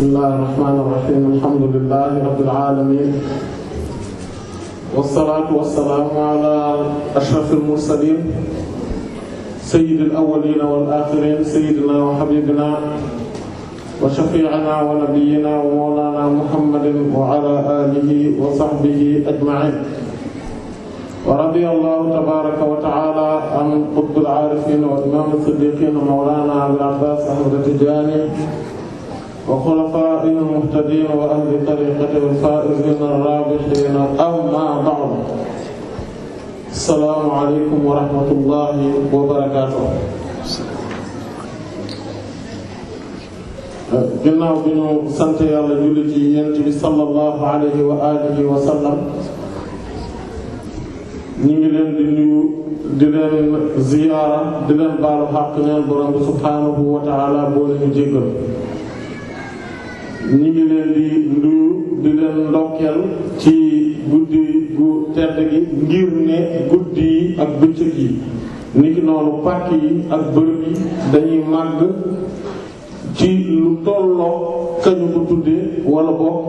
bismillahir rahmanir rahim alhamdulillahi rabbil alamin wassalaatu wassalaamu ala ashrafil mursalin sayyidil awwalina wal axirin sayyidina wa habibina wa shafi'ina wa nabiyyina wa mawlana muhammadin wa ala alihi wa sahbihi ajma'in wa radiyallahu tabaaraka wa ta'ala an qutbil aarifiin wa imaamil siddiqiin mawlana abil abbaas ahmad at-tijaani وخلفائه المهتدين وأهل طريقته الفائزين الرابحين أما بعد السلام عليكم ورحمة الله وبركاته ginnaaw bi ñu sant yàlla julli ci yent bi sallallahu alayhi wa alihi wa sallam ñu ngi leen di nuyu di leen ziyaara di leen baalu xaq neen borom bi subhaanahu wa ta'ala boo leen jéggal ñu ngi leen di nuyu di leen ndokkeel ci guddi gu tedd gi ngir ne guddi yi ak bëccëg yi niki noonu pàcc yi ak bërëb yi dañuy màgg ci lu tolloo kañu ko tuddee wala boog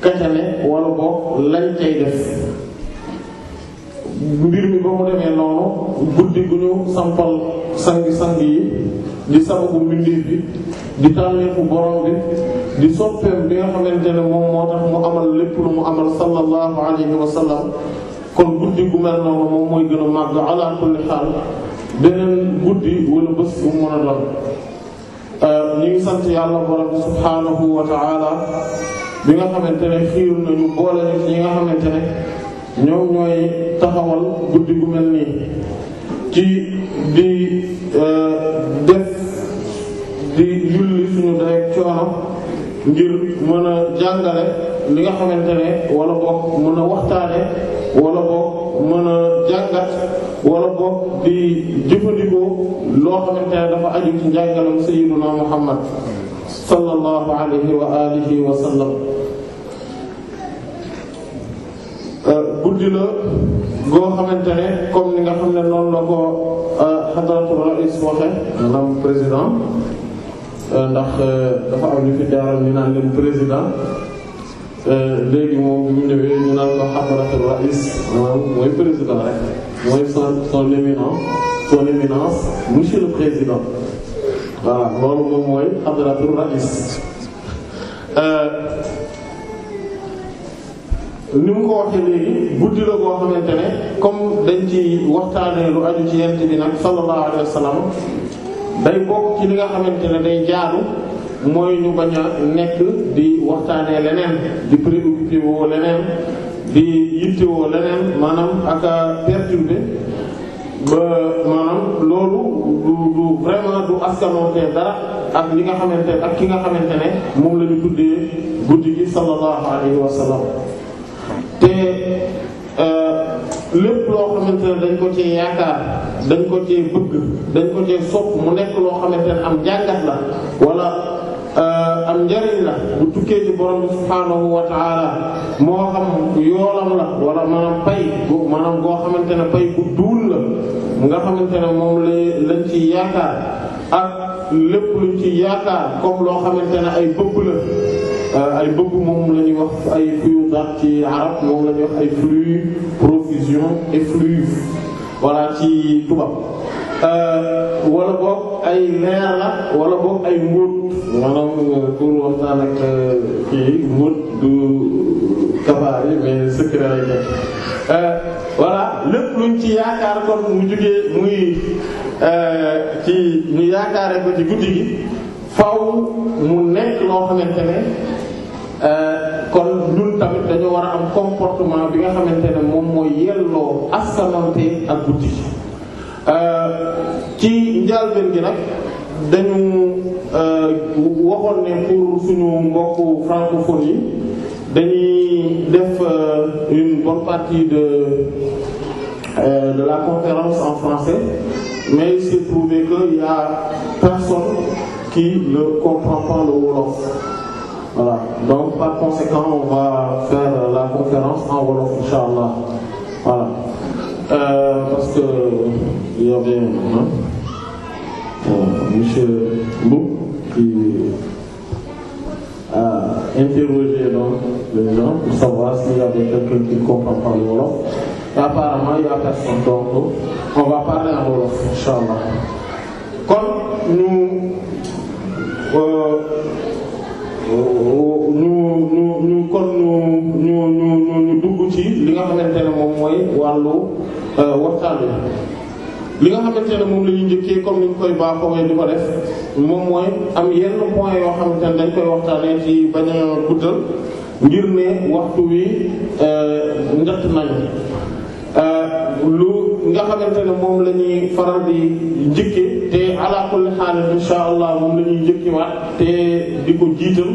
kacane wala boog lañ cay def mbir mi ba mu demee noonu guddi gu ñu sampal sangi-sang yi di sababu mbindeef bi di tànneefu borom bi di soppeem bi nga xamante ne moom moo tax mu amal lépp lu mu amal sallallahu alayhi wa sallam guddi gu mel noonu moom mooy gën a màgg ala kulli xaal beneen guddi wala bu mu mën a doon. Euh, ñu ngi sant yàlla borom bi subhaanahu wa ta'ala bi nga xamante ne xiir nga xamante ne ñoom ñooy taxawal guddi gu nii ci di euh, def di julli suñu day coono. ngir mën a jàngale li nga xamante ne wala boog mën a waxtaane wala boog mën a jàngat wala boog di jëfandikoo loo xamante ne dafa aju ci njàngalam sayyiduna Muhammad sallallahu alayhi wa alihi wa sallam euh, guddi la goo xamante ne comme li nga xam ne noonu la ko xadratu euh, rais waxe maanaam président Euh, ndax euh, dafa am ñu fi jaaral ñu naan leen président euh, léegi moom bi mu ñëwee ñu naan ko rais mooy président mooy son son éminence son éminence monsieur le président voilà loolu moom mooy xamaratul rais ni mu ko waxee léegi guddi la boo xamante ne comme dañ ci waxtaanee lu aju ci yent bi nag sallallahu alayhi wa sallam day bokk ci li nga xamante ne day jaadu mooy ñu bañ a nekk di waxtaanee leneen di préoccupé woo leneen di yitte woo leneen maanaam ak a perturbé ba maanaam loolu du du vraiment du askanoonte dara ak li nga xamante ak ki nga xamante ne moom la ñu tuddee guddi gi sallallahu alayhi wa sallam te euh, lépp loo xamante ne dañ ko ci yaakaar dañ ko ci bëgg dañ ko ci sopp mu nekk loo xamante ne am jàngat la wala euh, am njariñ la bu tukkee ci borom bi subhaanahu wa taala moo xam yoolam la goo xamante ne pay duul nga xamante ne moom la lañ ci yaakaar lépp luñ ci yaakaar comme loo xamante ne ay bëgg la euh, ay bëgg ci arab moom la wax ay fruits effusion ci tubaab euh, wala boog ay leer la wala boog ay mbóot maanaam euh, pour waxtaan ak euh, kii mbóot du kabaar yi mais secret lay nekk lépp luñ ci yaakaar kon mu jugee muy ci ñu yaakaare ko ci guddi gi faaw mu nekk loo xamante ne kon ñun tamit dañu war a am comportement nga xamante ne moom mooy yelloo assamante ak guddi euh, ci njàlbeen gi nag dañu euh, waxoon ne pour suñu mbokku francophone yi dañuy def euh, une bonne partie de de la conférence en français mais il s'est trouvé que il personne qui ne comprend pas le voilà donc par conséquent on va faire la conférence en wolof inch'Allah voilà euh, parce que il y avait hein, euh, monsieur Mboup qui a interrogé donc les gens y avait quelqu'un qui ne comprend pas le wolof et apparemment il y a personne on va parler en wolof inch'Allah kon ñu. Euh, ñu ñu ñu kon ñu ñu ñu dugg ci li nga xamante ne moom mooy wàllu euh, waxtaan li nga xamante ne moom la ñuy njëkkee comme ni ñu koy baaxoowee di ko def moom mooy am yenn point yoo xamante ne dañ koy waxtaanee ci bañ a guddal ngir ne waxtu wi euh, njëkk nañu euh, lu nga xamante ne moom la faral di njëkkee. mais ala kulli xaal allah moom la ñuy njëkkiwaat te di ko jiital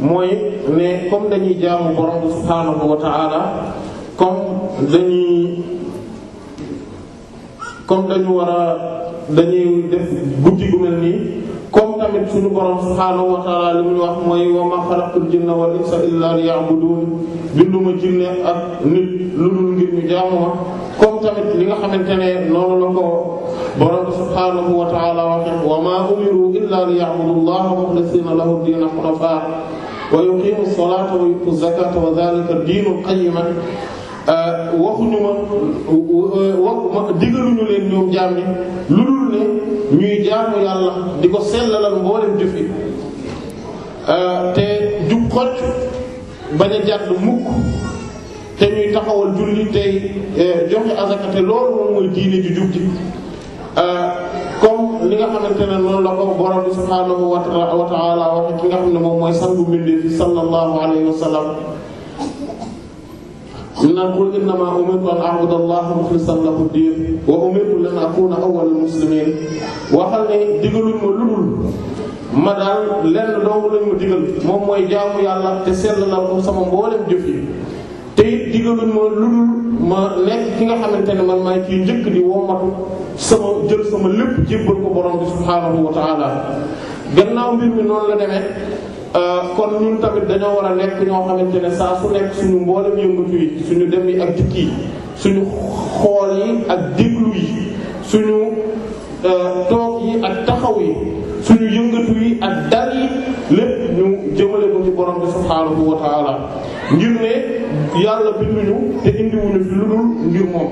mooy ne comme dañuy jaamu borom subhaanahu wa ta'ala comme dañuy comme dañu war dañuy def guddi gu mel nii kom tamit suñu borom subhaanahu wa ta'ala li muy wax mooy wa ma xalaqtul jinna wal insa illa liya'budun binduma jinne ak nit lu dul ngir ñu jaamu ma tamit li nga xamante ne noonu la ko borom subhaanahu waxe wa ma umiru illa li ya'budu allaha mukhlisina lahu diina hunafa wa yuqimu wa yutu zakata wa dhalika diinul qayyima waxuñu ma wax digaluñu leen ñoom di ko sellalal mboolem te jub xocc bañ mukk te ñuy taxawal julli tey eh, joxe azaka te loolu mooy diine ju jub euh, li nga xamante ne noonu la ko borom bi subhaanahu wa ta'ala waxe ki nga xam ne moom mooy sangu mbindi sallallahu alayhi wa sallam naan qul innama umirtu an a'budu allaha mukhlisan lahu diin wa umirtu lan akuna awwalal muslimin waxal ne digaluñ ma ludul ma lenn doomu lañ ma digal moom mooy jaamu yàlla te sellal ko sama mboolem jëf yi te it digaluñ ma lu dul ma nekk ki nga xamante ne man maay kii njëkk di wommatu sama jël sama lépp jébbal ko borom bi subhaanahu wa ta'ala gannaaw mbir mi noonu la demee euh, kon ñun tamit dañoo war a nekk ñoo xamante ne saa su nekk suñu mboolem yëngatu yi suñu dem yi ak dikk yi suñu xool yi ak déglu yi suñu euh, toog yi ak taxaw yi suñu yëngatu yi ak dal yi lépp ñu jëmale ko ci borom bi subhaanahu wa ngir ne yàlla binduñu te indiwuñu fi lu dul ngir moom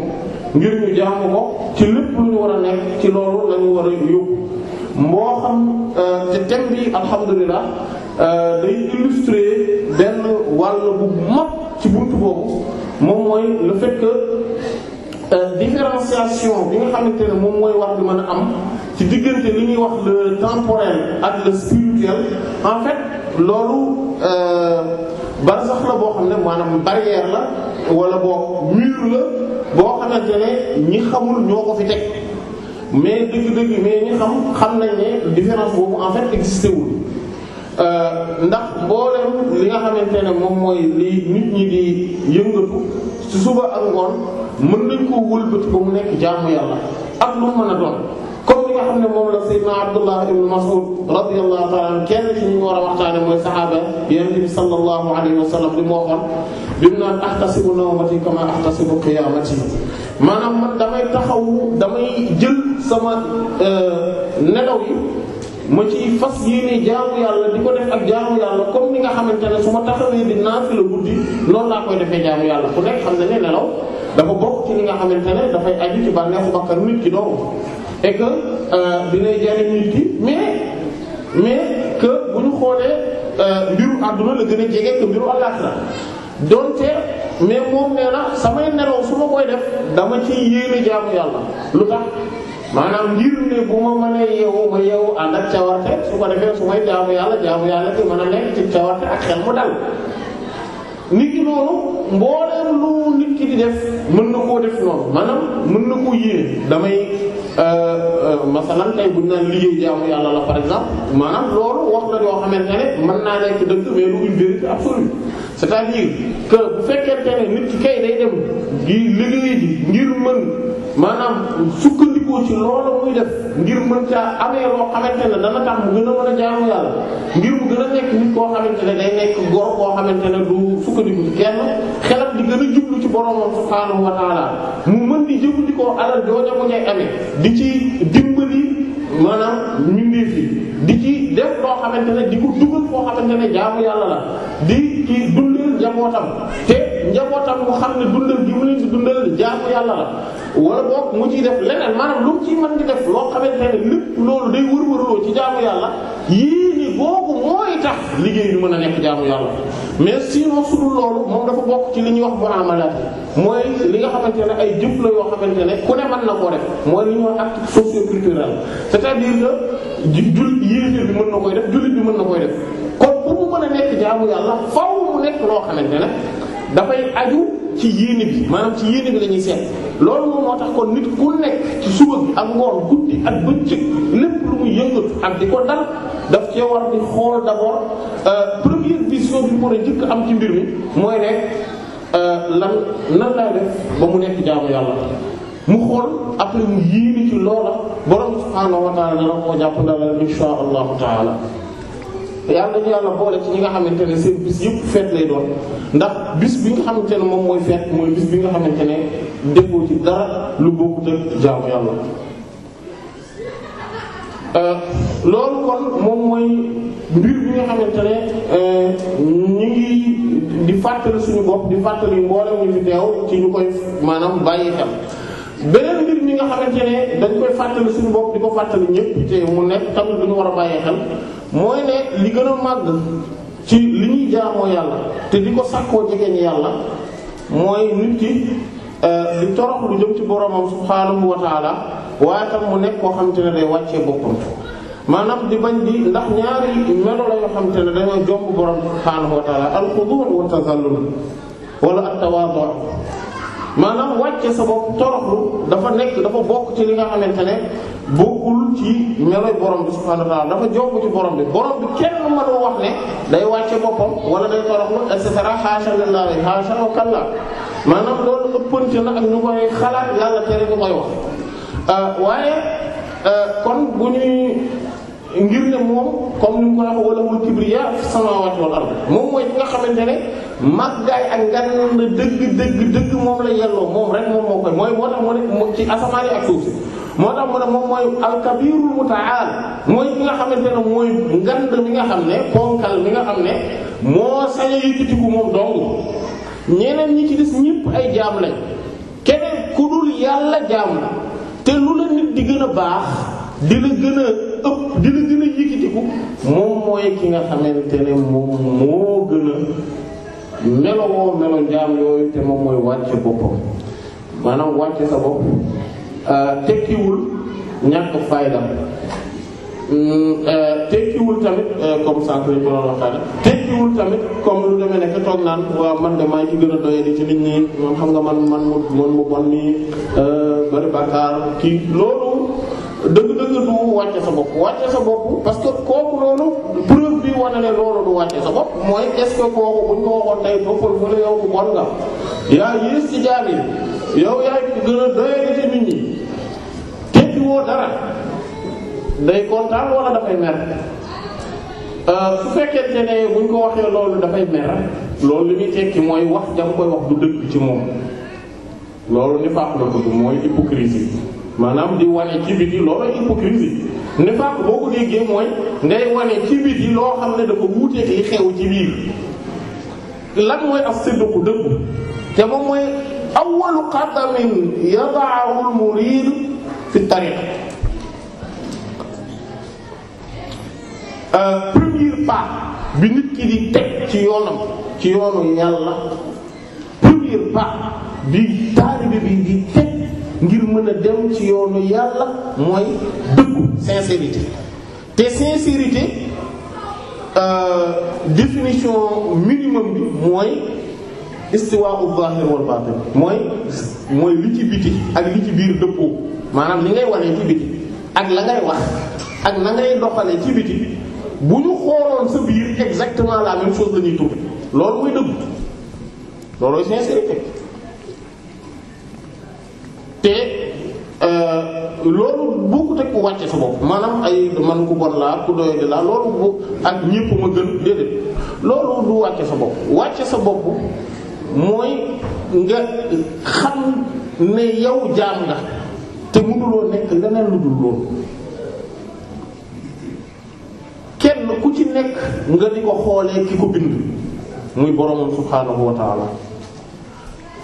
ngir ñu jaamu ko ci lépp lu war a nekk ci loolu lañu war a yóbbu moo xam euh, te thème bi alhamdulilah euh, day illustrer benn wàll bu mag ci buntu boobu moom mooy le fait euh, différenciation bi nga xamante ne moom mooy wax di mën a am ci diggante li ñuy wax le temporel ak le spirituel en fait loolu. bar sax boo xam ne maanaam barrière la wala boo mur la boo xamante ne ñi xamul ñoo ko fi teg mais dëgg-dëgg mais ñi xam xam nañ ne différence boobu en fait existé wul euh, ndax mboolem li nga xamante ne moom mooy li nit ñi di yëngatu ci suba ak ngoon mën nañ ko wëlbati ba mu nekk jaamu yàlla ak lu mën a doon comme li xam ne moo la sayyidna Abdullah ibn Mas'ud radiyallahu ta'ala anhu kenn ci ñu war a waxtaane mooy saxaaba bi sallallahu alayhi wa sallam li mu waxoon bi mu naan ahtasibu nawmati kama ahtasibu qiyamati maanaam man damay taxawu sama euh, nelaw yi ma ci fas yéene jaamu yàlla di ko def ak jaamu yàlla comme ni nga xamante ne su ma taxawee di naafila a noonu laa koy defee jaamu ko ku nekk xam ne ne nelaw dafa bokk ci li nga xamante ne dafay aju ci bànneexu bakkar nit ki doomu et que euh, dinay jariñ nit ki mais mais que bu ñu xoolee euh, mbiru àdduna la gën a jege que mbiru àllaaxira donte mais moom nee na samay nelaw su ma koy def dama ci yéene jaamu yàlla lu tax maanaam ngir ne bu ma mën a yeewu mën nekk ci cawarte ak xel mu dal nit ki noonu mbooleem lu nit ki di def mën na koo def noonu maanaam mën na koo yéene damay Euh, euh, masalan tey bu ñu naan liggéey jaamu yàlla la par exemple maanaam loolu wax la yoo xamante ne mën naa nekk dëgg mais lu une bu fekkente ne nit ki kay day def ngir mën caa amee loo xamante ne dana tax mu gën a mën a jaamu yàlla ngir mu gën a nekk nit koo xamante ne day nekk góor koo xamante ne du sukkandiku ci kenn di gën a ci boromam subhaanahu wa taala mu mën di ko alal jooja mu ngay amee di ci dimbali maanaam mbindeef yi di ci def loo xamante ne di ko dugal foo xamante ne jaamu yàlla la di ci dundal njabootam te njabootam mu xam ne dundal gi mu leen di dundal jaamu yàlla la wala boog mu ciy def leneen maanaam lu mu ciy def loo xamante ne lépp loolu day wër-wërloo ci jaamu yàlla yii ni boobu mooy liggéey bi mën a nekk jaamu yàlla mais sinon su dul bokk ci li ñuy wax muamalat mooy li nga xamante ne ay jëf la yoo xamante ne ku ne na koo def mooy li ñuy wax acte socio-culturel bi mën na koy def jullit bi mën na koy def kon pour mu mën a nekk jaamu yàlla faaw mu nekk loo xamante ne dafay aju ci yéene bi maanaam ci yéene bi la ñuy seet loolu moom moo tax kon nit ku nekk ci suba bi ak ngoon guddi ak bëccëg lépp lu muy yëngatu ak di ko dal daf cee war di xool d'abord euh, première vision bi mu war a njëkk am ci mbir mi mooy rek euh, lan nan laa def ba mu nekk jaamu yàlla mu xool après mu yéene ci loola borom subhaanahu wa ta'ala dana koo jàpp ndala insha allahu taala yàlla nañu yàlla boole ci ñi nga xamante ne seen bis yëpp feet lay doon ndax bis bi nga xamante ne moom mooy feet mooy bis bi nga xamante ne déggoo ci dara lu bokkut ak jaamu yàlla. Euh, loolu kon moom mooy mbir bi nga xamante ne euh, ñu ngi di fàttali suñu bopp di fàttali mboolem ñu fi teew ci ñu koy maanaam bàyyi xel. beneen mbir mi nga xamante ne dañ koy fàttali suñu bopp di ko fàttali ñëpp te mu nekk tamit lu ñu war a bàyyee xel mooy ne li gën a màgg ci li ñuy jaamoo yàlla te di ko sàkkoo jegeen yàlla mooy nit ki euh, di torox lu jëm ci boromam subhaanahu wa taala waaye tam mu nekk koo xamante ne day wàccee boppam maanaam di bañ di ndax ñaari melo la yoo xamante ne dañoo jomb borom subhaanahu wa taala al at-tawaadu' maanaam wàcce sa bopp toroxlu dafa nekk dafa bokk ci li nga xamante ne bokkul ci meloy borom bi subhaanahu wa ta'ala dafa jokk ci borom bi borom bi kenn mënul wax ne day wàcce boppam wala day toroxlu et cetera haasha lillahi haasha wa kalla maanaam loolu ëppante na ak ñu koy xalaat yàlla tere ñu koy wax euh, waaye euh, kon bu ñuy ngir ne moom comme ni mu ko nga xamante ne màggaay ak ngand dëgg dëgg dëgg moom la yelloo moom moo koy mooy ne moo tax mu ne moom nga xamante ne mooy ngand mi nga xam ne ponkal mi ne moo a yëkkatiku moom dong ñeneen ñi ci des ay jaam lañ keneen ku dul yàlla jaam la te lu la nit di gën a baax di la ëpp di la gën moom mooy ki nga xamante ne moom moo gën a melo njaam yooyu te moom mooy wàcc boppam maanaam wàcce sa bopp euh, tekkiwul ñàkk fayda mm, euh, euh, tekkiwul tamit comme sànq lañ ko doon waxtaanee lu demee nekk toog naan waaw man de maa ngi gën a doyadi ci nit ñi man xam nga man man mu man mu bon nii bari bàkkaar kii loolu. dëgg-dëgg du wàcce sa bopp wàcce sa bopp parce que kooku loolu preuve bi wane ne loolu du wàcce sa bopp mooy est-ce que kooku ko waxoon tey boppal mu ne yow ku bon nga yaa yées ci jaam yi yaay gën a doyati nit ñi tekki woo dara day kontaan wala dafay mer euh, su fekkee ne buñ ko waxee loolu dafay mer loolu li muy tekki mooy wax jam koy wax du dëgg ci moom loolu ni faax la dugg mooy hypocrisie maanaam di wane ci biti loolooy hypocrisie nifaaq boo ko déggee mooy ngay wane ci biti loo xam ne dafa wuuteeg xew ci biir lan mooy as-sidqu dëggu te moom mooy awwalu qadamin yada'ahu al-murid fi tariq euh, premier pas bi nit ki di teg ci yoonam ci yoonu yàlla premier pas bi taalibe bi di mën a dem ci yoonu yàlla mooy dëggu sincérité te sincérité euh, définition minimum bi mooy istiwaa'u zaahir wal baatin mooy mooy li ci biti ak li ci biir dëppoo maanaam li ngay wanee ci biti ak la ngay wax ak na ngay doxalee ci biti bu ñu xooloon sa biir exactement la même chose la ñuy loolu mooy dëggu loolooy sincérité te euh, loolu bokkut ak ku wàcce sa bopp maanaam ay man ku bon laa ku doyadi laa loolu bu ak ñépp ma gën déedéet loolu du wàcce sa bopp wàcce sa bopp mooy nga xam ne yow jaam nga te mënuloo nekk leneen lu dul loolu kenn ku ci nekk nga di ko xoolee ki ko bind muy boromam subhaanahu wa taala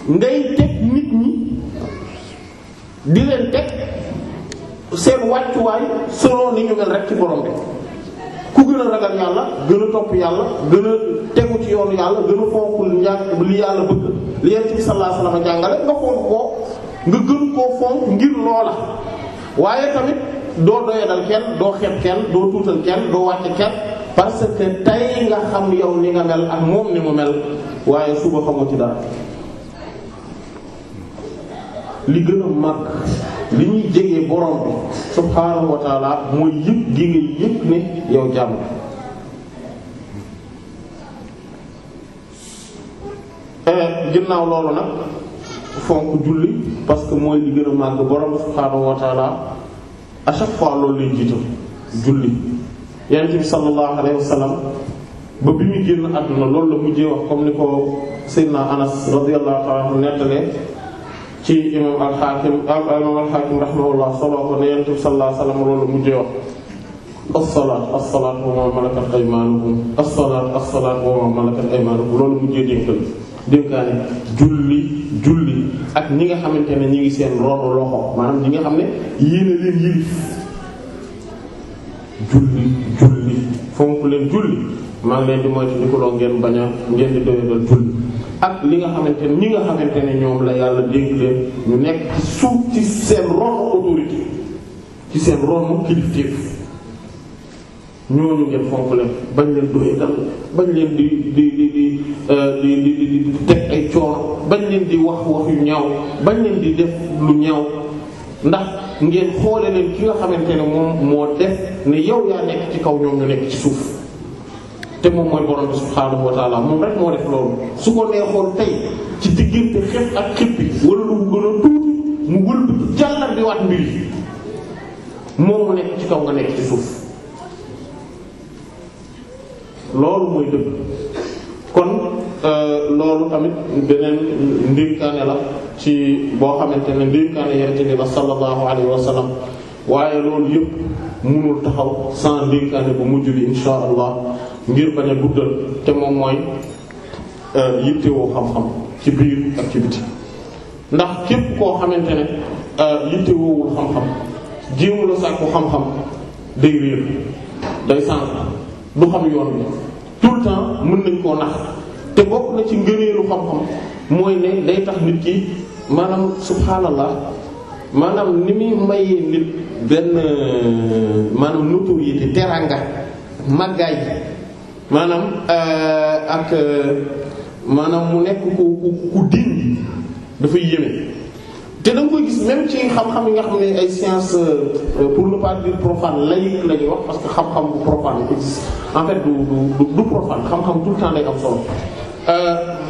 ngay teg di leen teg seen wàccuwaay selon ni ñu mel rek ci borom bi ku gën a ragal yàlla gën a topp yàlla gën a tegu ci yoonu yàlla gën a fonk li yàlla bëgg li yent bi sallallahu alayhi wasallam jàngale nga fonk koo nga gën koo fonk ngir loola waaye tamit doo doyadal kenn doo xeeb kenn doo tuutal kenn doo wàcce kenn parce que tey nga xam yow li nga mel ak moom ni mu mel waaye suba xamoo ci dara li gën a mag li ñuy jege borom bi mooy yëpp gi yëpp ne yow jàmm eh, ginnaaw loolu nag fonk julli parce que mooy li gën a màgg borom bi subhaanahu wa taala loolu lay jiital julli yonent bi sallallahu alayhi wa ba bi muy génn àdduna loolu la mujjee wax comme ni ko Seydina Anas radiyallahu ta'ala nettalee ci imam al-Hakim imam al-Hakim rahimahullah solo ko ne yonent bi sallallahu alayhi loolu mujjee wax as-salaat as loolu mujjee dénkal dénkaane julli julli ak ñi nga xamante ne ñi ngi seen ronu loxo maanaam ñi nga xam ne yéene leen yëri julli julli fonk leen julli maa leen di moytu di ko loo ngeen bañ a ngeen di doyadal julli ak li nga xamante ne ñi nga xamante ne ñoom la yàlla dénk leen ñu nekk ci suuf ci seen ronu autorité ci seen ronu kilifteef ñooñu ngeen fonk leen bañ leen doyetal bañ leen di di di di euh, di di di teg ay coor bañ leen di wax wax yu ñaaw bañ leen di def lu ñaaw ndax ngeen xoole leen ki nga xamante ne moom moo def ne yow yaa nekk ci kaw ñoom ñu nekk ci suuf. te moom mooy borom bi subhaanahu wa moom rek moo def loolu su ko neexoon tey ci diggante xef ak xëppi wala lu gën a tuuti mu wëlbati jàllar bi waat mbir moom mu nekk ci kaw nga nekk ci foofu loolu mooy dëgg kon euh, loolu tamit beneen ndénkaane la ci boo xamante ne ndénkaane yonent bi ba sallallahu alayhi wa sallam waaye loolu yëpp mënul taxaw sans ndénkaane bu mujj bi insha allah ngir bañ a guddal te moom mooy euh, yittewoo xam-xam ci biir ak ci biti ndax képp koo xamante ne euh, yittewoowul xam-xam jéemu la sàkku xam-xam day réer day sànq du xam yoon bi tout le temps mën nañ koo nax te bokk na ci ngëneelu xam-xam mooy ne day tax nit ki maanaam subhaanallah maanaam ni muy mayee nit benn maanaam notoriété teranga màggaay maanaam euh, ak euh, maanaam mu nekk ku ku ku din dafay yéeme te da koy gis même ci xam-xam yi nga xam ne ay sciences euh, pour ne pas dire profane laïque la ñuy wax parce que xam-xam bu profane existe en fait du du du profane xam-xam tout le temps day am solo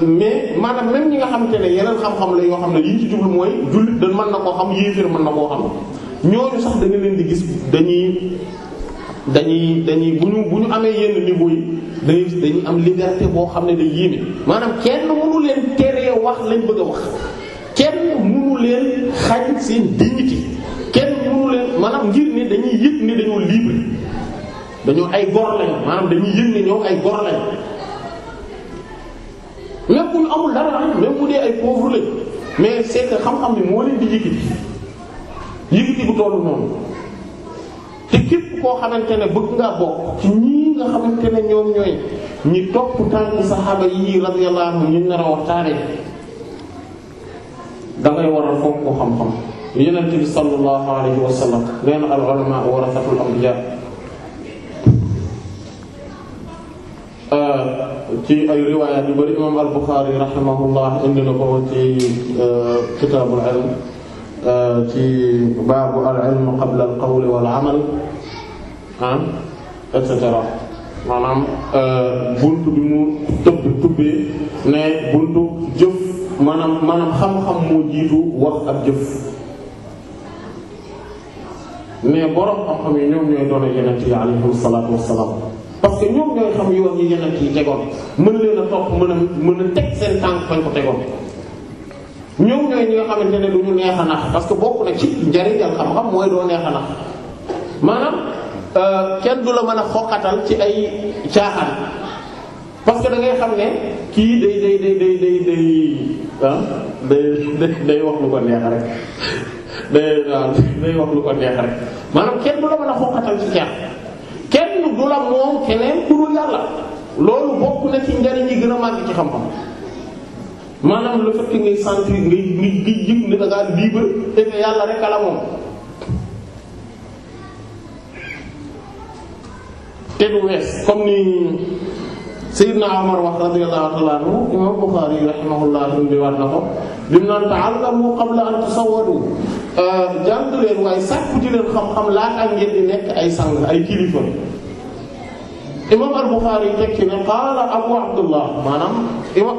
mais maanaam même ñi nga xamante ne yeneen xam-xam la yoo xam ne li ñu ci jublu mooy jullit dañ mën na koo xam yéefir mën na koo xam ñooñu sax da leen di gis dañuy. dañuy dañuy bu ñu bu ñu amee yenn niveau yi dañuy am liberté boo xam ne day yéeme maanaam kenn mënu leen teree wax lañ bëgg a wax kenn mënu leen xañ seen dignité kenn mënu leen maanaam ngir ne dañuy yëg ne dañoo libre dañoo ay góor lañ maanaam dañuy yëg ne ñoom ay góor lañ même bu ñu amul dara même bu dee ay pauvre lañ mais c'est que xam-xam ne moo leen di yëkkati yëkkati bu tollu noonu. te képp koo xamante ne bëgg ngaa ci ñii nga xamante ne ñoom ñooy ñi topp tànk saxaaba yii radiyallahu anhum ñu nar a waxtaane da ngay ko xam-xam yonent bi sallallahu alayhi wa sallam nee na al ulama warasatul anbiya euh, ci ay riwaayaat yu bari imam al Bukhari rahimahullah indi na ko ci euh, kitaabul ilm ci baabu al ilm qabla al qawl wal amal ah et cetera maanaam bi mu tëb tubbee ne buntu jëf maanaam maanaam xam-xam moo jiitu wax ak jëf mais borom xam-xam yi ñoom ñooy doona yenent yi alayhim salaatu wassalaam parce que ñoom ñooy xam yi yenent yi tegoon mën leen a topp mën a teg seen tànk fañ ko tegoon ñoom ñooy ñi nga xamante ne du ñu neex a nax parce que bokk na ci njariñal xam-xam mooy doo neex a maanaam euh, kenn du mën a xoqatal ci ay caaxaan que da ngay xam ne kii day day day day day ah, neex rek day day wax ko neex maanaam kenn du la loolu bokk na njariñ yi gën a màgg ci xam-xam. maanaam le fait que ngay sentir ngay ngay ngay yëg ne da ngaa libre yàlla rek a la moom te du wees comme ni Seydina Omar wax radiyallahu ta'ala anhu imam Bukhari rahimahullah bi war na ko bi mu naan ta'allamu qabla an tusawwadu euh, jàng leen waaye sàkku ji leen xam-xam laata ngeen di nekk ay sang ay kilifa. imam al-Bukhari teg ci ne qaala Abu Abdullah maanaam imam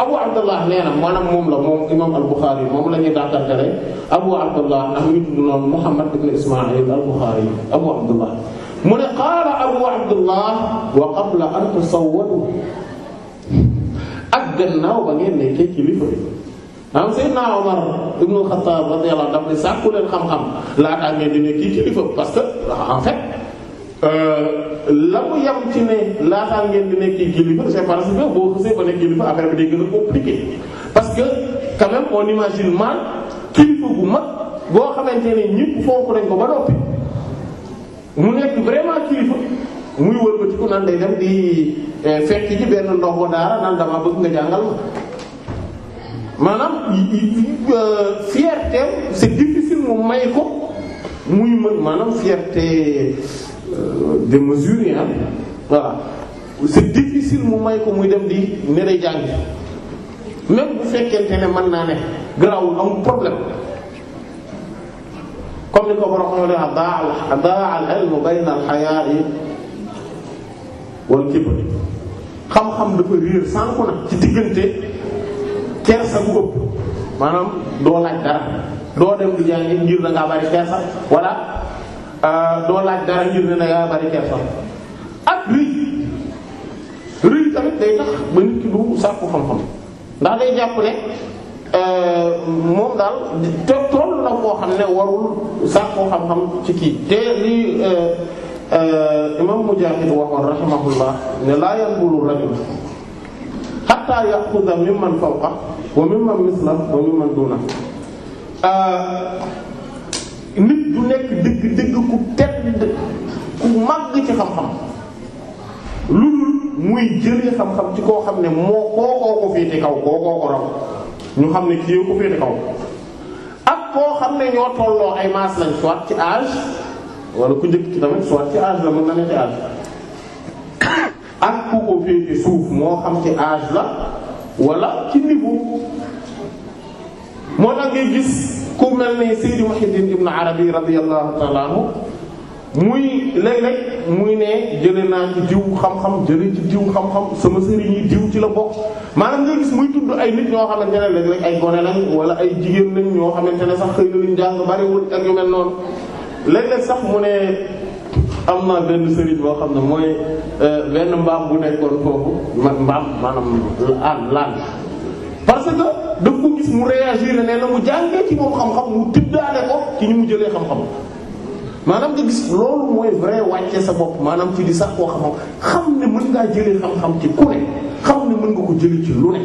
Abu Abdullah nee na maanaam moom la moom imam al-Bukhari moom la ñuy dàqanteel Abu Abdullah ndax mi tudd noonu Muhammad ibn Isma'il al-Bukhari Abu Abdullah mu ne qaala Abu Abdullah wa qabla an tusawwadu ak gannaaw ba ngeen nekkee kilifa bi am Seydina Omar ibn al-Khattab radiyallahu anhu daf ne sàkku leen xam-xam laataa ngeen di ne kii kilifa parce que en fait. Euh, la mu yam ci ne laataa ngeen di nekk kilifa c'est parce que boo xasee ba nekk kilifa affaire bi day gën a compliqué parce que quand même on imagine mal kilifa gu mag boo xamante ne ñëpp fonk nañ ko ba noppi mu nekk vraiment kilifa muy wër ba ci ku naan day dem di eh, fekk ci benn ndongo daara naan damaa bëgg nga jàngal ma maanaam euh, fierté c'est difficile mu may ko muy mën maanaam fierté. Euh, démesuré ah voilà c'est difficile mu may ko muy dem di ne day jàngi même bu fekkente ne mën naa ne garaawul amul problème comme ni ko borom xam ne daa daa al ilmu bayna al hayaa'i wal kibr xam-xam dafa réer sànku nag ci diggante kersa bu ëpp maanaam doo laaj dara doo dem jàngi ngir da bari kersa wala Euh, doo laaj dara ngir ne na yaa bari kersa ak rëy rëy tamit day tax ba nit ki du sàkku xam-xam ndax day jàpp ne euh, moom daal te toll na koo xam ne warul sàkku xam-xam ci kii te lii euh, imam Mujaahid waxoon rahimahullah ne laa yanbulu rajul hatta yaxuda mimman fawqa wa mimman misla wa mimman duna nit du nekk dëgg digg ku tedd ku màgg ci xam-xam lu dul muy jëlee xam-xam ci koo xam ne moo kookoo ko féete kaw kookoo ko raw ñu xam ne kii ko féete kaw ak koo xam ne ñoo tolloo ay maas lañ soit ci âge wala ku njëkk ci tamit soit ci âge la mën na ne ci âge ak ku ko féete suuf moo xam ci âge la wala ci niveau moo tax ngay gis ku mel ne Seydi Muhyiddin Ibn Arabi radiyallahu ta'ala anhu muy léeg-léeg muy ne jële naa ci diw xam-xam jële ci diw xam-xam sama sëriñ yi diw ci la bokk maanaam nga gis muy tudd ay nit ñoo xamante ne léeg-léeg ay gone lañ wala ay jigéen lañ ñoo xamante ne sax xëy na liñ jàng bariwul ak yu mel noonu léeg-léeg sax mu ne am naa benn sëriñ boo xam ne mooy euh, benn mbaam bu nekkoon foofu mbaam maanaam laan laan parce que daf ko gis mu réagir nee na mu jàngee ci moom xam-xam mu tiddaale ko ci ñu mu jëlee xam-xam maanaam nga gis loolu mooy vrai wàcce sa bopp maanaam ci di sax koo xam-xam ne mën ngaa jëlee xam-xam ci ku ne xam ne mën nga ko jëlee ci lu ne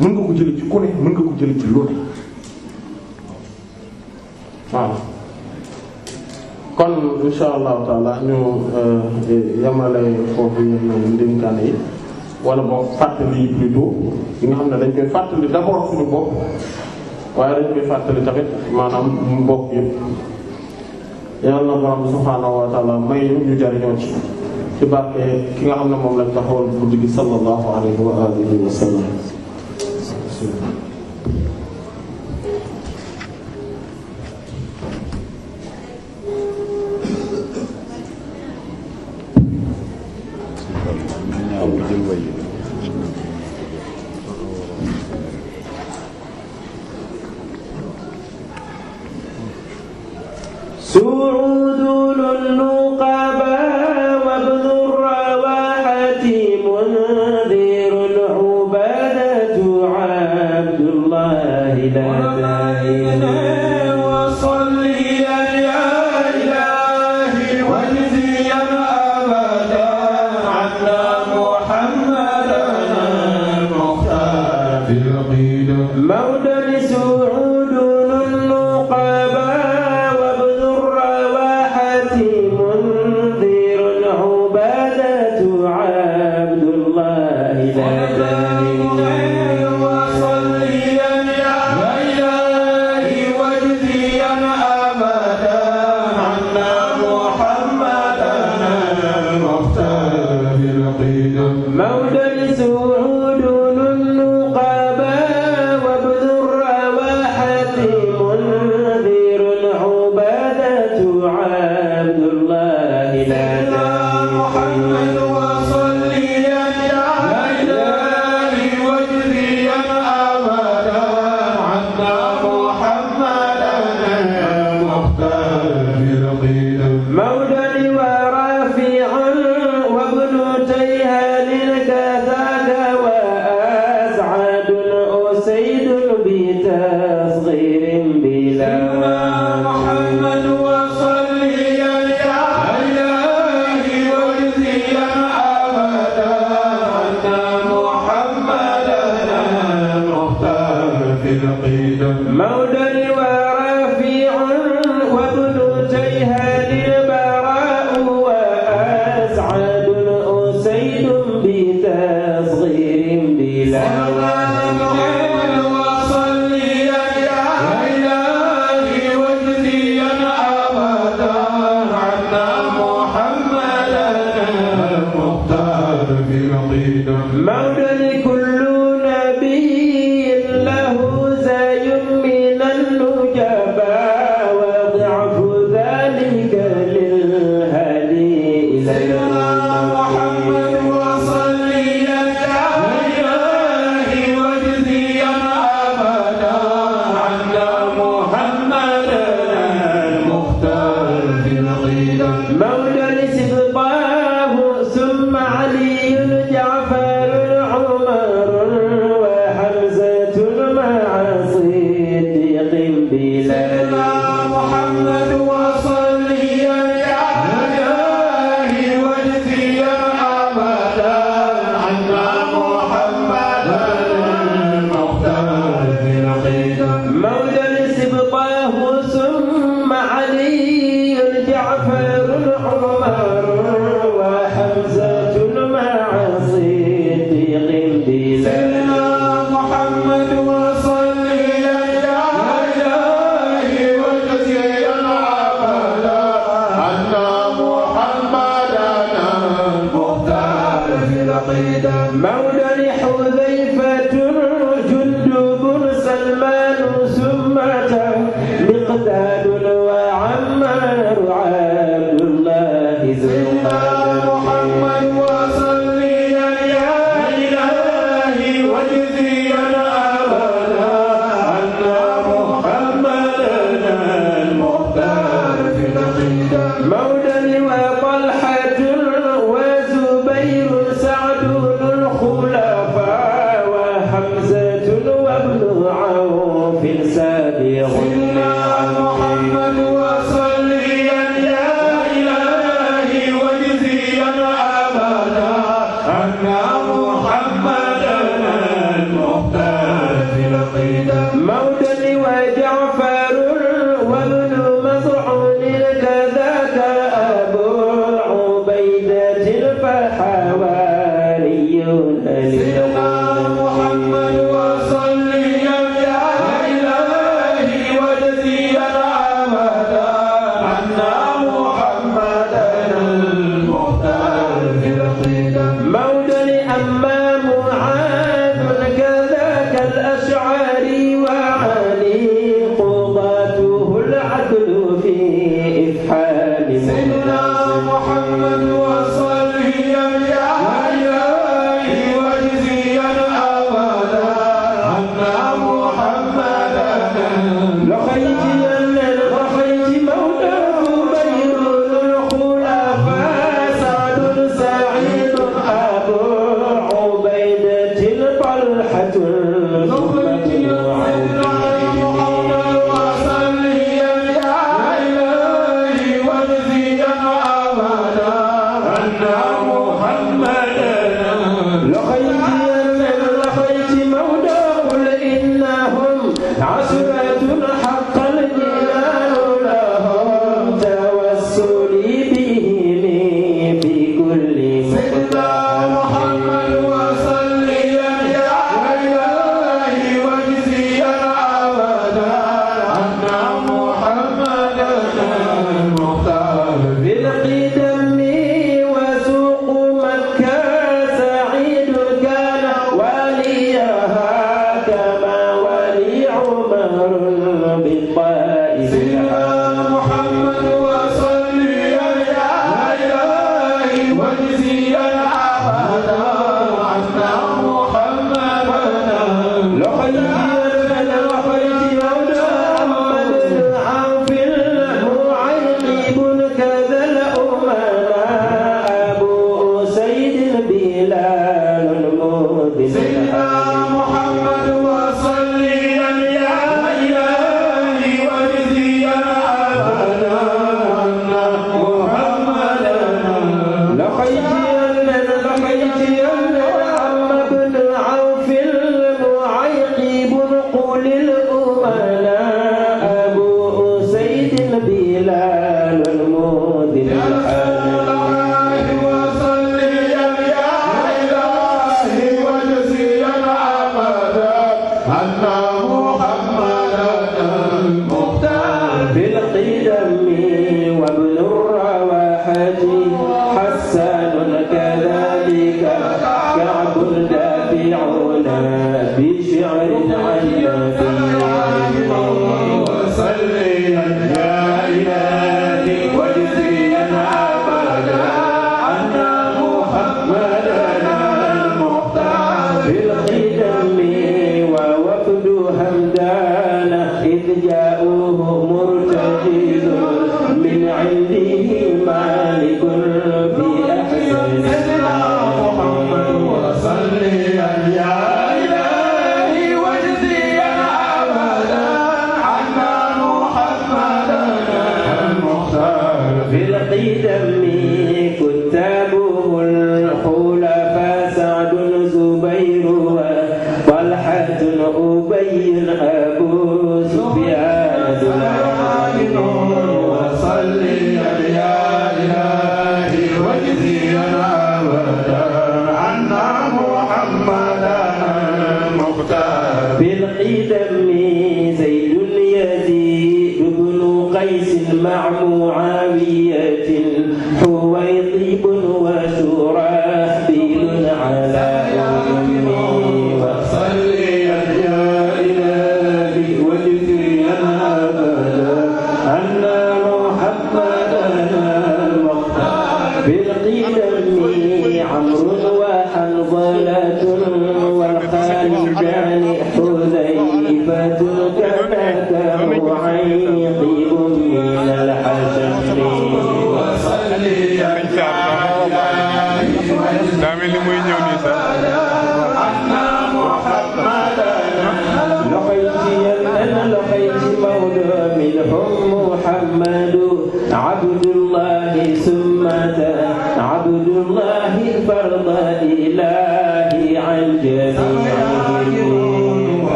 mën nga ko jëlee ci ku ne mën nga ko jëlee ci lu ne waaw kon insha allahu taala ñu euh, yemale foofu yenn ndénkaane yi wala boog fàttali plutôt ki nga xam ne dañ koy fàttali d'abord suñu bopp waaye dañ koy fàttali tamit maanaam mbokk yëpp yàlla na borom subhaanahu wa ta'ala may ñu jariñoo ci ci barke ki nga xam ne moom lañ taxawal guddi gi sallallahu alayhi wa wa sallam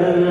فلا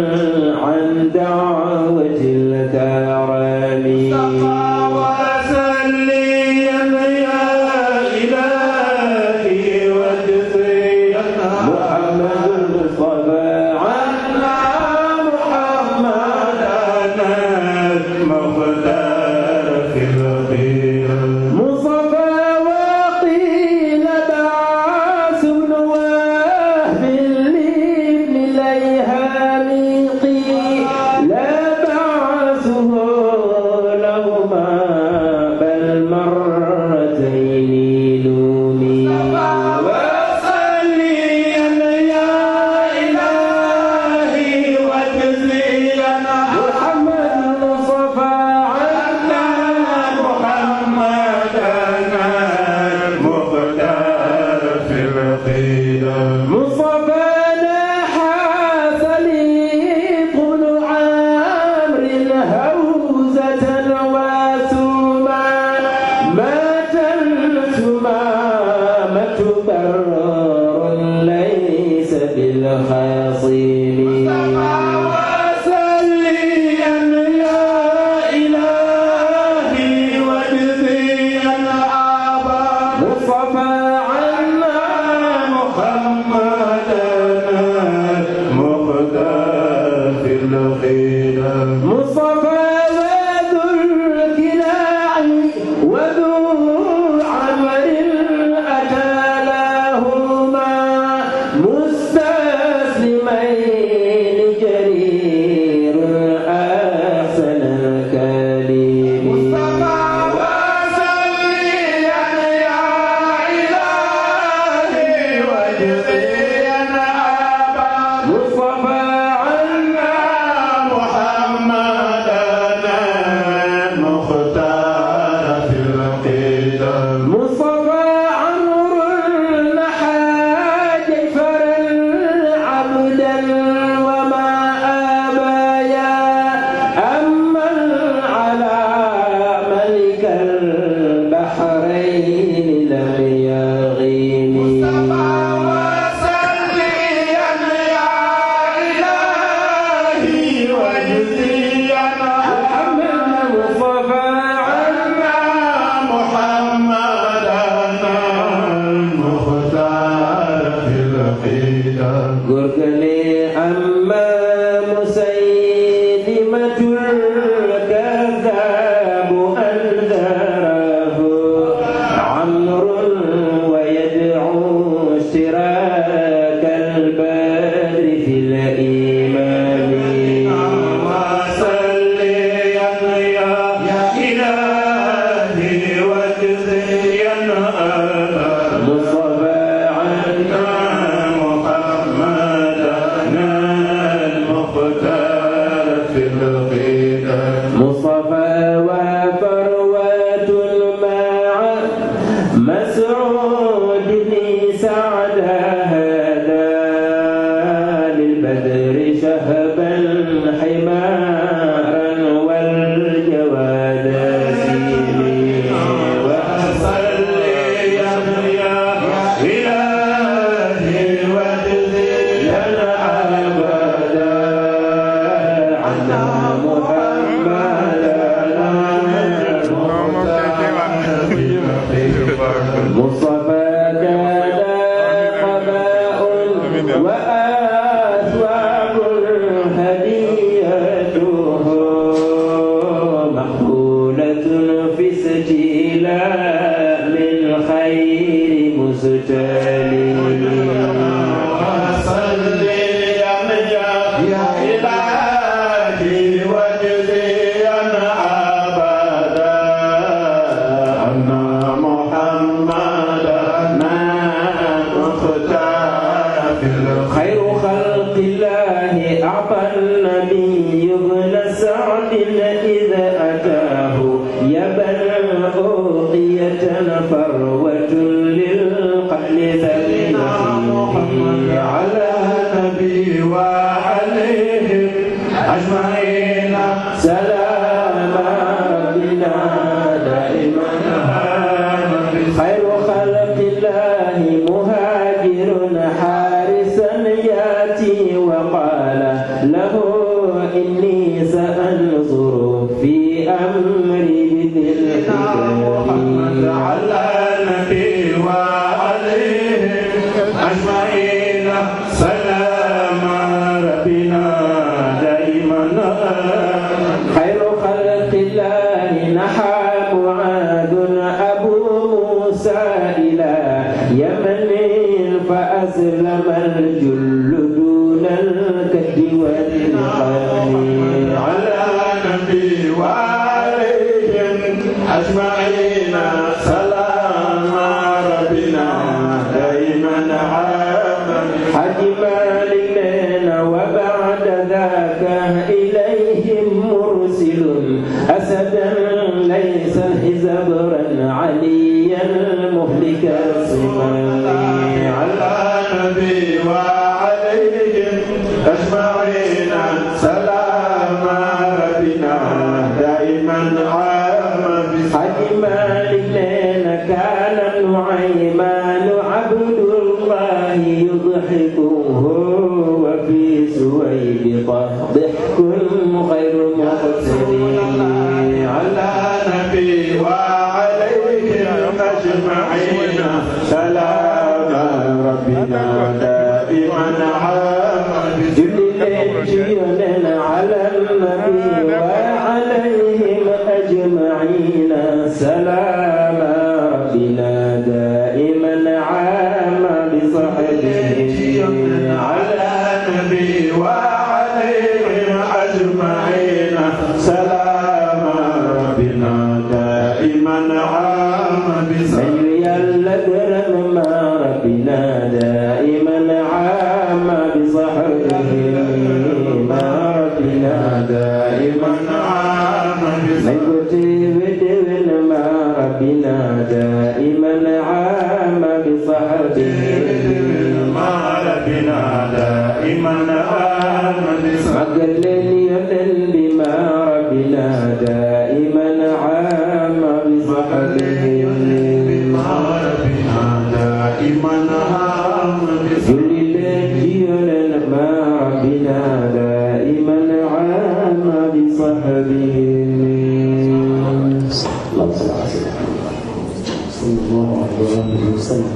wasallam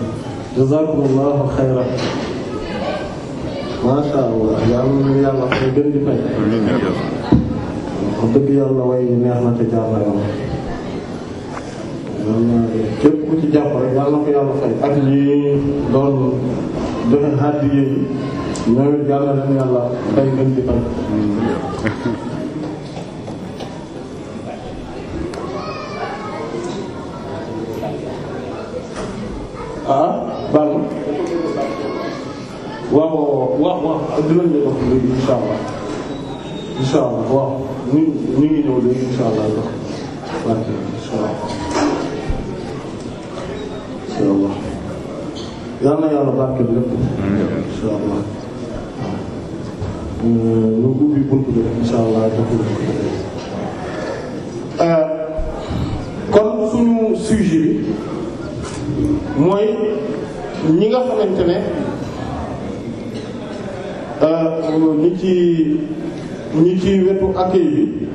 jazakum allahu xayran macha allah yàlla nañu yàlla xam gën di fay wax dëgg yàlla way neex na te jaar na yoon man képp ku ci jàpp rek yàlla na ko yàlla fay ak ñi doon joxe xaar jigéen ñi ñooñu yàlla nañu yàlla fay gën di fay baal ma waaw waaw waaw dinañ la wax léegi incha allah incha allah waaw ñu ñu ngi ñëw léegi incha allah jox waaw incha allah incha allah yal na yàlla barkeel lépp incha allah euh, ñu ubbi bunt bi incha allah euh, kon suñu sujet bi mooy. ñi nga xamante ne euh, ñi ci ñi ci wetu accueil bi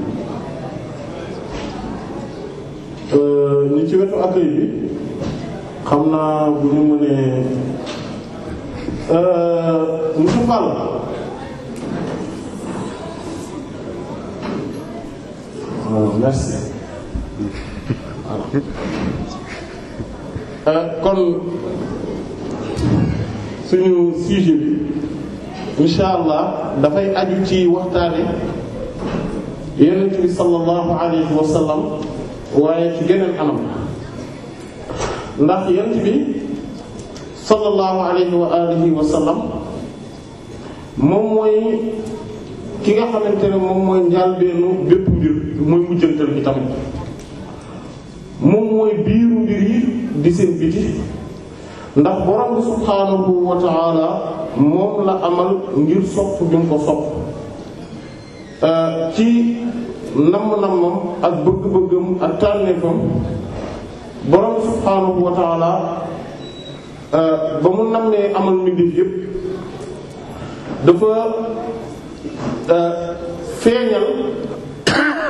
euh, ñi ci wetu accueil bi xam naa bu ñu mënee euh, monsieur Fall kon suñu sujet bi incha allah dafay aju ci waxtaane yonent bi sallallahu alayhi wa waaye ci geneen anam ndax yonent bi sallallahu alayhi wa moom mooy ki nga xamante ne moom mooy njàlbeenu bépp mbir mooy mujjantal bi tamit moom mooy biiru mbir yi di seen biti ndax borom bi subhaanahu wa moom la amal ngir sopp bi ko sopp euh, ci namm-nammam ak bëgg-bëggam ak tànneefam borom bi subhaanahu wa euh, ba mu nammee amal mbindeef yépp dafa euh, feeñal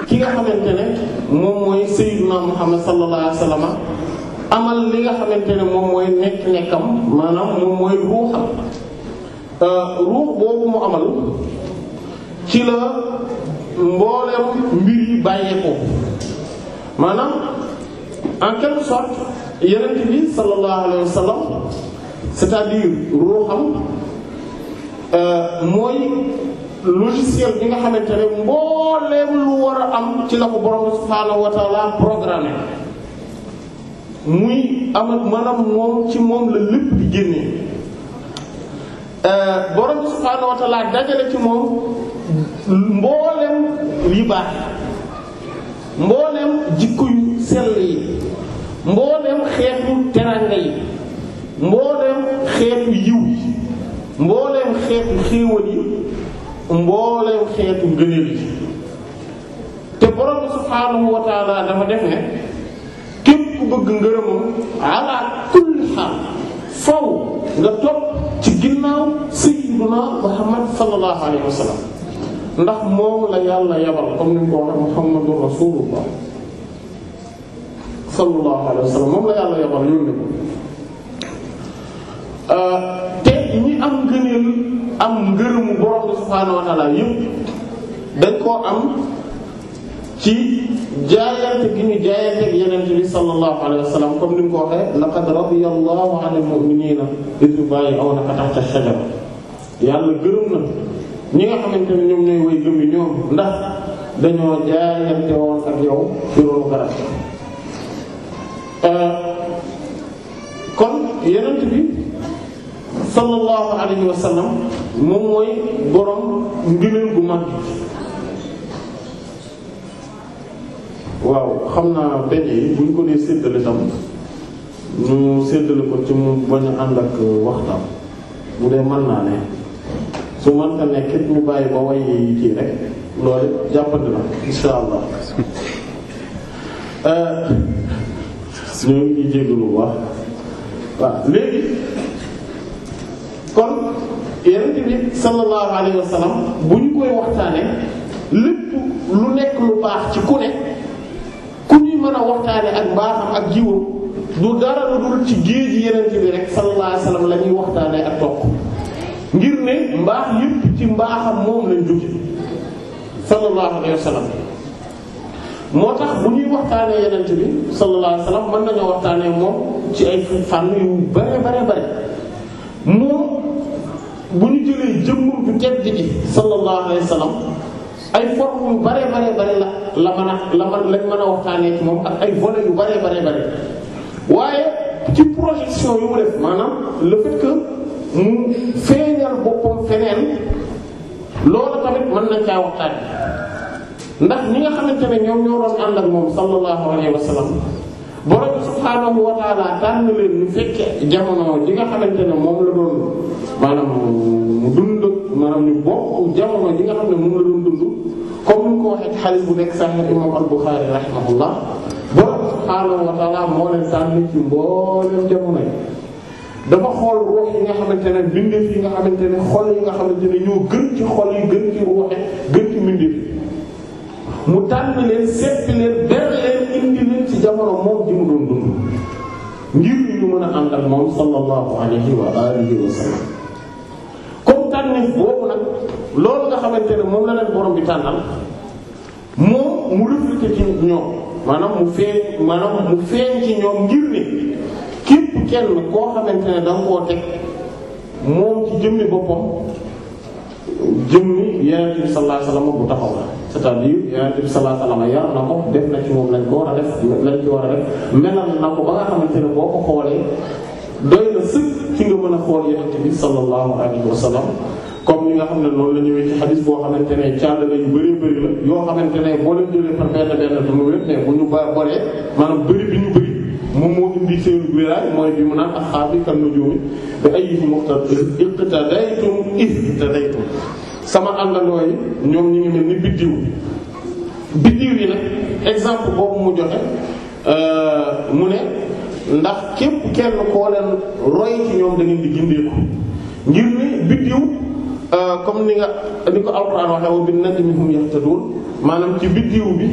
ki nga xamante ne moom mooy sayyidina Muhammad sallallahu alayhi amal li nga xamante ne moom mooy nekk-nekkam maanaam moom mooy ruuxam euh, ruux boobu mu amal ci la mboolem mbir yi bàyyeekoo maanaam en quelque sorte yeneen bi sallallahu alayhi wa sallam c'est-à-dire ruuxam euh, mooy logiciel bi nga xamante ne mbooleem lu war a am ci la ko borom subhaanahu wa ta'ala muy amal maanaam moom ci moom la lépp di génnee euh, borom subhaanahu wa ta'aala dajale ci moom mboolem yi mboolem jikko yu sell yi mboolem xeetu teranga yi mboolem xeetu yiw yi mboolem xeetu xéewal yi mboolem xeetu ngëneel yi te borom subhaanahu wa dama def ne képp ku bëgg ngërëmam ala kulli xaal faw nga topp ci ginnaaw sayyiduna muhammad sallallahu alayhi wa ndax moom la yàlla yabal comme ni mu ko waxee muhammadur rasulullah sallallahu alayhi wa sallam moom la yàlla yabal yónni ko euh, te ñi am ngëneel am ngërëmu borom subhaanahu wa ta'ala yépp dañ koo am ci jaayante gi ñu jaayante ak yenente bi sallallahu alayhi wa sallam comme ni mu ko waxee laqad radiyallahu anil mu'minina iz yubayi'unaka tahta ash-shajara yàlla gërëm na ñi nga xamante ne ñoom ñooy way gëm yi ñoom ndax dañoo jaayante woon ak yow ci loolu garab euh, kon yenent bi sallallahu alayhi wa sallam moom mooy borom ngëneel gu mag waaw xam naa daje yi bu ñu ko dee séddale tam ñu séddale ko ci mu bañ a ànd ak waxtaan bu dee mën naa ne su mënta nekk it ñu bàyyi ba way kii rek loolu jàppandi insha allah eh, ñoo ngi jéglu bu baax waaw léegi kon yenent bi sallallahu alayhi wa sallam bu ñu koy waxtaane lépp lu nekk lu baax ci ku ne ku ñuy mën a waxtaane ak mbaaxam ak jiwam du dara lu dul ci géeji yeneen bi rek sallallahu alayhi wasallam la ñuy waxtaane ak topp ngir ne mbaax yépp ci mbaaxam moom lañ jóge sallallahu alayhi wasallam moo tax bu ñuy waxtaane yeneen bi sallallahu alayhi wasallam mën nañoo waxtaanee moom ci ay fànn yu bare bare bare moom bu ñu jëlee jëmmum bu tedd ji sallallahu alayhi ay forme yu bare bare bare la la mën a la mën lañ mën a waxtaanee moom ak ay volets yu bare bare bare waaye ci projection yu mu def maanaam le fait que mu feeñal boppam feneen loolu tamit mën nañ caa waxtaan ndax ñi nga xamante na ñoom ñoo doon ànd ak moom sallallahu alayhi wa sallam borom subhaanahu wa taala tànn leen ñu fekke jamono ji nga xamante ne moom la doon maanaam mu dund maanaam ñu bokk jamono ji nga xam ne moom la doon waxee ci xaalis bu nekk Sahih imam al-Bukhari rahimahullah borom subhaanahu wa ta'ala moo leen tànn nga xamante ne mbindeef yi ne xol yi nga xamante ne ñoo gën ci xol yi gën ci ruux gën ci mbindeef indi leen ci jamono moom ji mu doon dund ngir ñu mën a ànd ak moom sallallahu alayhi wa alihi tànneef boobu nag loolu nga xamante ne moom la leen borom bi tànnal moom mu reflété ci ñoom maanaam mu feeñ maanaam mu feeñ ci ñoom ngir ne képp kenn koo xamante nga koo teg moom ci jëmmi boppam jëmmi yonent bi sallallahu alayhi wasallam la cest à lañ ko def lañ boo ko xoolee doy na sëkk nga mën a xool yonent bi sallallahu alayhi wa sallam comme ni nga xam ne loolu la ñëwee ci xadis boo xamante ne càllale yu bëree bëri la yoo xamante ne boo leen jëlee par benn benn du lu wér mais bu ñu ba boree maanaam bëri bi ñu bëri moom moo indi seen wéraay mooy bi mu naan ak xaar bi kan la jóomi da ay iqtadaytum ihtadaytum sama àndandoo yi ñoom ñi ngi mel ni biddiw biddiw yi exemple boobu mu joxe euh, mu ne ndax képp kenn koo leen roy ci ñoom da di gindeeku ngir ni biddiw euh, comme ni nga ni ko alxuraan waxee wa bin najmi hum yahtadun maanaam ci biddiw bi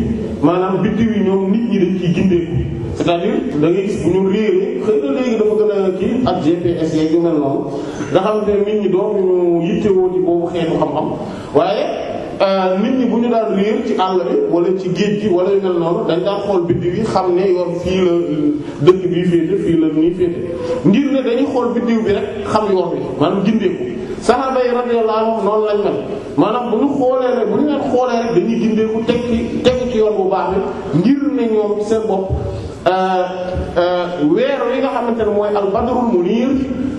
maanaam biddiw yi ñoom nit ñi dañ ciy gindeeku c'est-à-dire da ngay gis bu ñu réeree xëy na léegi dafa gën a kii ak GPS yeeg yu mel noonu nga xam ne nit ñi doon ñu yittewoo ci boobu xeetu xam-xam waaye. Euh, nit ñi bu ñu daan réer ci àll bi wala ci géej gi wala yu mel noonu dañ daan xool biddiw yi xam ne yoon fii la dëkk bii féete fii la nii féete ngir ne dañuy xool biddiw bi rek xam yoon bi maanaam gindeeku saxaaba yi radiyallahu anhum noonu lañ bu baax bi ngir ne ñoom seen bopp euh, euh, weer li nga xamante ne mooy albadrul munir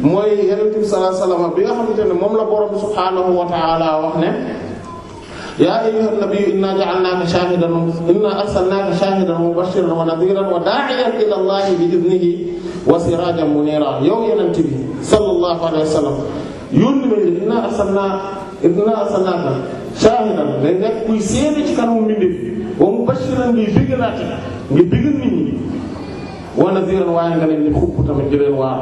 mooy yonent bi sallallahu bi nga xamante ne moom la borom subhaanahu wa wax ne yaa ayyuhan nabiyyu innaa ja'alnaaka shaahidan innaa arsalnaaka shaahidan wa mubashiran wa nadhiran wa daa'iyan ila llaahi bi idnihi wa siraajan muniira yow yonent bi sallallahu alayhi wa sallam yónni nañ la innaa arsalnaaka innaa arsalnaaka shaahidan day nekk kuy seede ci kanamu mbindeef wa mubashiran ngay bégalaate nga bégal nit ñi wa nadhiran waaye nga leen di xupp tamit di leen waar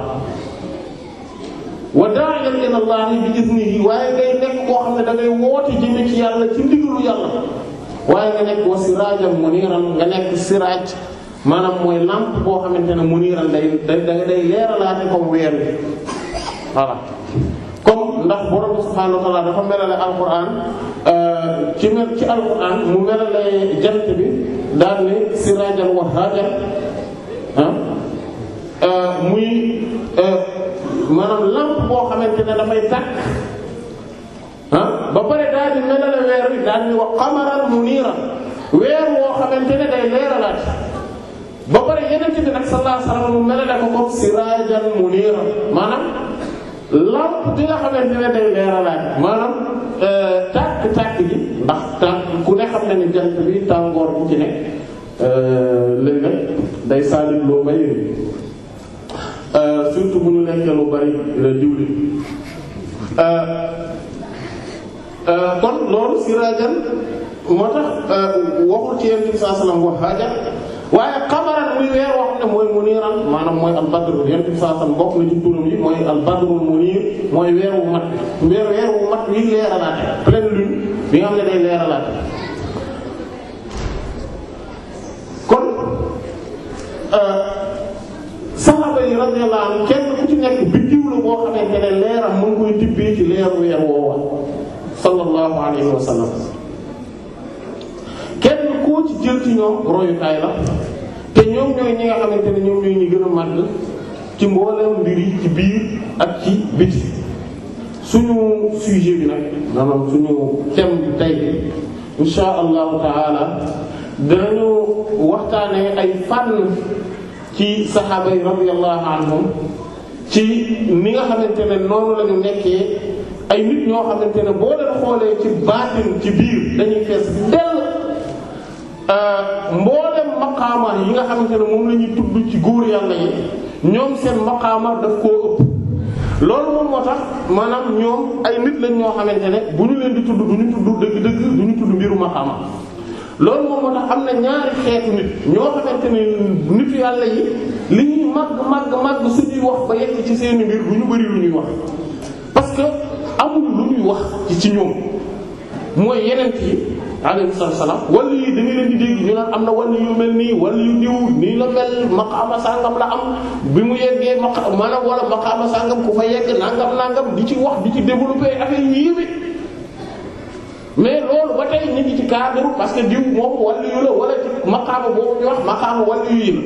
wa da'iyan ila Allah bi iznihi waaye ngay nekk koo xam ne da ngay woote jëme yàlla ci ndigalu yàlla waaye nga nekk wa sirajan muniran nga nekk siraaj maanaam mooy lamp boo xamante ne muniran day day day leeralaate comme weer bi voilà comme ndax borom subhaanahu wa ta'aala dafa melale alquran euh, ci mel ci alquran mu melale jant bi daal ne sirajan wahhajan ah, euh, muy. Euh, maanaam lampe boo xamante ne dafay tàkk ah ba pare daal di melale weer wi daal di wax qamaran muniran weer woo xamante ne day leeralaat ba pare yeneen bi nag sallallahu alayhi wasallam mu melale ko comme sirajan muniran maanaam lampe bi nga xamante ne day leeralaat maanaam euh, tàkk-tàkk gi ndax tàkk ku ne xam na ni jant bi tàngoor bu ci ne euh, léegi nag day saalit loo bay Euh, surtout bu ñu lekkee lu bari diwlin euh, euh, kon loolu siraajan moo tax waxul ci Yonent bi sallallahu alayhi wasallam wax haaja waaye xamaran muy weer wax ne mooy muniiran maanaam mooy albadr Yonent bi sallallahu alayhi wasallam bokk na ci mooy albadrul muniir mooy weer wu mat weer wu mat wi leeralaate pleine lune bi nga xam ne day leeralaate saxaaba yi radiyallahu kenn ku ci nekk biddiw la boo xamante ne leeram mu koy tibbee ci leeru weer woowa sallallahu alayhi wa kenn koo ci jël ci ñoom royukaay la te ñoom ñooy ñi nga xamante ne ñoom ñooy ñi gën a màgg ci mboolem mbir yi ci biir ak ci biti suñu sujet bi nag maanaam suñu thème bi tey insha allahu taala danañu waxtaanee ay fànn ci saxaaba yi radiyallahu anhum ci ni nga xamante ne noonu la ñu nekkee ay nit ñoo xamante ne boo leen xoolee ci ci biir dañuy fees dell euh, mboolem maqaama yi nga xamante ne moom la ñuy tudd ci góor yàlla yi ñoom seen maqaama daf koo ëpp loolu moom moo tax maanaam ñoom ay nit lañ ñoo xamante ne bu ñu leen di tudd du ñu tudd dëgg-dëgg du tudd mbiru maqaama loolu moom moo tax am na ñaari xeetu nit ñoo xamante ni nitu yàlla yi li ñuy màgg màgg màgg suñuy wax ba yegg ci seen mbir bu ñu bari lu ñuy wax parce que amul lu ñuy wax ci ci ñoom mooy yeneen yi alayhi salaam wala yi da nga leen di dégg ñu naan am na wala yu mel nii wala yu diw nii la mel maqaama sàngam la am bi mu yeggee maanaam wala maqaama sàngam ku fa yegg nangam nangam di ci wax di ci développer affaire yi yéeme mais loolu ba tey ñu ngi ci cadre parce que diw moom wàllu yu la wala ci ñu wax maqaama wàllu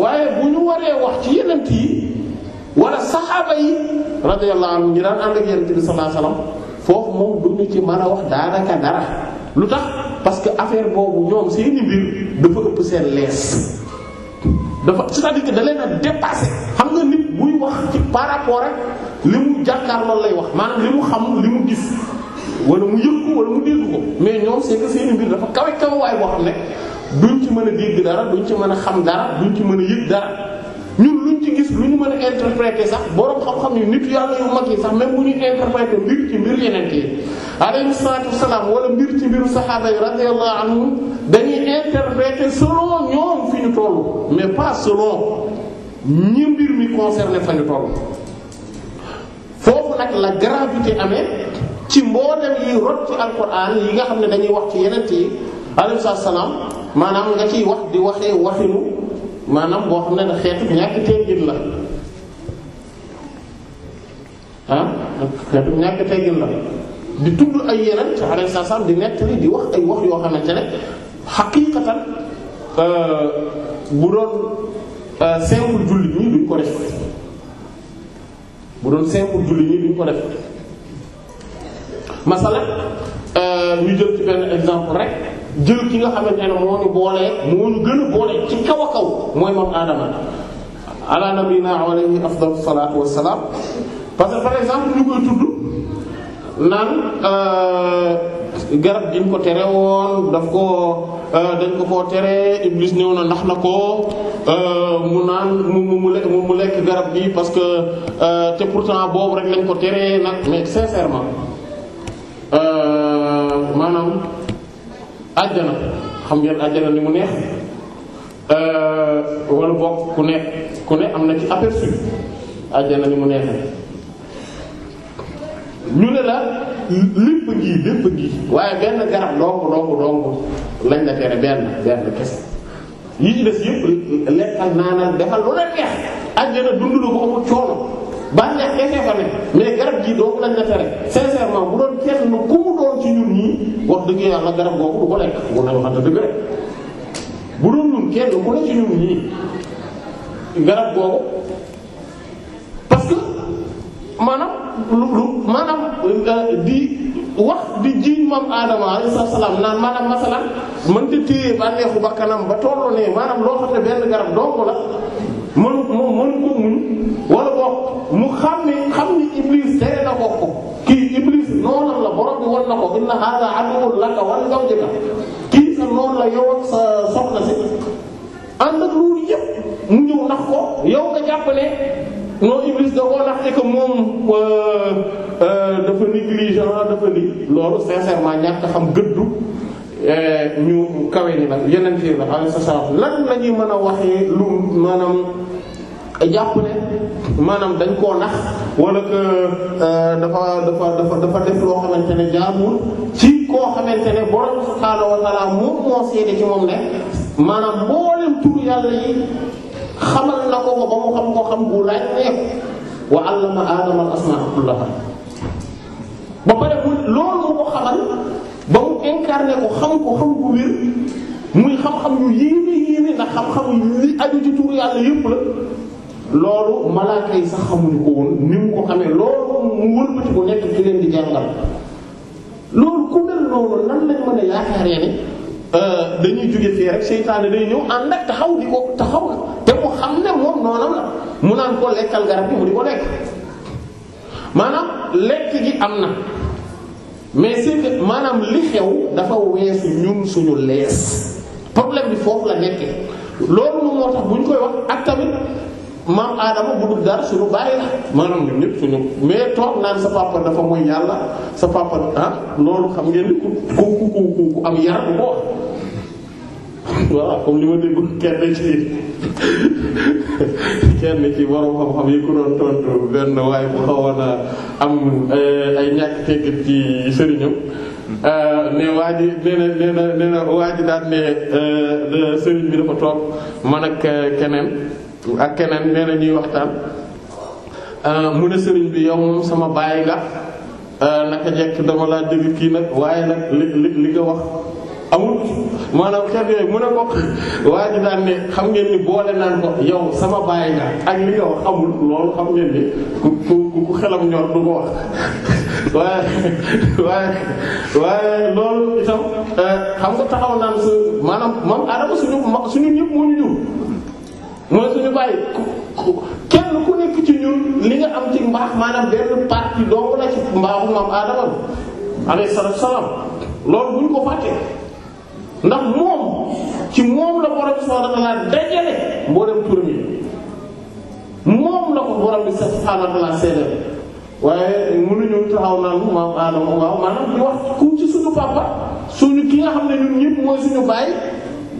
waaye bu ñu waree wax ci yenent yi wala saxaaba yi radiyallahu anhum ñu daan ànd ak yenent bi sallallahu foofu moom lu tax parce que affaire boobu ñoom seeni mbir dafa ëpp seen lees dafa c'est-à-dire que da leen xam nga nit buy wax ci par rapport ak li mu jàkkaarloo lay wax maanaam li mu xam li mu gis wala mu yëg ko wala mu dégg ko mais ñoom c'est que mbir dafa kawe kawawaay boo xam ne duñ ci mën a dégg dara duñ ci mën a xam dara duñ ci mën a yëg dara ñun luñ ci gis lu ñu mën a interpréter sax borom xam-xam yi nit yàlla yu mag yi sax même bu ñuy interpréter mbir ci mbir yi alayhi salaatu wasalaam wala mbir ci mbiru saxaaba yi radiyallahu anhum dañuy interpréter selon ñoom fi ñu tollu mais pas selon ñi mbir mi concerné fa ñu tollu foofu nag la gravité amee. ci mboolem yuy rot ci alquran yi nga xam ne dañuy wax ci yeneen yi alayhi salaam maanaam nga ciy wax di waxee waxinu maanaam boo xam ne da xeetu ñàkk teggin la ah xeetu ñàkk teggin la di tudd ay yeneen ci alayhi salaam di nettali di wax ay wax yoo xamante ne xaqiiqatan euh, bu doon euh, simple jullit ñi duñ ko def bu doon simple jullit ñi duñ ko def. masala euh, ñu jël ci benn exemple rek jël ki nga xamante ne moo ñu boolee moo ñu gën a ci kaw a kaw mooy moom aadama ala nabina alayhi afdalu salaatu wassalaam parce que par exemple ñu koy tudd naan euh, garab gi ko tere woon daf ko euh, dañ ko koo tere iblis ñëw na ndax na ko mu naan mu mu mu lekk garab bi parce que te pourtant boobu rek lañ ko tere nag mais sincèrement Euh, maanaam àjjana xam ngeen àjjana ni mu neex euh, walla bokk ku ne ku ne am na ci aperçu àjjana ni mu neexee ñu ne la lépp ngi lépp ngi waaye benn garab dong dong dong lañ la tere benn benn kese yi ci des yëpp lekkal naanal defal lu la neex àjjana dund lu ko amul coono. bànneex kese fa ne mais garab gii doo lañ la tere sincèrement bu doon kenn ku mu doon ci ñun ñii wax dëgg yàlla garab googu du ko lekk wala waxante dëgg rek bu doon ñun kenn ku ne ci ñun ñii garab googu parce que maanaam lu maanaam euh, di wax di jiiñ moom Adama naan maanaam masalan mënta téye bànneexu bakkanam ba tollu ne maanaam loo xam ne benn garab dong la. man ko muñ wala bokk mu xam ne xam ni Iblis tere ko ko kii Iblis noonam la borom bi wan na ko inna hadha aduwwun laka wa li zawjika kii sa la yow ak sa soxna si ànd ak loolu yëpp mu ñëw nax ko yow nga jàpp ne non Iblis da koo nax que moom euh, euh, dafa négligent dafa ni loolu sincèrement ñàkk xam gëddu Eh, ñu kawe ni la yeneen fii la alayhi salaam lan la ñuy mën a waxee lu maanaam jàpp ne maanaam dañ koo nax wala que euh, dafa dafa dafa def loo xamante ne jaamul ci koo xamante ne borom subhaanahu wa ta'aala moom moo seede ci moom ne maanaam mboolem tur yàlla yi xamal na ko ba mu xam ko xam bu laaj ne wa allama aadama al asmaa kullaha ba pare incarné ko ko xam ko wér xam-xam yu yéeme yéeme ndax xam-xamu li aju ci turu loolu ko woon ko xamee loolu mu di jàngal loolu ku mel loolu lan lañ mën a yaakaaree ne euh, dañuy jóge fii rek seytaane day ñëw ànd ak taxaw di ko taxaw te mu xam ne moom noonam la mu naan ko lekkal garab bi mu di ko lekk maanaam lekk gi am na mais c'est que maanaam li xew dafa weesu ñun suñu lees problème bi foofu la nekkee loolu moom moo tax bu ñu koy wax ak tamit maam aadama bu dul dara suñu bàyyi la maanaam ñun ñëpp suñu mais toog naan sa papa dafa mooy yàlla sa papa ah loolu xam ngeen ku ku ku ku am yar bu voilà comme li ma dégg kenn ci kenn ci borom xam-xam yi ku doon tontu benn waaye eh, ci sëriñam eh, ne waa ji nee na nee na nee daal ne eh, sëriñ bi dafa toog man ak keneen ak keneen nee na ñuy waxtaan mu ne sëriñ bi yow moom sama baay nga naka jekk dama laa dégg kii nag waaye nag li li li nga wax amul maanaam xeet yooyu mun ne ko waa ji daan xam ngeen ni boole naan ko yow sama baay nga ak li nga wax amul loolu xam ngeen ni ku ku ku xelam ñor du ko wax waaye waaye loolu itam euh, xam nga taxaw naan su maanaam moom adama suñu suñu ñëpp moo ñu jur mooy suñu baay kenn ku nekk ci ñun li nga am ci mbaax maanaam benn partie dong la ci maam adama bi alayhi salaam loolu buñ ko fàtte ndax moom ci moom la borom bi subhaanahu wa ta'aala dajale mboolem moom la ko borom bi subhaanahu wa ta'aala seedal waaye mënuñu taxaw naan maam Adama waaw maanaam di wax ku ci suñu papa suñu ki nga xam ne ñun ñëpp mooy suñu baay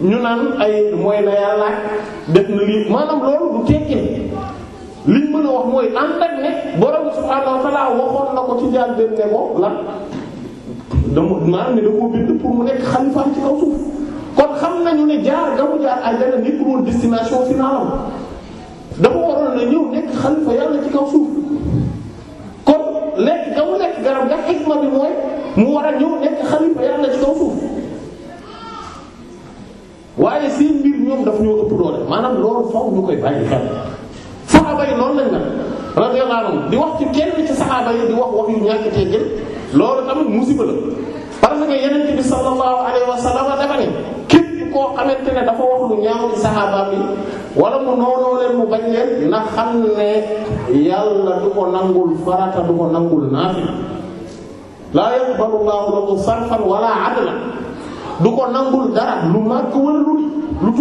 ñu naan ay mooy la yàlla def na lii maanaam loolu du tekki liñ mën a wax mooy ànd ak ne borom bi subhaanahu wa ta'aala waxoon na ko ci jaar benn ne ko lan. dama maanaam ne da koo bind mu nekk xalifaam ci kaw suuf kon xam nañu ne jaar ga mu jaar aljana nekkul woon destination dafa waroon na ñëw nekk xalifa yàlla ci kaw suuf lekk ga mu lekk garab ga xikma bi mooy mu war a ñëw nekk xalifa yàlla ci kaw waaye seen mbir ñoom daf ñoo ëpp doole maanaam loolu faaw ñu koy bàyyi xel saxaaba yi noonu lañ la radiyallahu di wax ci kenn ci saxaaba yi di wax wax yu ñàkk teggin loolu dama musiba la parce que yeneen bi sallallahu alayhi wa sallam dafa ne képp koo xamante ne dafa wax lu ñaaw ci saxaaba bi wala mu noonoo leen mu bañ leen na xam ne yàlla du ko nangul farata du ko nangul naafila laa yaqbalu lu màgg wala lu lu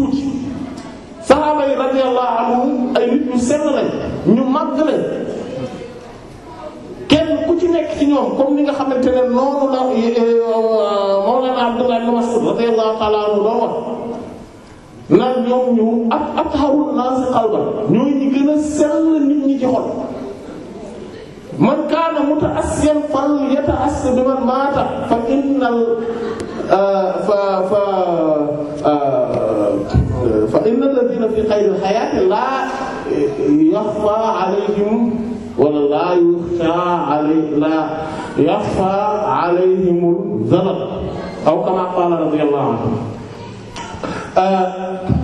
ay nit ñu sell lañ ñu màgg lañ kenn ku ci nekk ci ñoom comme ni nga xamante ne noonu la eh, eh, euh, Mawlana Abdullah ibn Mas'ud radiyallahu ta'ala anhu doon wax naan ñoom ñu ak atharun nas qalban ñooy ñi gën a sell nit ñi ci xol man kaana muta'assiyan fal yata'assa bi man maata fa innal euh, fa fa euh, fa innal ladina fi xayril xayaati laa eh, yaxfaa alayhim wala laa yuxsha alayhi laa yaxfa alayhimul zalal aw kama qaala radiyallahu anhu euh,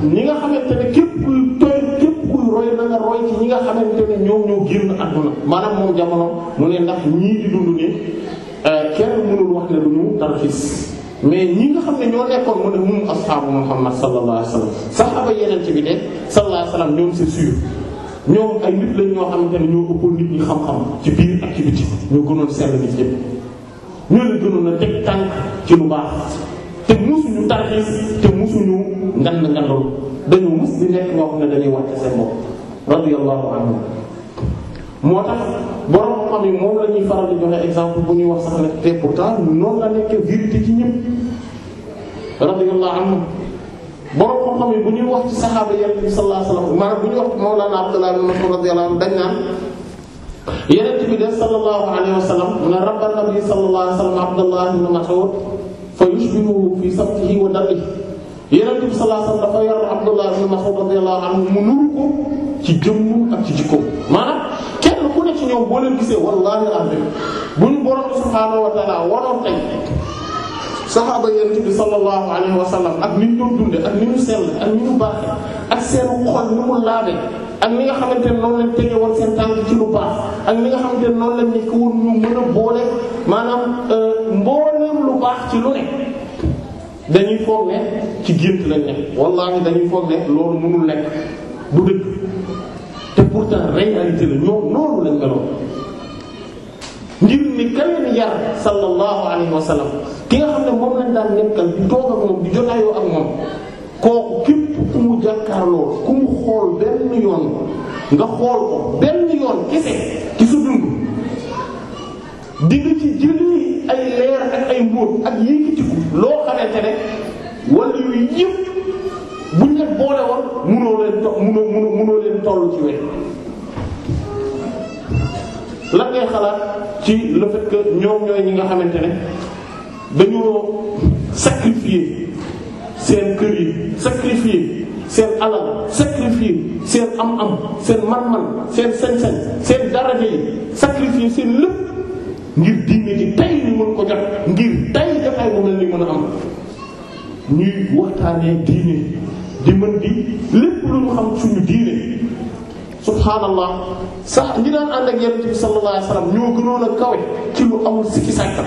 ñi nga xamante ne képp kuy tooy képp kuy roy na nga roy ci ñi nga xamante ne ñoom moom jamono mu ne ndax ñii di dund ne euh, kenn mënul wax ne du ñu tarxis mais ñi nga xam ne ñoo nekkoon mu ne mum ashaabu muhammad sallallahu alayhi wasallam saxaaba yeneen ci bi de sallallahu alayhi wasallam ñoom c'est ñoom ay nit lañ ñoo xamante ne ñoo ëppoon nit ñi xam-xam ci biir ak ci biti ñoo gënoon sell nit ñëpp ñoo leen gënoon a teg tànk ci lu baax te musuñu tarxis te musuñu ngan ngandol dañoo mus di nekk ñoo xam ne dañuy wàcc seen bopp radiyallahu anhu moo tax borom moom la faral di joxe exemple bu ñuy wax sax ne te pourtant noonu la nekkee vérité ci ñëpp radiyallahu anhu borom xam-xam yi bu ñuy wax ci saxaaba yonent bi sallallahu alayhi wasallam maanaam bu ñuy wax ci Mawlana Abdullah ibn Mas'ud radiyallahu anhu dañ naan yonent bi de sallallahu alayhi wasallam mu ne rabba nabi sallallahu alayhi wasallam Abdullah ibn Mas'ud fa yushbihu fi sabtihi wa dabihi yonent bi sallallahu alayhi wasallam dafa yor Abdullah ibn Mas'ud radiyallahu anhu mu nuru ko ci jëmm ak ci jikkoom maanaam kenn ku ne ci ñoom boo leen gisee wallahi alazim bu ñu borom subhaanahu wa ta'ala waroon tey saxaaba yonent bi sallallahu alayhi wa sallam ak ni ñu doon dunde ak ni ñu sell ak ni ñu baax ak seen xol ni mu laabe ak ni nga xamante ne noonu lañ tege woon seen tànk ci lu baax ak ni nga xamante ne noonu lañ nekk woon ñu mën a boole maanaam euh, mbooleem lu baax ci lu ne dañuy foog ne ci gént lañ nekk wallahi dañuy foog ne loolu mënul nekk du dëgg te pourtant réalité la ñoom noonu lañ meloon ngir ni ka leen yar sallallahu alayhi wa sallam ki nga xam ne moom lañ daan nekkal di toog ak moom di jotaayoo ak moom kooku képp ku mu jàkkaarloo ku mu xool benn yoon nga xool ko benn yoon kese ci su dund di nga ci jëlee ay leer ak ay mbóot ak yëkkatiku loo xamante ne wala yooyu yëpp buñ leen boole munoo leen to munoo munoo leen toll ci wet lan ngay xalaat ci le fait que ñoom ñooy ñi nga xamante ne dañoo sacrifier seen kër yi sacrifier seen alal sacrifier seen am-am seen man-man seen sañ-sañ seen daraja yi sacrifier seen lépp ngir diine ci tey ñu mën ko jot ngir tey jotaay bu mel ni mën a am ñuy waxtaanee diine di mën di lépp lu ñu xam suñu diine. subhaanallah sax ñi daan ànd ak yonent bi sallallahu alayhi wasallam ñoo gënoon a kawe ci lu amul sikki sàkka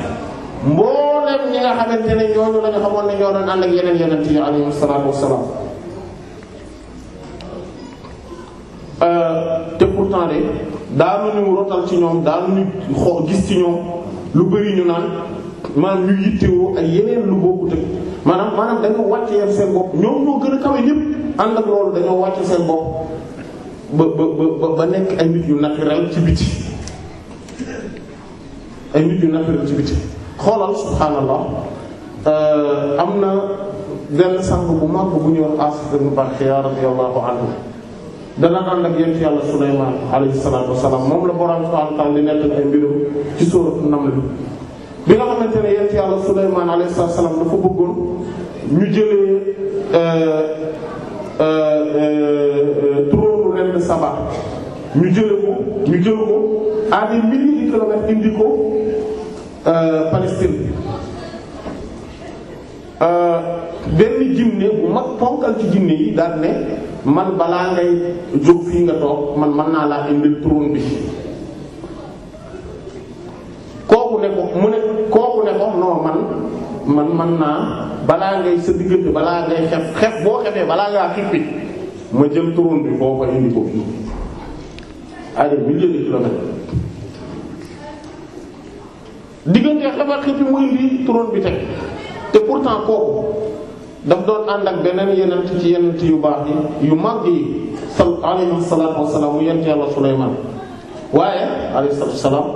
mboolem ñi nga xamante ne ñooñu la ñu xamoon ne ñoo doon ànd ak yeneen yonent yi alayhi salaatu wassalaam euh, te pourtant de daanuñu rotal ci ñoom daanuñu xoo gis ci ñoom lu bari ñu naan maanaam ñu yittewoo ak yeneen lu bokkut ak maanaam maanaam dañoo wàcce seen bopp ñoom ñoo gën a kawe ñépp ànd ak loolu dañoo wàcc seen bopp ba ba ba nekk ay nit yu naturel ci biti ay nit yu naturel ci biti xoolal subhaanallah euh, am na benn sang bu mag bu ñuy wax Asif ibn Barxiya radiyallahu anhu dana ànd ak yent yàlla Sulaymaan alayhi salaatu wassalaam moom la borom subhaanahu wa ta'aala di nettal ay mbirum ci suuratu Naml bi nga xamante ne yent yàlla Sulaymaan alayhi salaatu dafa bëggoon ñu jëlee euh, euh, trop Saba ñu jële ko ñu jël ko à des milliers de kilomètres indi euh, Palestine euh, benn jinne bu mag ponkal ci jinne yi daal ne man balaa ngay jóg fii nga toog man mën naa laa indil trône bi kooku ne ko mu ne kooku ne ko non man man man naa balaa ngay sa diggante balaa ngay xef xef boo xefee balaa ngaa xippi ma jël turon bi foofa indi ko fii ay milliers de kilomètres diggante xabar xi fi mu indi turon bi teg te pourtant kooku daf doon ànd ak beneen yenent ci yenent yu baax yi yu mag yi sal alayhi salaatu wasalaam mu yent waaye alayhi salaatu wasalaam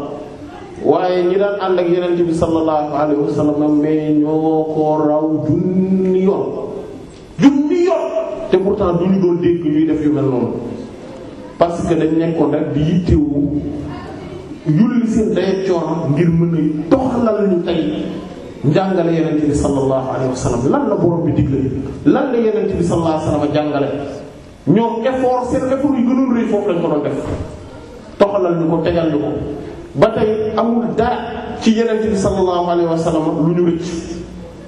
waaye ñi daan ànd ak yenent bi sallallahu alayhi wasallam mais ñoo ko raw junni yoon junni yoon te pourtant du ñu doon dégg ñuy def yu mel noonu parce que dañ nekkoon rek di yittewu yulli seen day coono ngir mën a toxalal ñu tey njàngale yenente bi sallallahu alayhi wa lan la borom bi digle lan la yenente bi sallallahu alayhi wa jàngale ñoom effort seen effort yu gënoon rëy foofu lañ ko doon def toxalal ñu ko tegal ñu ko ba tey amul dara ci yenente bi sallallahu alayhi wa lu ñu rëcc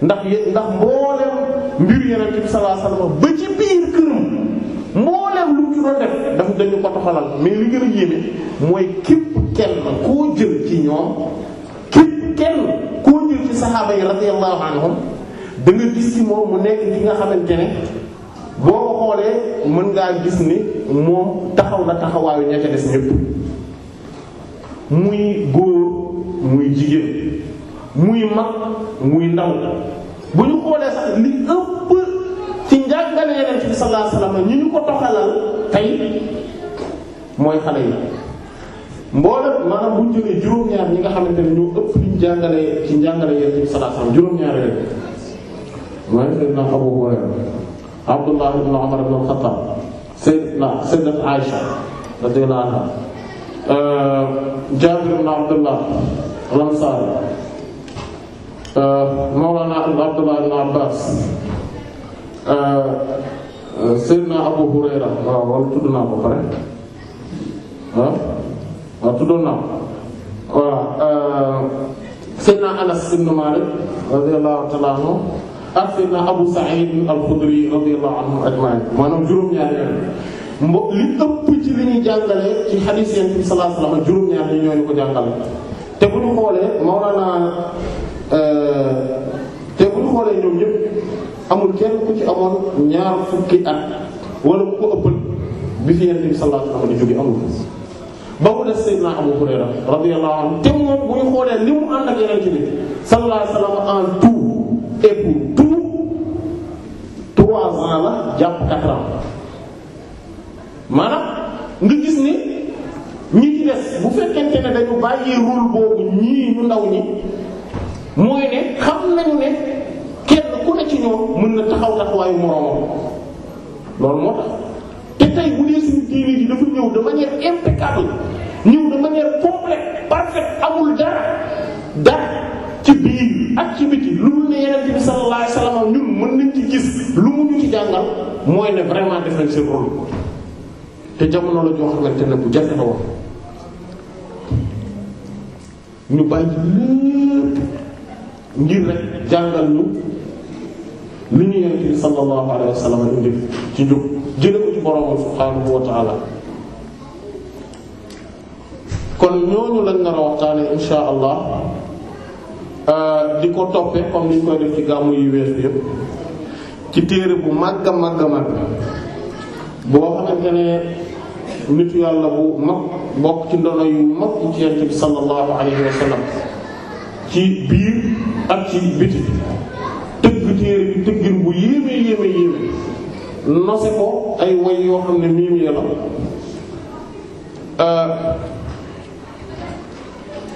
ndax yé ndax mboolem mbir yeneen ci sallallahu alayhi wasallam ba ci biir këram mboolem lu mu daf dañu ko toxalal mais li gën a yéeme mooy képp kenn koo jël ci ñoom képp kenn koo jël ci saxaaba yi radiyallahu anhum da nga gis ci moom mu nekk ki nga xamante ne boo xoolee mën ngaa gis ni moom taxaw la taxawaayu ña ca des ñépp muy góor muy jigéen muy mag muy ndaw bu ñu xoolee sax li ëpp ci njàngale Yonent bi sallallahu alayhi ñu ñu ko toxalal tey mooy xale yi mboolem maanaam bu ñu jëlee juróom-ñaar ñi nga xamante ne ñoo ëpp liñ jàngalee ci njàngale Yonent bi sallallahu alayhi juróom-ñaar rek mooy Seydina Abu Hurayra Abdullah ibn Umar euh, Ansaari Euh, Mawlana Abdullah ibn Abbas euh, Seydina Abu Hurayra waaw wala tudd naa ko pare waaw waaw tuddoon naa ko waaw euh, Seydina Anas ibn Malik radiyallahu ta'ala anhu ak Abu Sa'id al-Khudri radiyallahu anhu ajma'in maanaam juróom-ñaari yoon mbo li ëpp ci li ñuy jàngale ci hadith Yonent bi sallallahu alayhi wa sallam ko jàngale te bu ñu xoolee Mawlana Euh, te bu xoolee ñoom ñëpp amul kenn ku ci amoon ñaar fukki at wala ku ko ëppal bi fi Yonent bi sallallahu alayhi wa sallam di jóge amul ba mu des Seydina Abu Hurayra radiyallahu anhu te moom bu xoolee li mu ànd ak Yonent bi sallallahu alayhi wa sallam en tout et pour la jàpp quatre maanaam nga gis ni ñi ci des bu fekkente ne dañu bàyyi rôle boobu ñii ñu ndaw ñi mooy ne xam nañu ne kenn ku ne ci ñoom mën na taxaw taxawaayu moroomam loolu moo tax te tey bu dee suñu diine ji dafa ñëw de manière impeccable ñëw de manière complète parfaite amul dara dara ci biir ak ci biti lu mu ne yeneen bi sallallahu alayhi ñun mën nañ ci gis lu mu ñu ci jàngal mooy ne vraiment def nañ seen rôle te jamono la joo te ne bu jafe la woon ñu bàyyi lépp ngir rek jàngal ñu li ñu yonent bi sallallahu alayhi wa sallam indi ci njub jële ko ci boroomam subhaanahu wa kon ñooñu lañ nar a waxtaane insha allah euh, di ko toppee comme niñ koy def ci gàmmu yi weesu yépp ci téere bu màgg a màgg a màgg boo xamante ne nitu yàlla bu mag bokk ci ndono yu mag ci yonent bi sallallahu alayhi wa ci biir ak ci biti tëgg téere bi tëggin bu yéeme yéeme yéeme ay way yoo xam ne miimi la euh,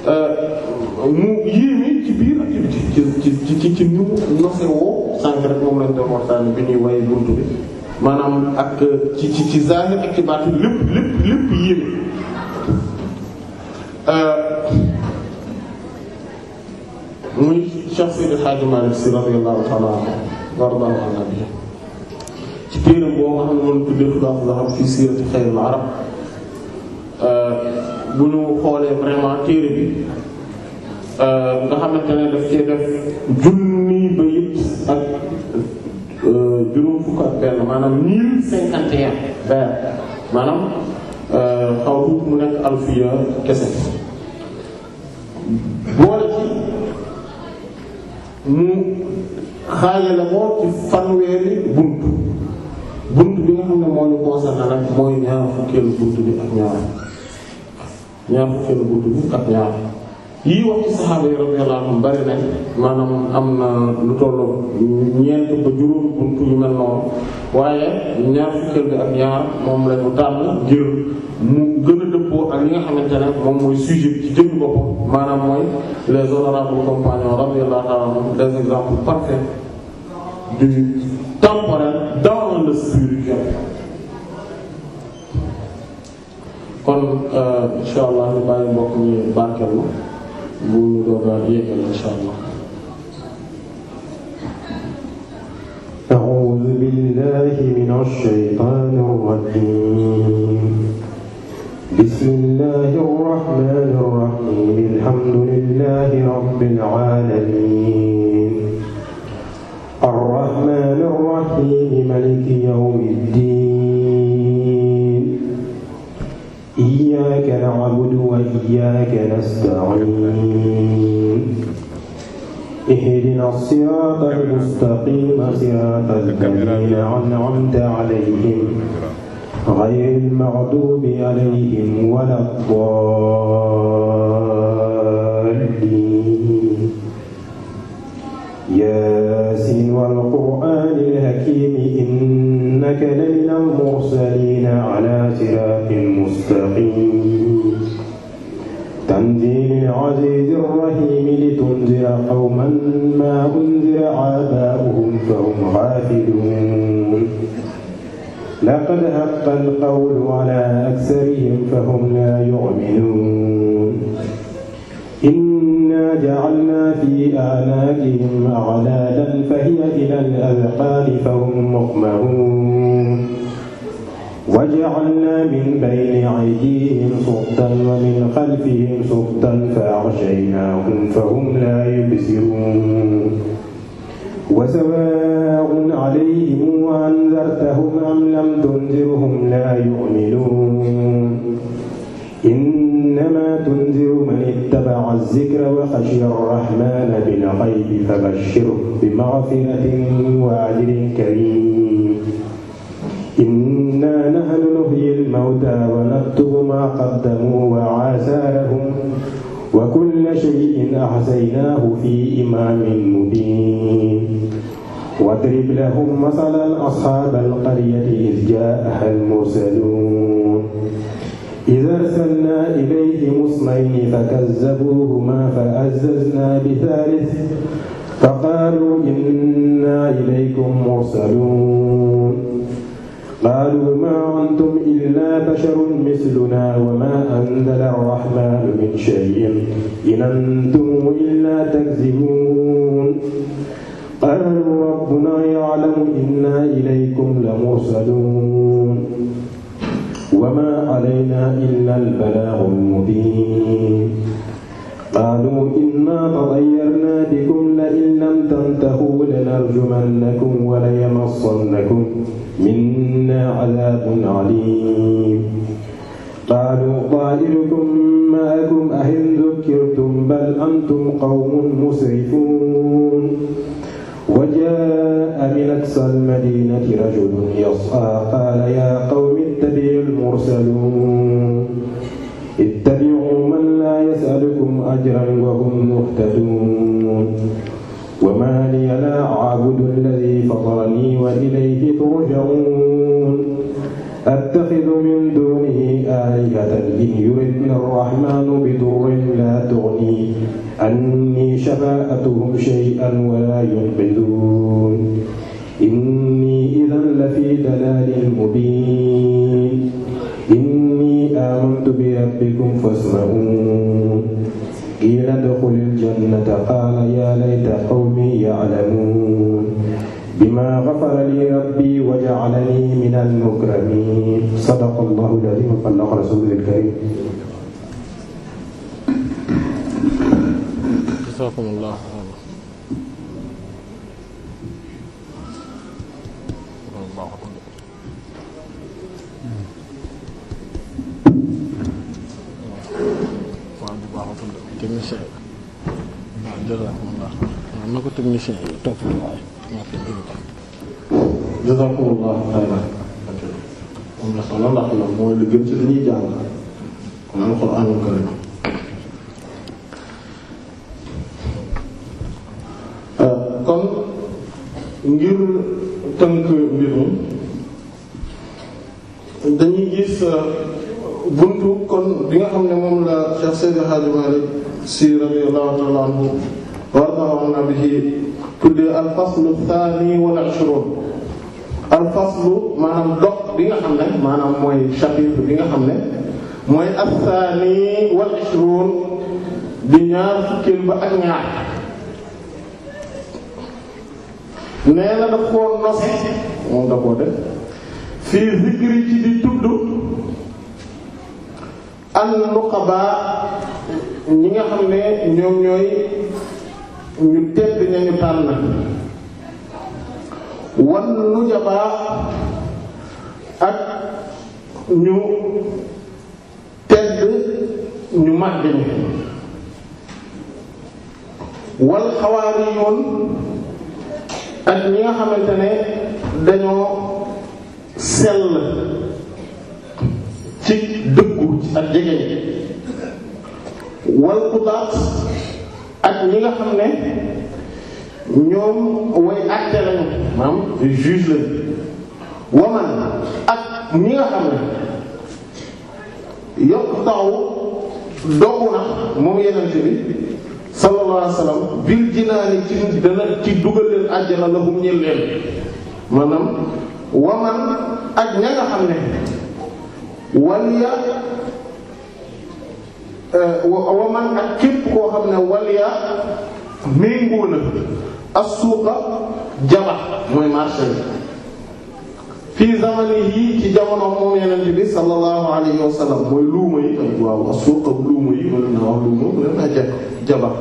euh, mu yéeme ci biir ak ci biti ci ci ci ci ñu nose woo rek moom lañ doon waxtaan bi ñuy waye buntu bi maanaam ak euh, ci ci ci zahir ak ci baatu lépp lépp lépp yéeme muy Cheikh Seydi Hadji Malick Sy radiyallahu ta'ala anhu wa an nabi ci téeram boo nga xam ne moom xoolee vraiment téere bi nga xamante ne daf cee def junni bayit ak juróom fukk ak benn maanaam mille cinquante et maanaam xaw tuuti mu nekk alfiya kese mu xaajale ko ci fanweeri bunt bunt bi nga xam ne moo ñu concerné rek mooy ñaar fukkeelu bunt bi ak ñaar ñaar fukkeelu bunt bi ak ñaar lii wax ci saxaaba yi radiyallahu bari nañ maanaam am na lu tolloo ñeent ba juróom buntu yu mel noonu waaye ñaar fukkeel bi ak ñaar moom lañu tànn ngir mu gën a dëppoo ak li nga xamante ne moom mooy sujet ci jëm boppam maanaam mooy les honorables compagnons radiyallahu ta'ala anhum des exemples parfaits du temporel dans le spirituel kon euh, insha allah ñu bàyyi mbokk ñi barkelu bu ñu doog a yéegal incha allah. أعوذ بالله من الشيطان الرجيم بسم الله الرحمن الرحيم الحمد لله رب العالمين الرحمن الرحيم ملك يوم الدين إياك نعبد وإياك نستعين اهدنا الصراط المستقيم صراط الذين أنعمت عليهم غير المغضوب عليهم ولا الضالين ياسين والقرآن innaka lamin al-mursalin ala siratin mustaqim tanzilil azizir rahim litunzira qawman ma unzira abaa'uhum fahum ghafilun laqad haqqa al-qawlu ala aktharihim fahum la yu'minun جعلنا في أعناقهم أغلالا فهي إلى الأذقان فهم مقمحون وجعلنا من بين أيديهم سدا ومن خلفهم سدا فأغشيناهم فهم لا يبصرون وسواء عليهم أنذرتهم أم لم تنذرهم لا يؤمنون إنما تنذر من ittaba'a az-zikra wa xashiya ar-rahmaana bil-ghaybi fabashshirhu bi-maghfiratin wa ajrin kariim innaa nahnu nuhyii al-mawtaa wa naktubu maa qaddamuu wa aasaarahum wa kulla shay'in ahsaynaahu fii imaamin mubiin واضرب لهم مثلا أصحاب القرية إذ جاءها المرسلون إذا أرسلنا إليهم اثنين فكذبوهما فعززنا بثالث فقالوا إنا إليكم مرسلون قالوا ما أنتم إلا بشر مثلنا وما أنزل الرحمن من شيء إن أنتم إلا تكذبون قالوا ربنا يعلم إنا إليكم لمرسلون وما علينا إلا البلاغ المبين قالوا إنا تطيرنا بكم لئن لم تنتهوا لنرجمنكم وليمصنكم منا عذاب عليم قالوا طائركم معكم أئن ذكرتم بل أنتم قوم مسرفون وجاء من أقصى المدينة رجل يسعى قال يا قوم اتبعوا المرسلون اتبعوا من لا يسألكم أجرا وهم مهتدون وما لي لا أعبد الذي فطرني وإليه ترجعون أتخذ طاعتهم شيئا ولا ينقذون إني إذا لفي ضلال مبين إني آمنت بربكم فاسمعون قيل ادخل الجنة قال يا ليت قومي يعلمون بما غفر لي ربي وجعلني من المكرمين صدق الله العظيم وبلغ رسوله الكريم jazakumullah technicien waaw jazakumullah waaw na ko technicien yi topp waaye maa fi indi tam jazakumullah xayran moom la solo ndax la mooy li gën ci li ñuy jàng kon alxuraanul karim kon ngir tënk mbir mi dañuy gis euh, buntu kon bi nga xam ne moom la Cheikh Seydi Hadji Malick Sy radiyallahu ta'ala anhu wardaana bihi tuddee alfaslu thani wal ashrun alfaslu maanaam dox bi nga xam ne maanaam mooy chapitre bi nga xam ne mooy althani wal ashrun di ñaar fukkeel ba ak ñaar nee na daf koo nose moom da koo def fii zikri ci di tudd an nuqaba ñi nga xam ne ñoom ñooy ñu tedd ñañu tànn wan nujaba ak ñu tedd ñu màgg ñi wal xawaari yoon ak ñi nga xamante ne dañoo sell ci dëggu ak jege wal qutaat ak ñi nga ñoom way acte lañu maanaam waman ak ñi nga yokk taw dogu na moom yenente bi sallallahu alayhi wa sallam bil jinaani ci dana ci dugal àjjana la hum ñeel leen maanaam waman ak ña nga xam ne waliya eh, waman ak képp koo xam ne waliya méngoo na as suuqa jaba mooy marché bi fii zamanihi ci jamono moom yeneen bi sallallahu alayhi wa sallam mooy luuma yi ay waaw asuuq ak luuma yi mën na wax luuma mën na jekk jabar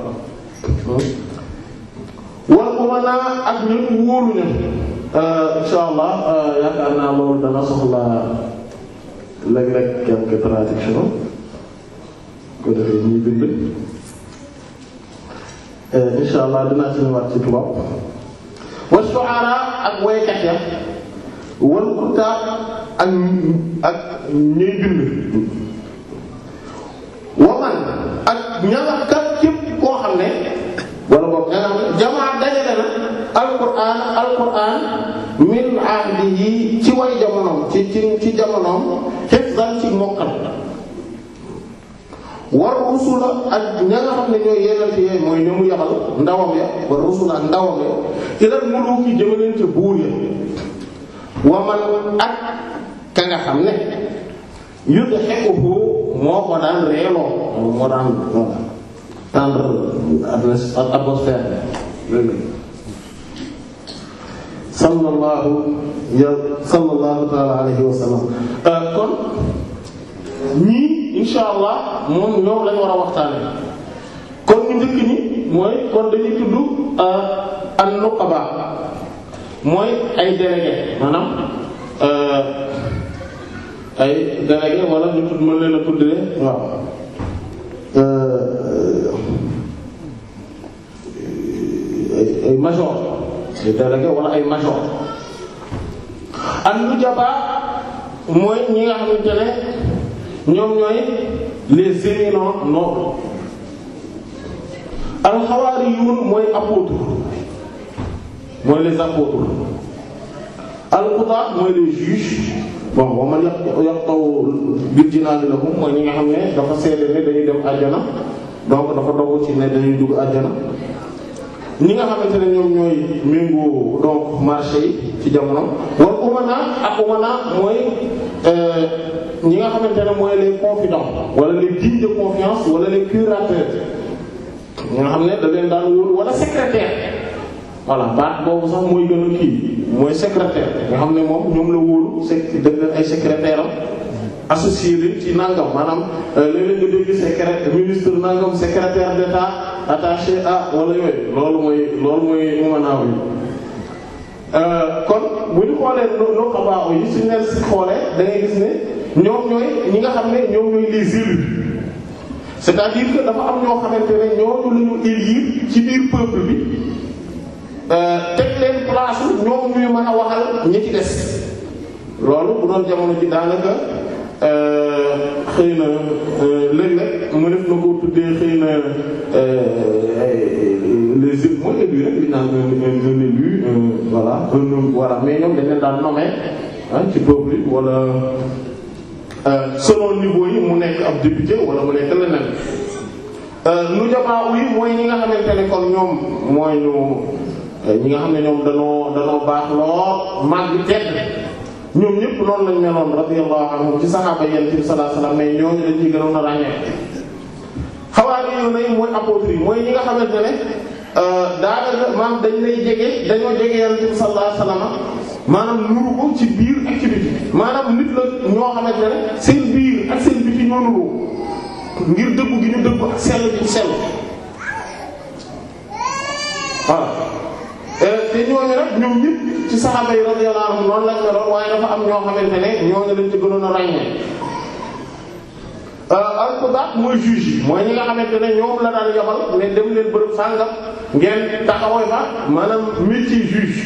wal umana ak ñun wóolu ñu euh, insha allah euh, yaakaar naa loolu dana soxla léeg-léeg quelque traduction ko defee ñuy bind euh, insha allah dinaa ci ñëwaat ci tubaab wa shu'ara ak waykat ya wal kutaab ak ñuy bind waman ak ña nga kat képp koo xam ne wala boog ña nga xam jamaa dajale na alquran alquran min ahdihi ci way jamonoom ci ci ci jamonoom hifzan ci mokkal war rusula ak ña nga xam ne ñooy yenante yooyu mooy ne mu yabal ndawam ya war rusula ak ndawam ya ilal muluki jëmaleen ca buur ya wa man ak ka nga xam ne yóbbu xeetu moo ko daan reeloo moo daan tendre atmosphère sallallahu sallallahu taala alayhi wa sallam euh, kon ñii insha allah moom ñoom lañu war a waxtaane kon ñu njëkk ni mooy kon dañuy tudd euh, an nuqaba mooy ay délégué maanaam euh, ay délégué wala ñu tudd mën leen a tuddee waaw euh, ay ay major ay délégué wala ay major an nujaba mooy ñi nga xamante ne ñoom ñooy les éminents nobles al xawaariyuun mooy apôtre mooy les apôtres al-qudat mooy les juges bon wa man yaq taw bir la moom mooy ñi nga xam ne dafa seede ne dañuy dem àjjana donc dafa dogu ci ne dañuy dugg àjjana ñi nga xamante ne ñoom ñooy méngoo donc marché yi ci jamono wal umana ak umana mooy euh, ñi nga xamante ne mooy les confidents wala les dignes de confiance wala les curateurs ñi nga xam ne da daal daan wóor wala voilà baat boobu sax mooy gën a kii mooy secrétaire xam ne moom ñoom la wóolu sec def leen ay secrétaire am associé leen ci nangam xoolee no xabaa gis ne ñoom ñi nga xam ne ñoom ñooy les élus dafa am ñoo xamante ne ñooñu lu ñu élire ci biir peuple bi Euh, teg leen place ñoom ñuy mën a waxal ñi ci des loolu bu doon jamono ji daanaka euh, xëy na euh, léeg-léeg mu def na ko tuddee xëy na les élus mooy élu rek li naan un un élu voilà un voilà mais ñoom dañ leen daan nommé ah ci peuple wala selon niveau yi mu nekk ab député wala mu nekk leneen nu jamaa yi mooy ñi nga xamante ne kon ñoom mooy ñu. Euh, ñi nga xam ne ñoom danoo danoo baax lool mag bi tedd ñoom ñëpp noonu lañ meloon radiyallahu anhum ci saxaaba yéen ci sallallahu alayhi wasallam mais ñooñu nga xamante ne euh, daanaka dañ lay jege dañoo jege yéen ci sallallahu alayhi wasallam ci biir maanaam nit la ñoo xamante ne seen biir ak seen biti ñoo nuru ngir dëggu gi ñu dëggu ak sell bi sell voilà. Euh, te ñooñu nag ñoom ñëpp ci saxaaba yi radiyallahu anhum noonu lañ meloon waaye dafa am ñoo xamante ne ñooñu lañ ci gënoon a euh, ñi nga xamante ne ñoom la daan yabal ne dem leen bërëb sàngam ngeen taxawoo fa maanaam métier juge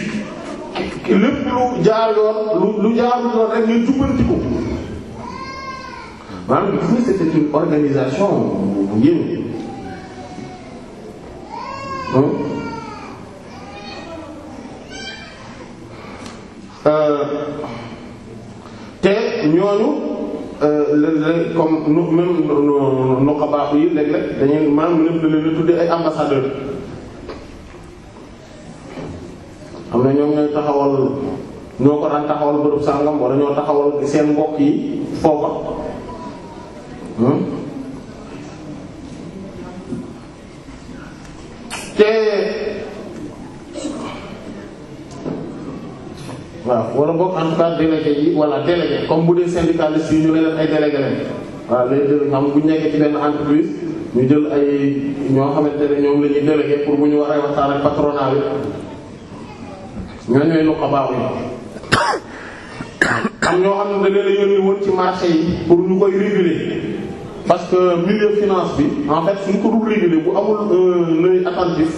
lépp lu jaar yoon lu lu jaarul rek ngeen jubbanti ko. maanaam gis nga c'était une organisation bu yéeme. Euh, te ñooñu euh, comme nu même nuqabaaxu yi léeg-léeg dañuy maanaam lépp da tuddee ay ambassadeur xam ne ñoom ñooy taxawal ñoo ko daan taxawal bërëb sàngam wala ñoo taxawal seen mbokk yi foofa hmm? te waaw wala boog en tout cas délégué yi wala délégué comme bu dee syndicaliste yi ñu ne leen délégué lañ bu ñu nekkee ci benn entreprise ñu jël ay ñoo xamante ne ñoom ñu waree yi am ñoo xam ne da leen a yónni ci marché yi pour ñu koy réguler parce que milieu finance bi en fait suñ ko dul réguler bu amul euh, lay attentif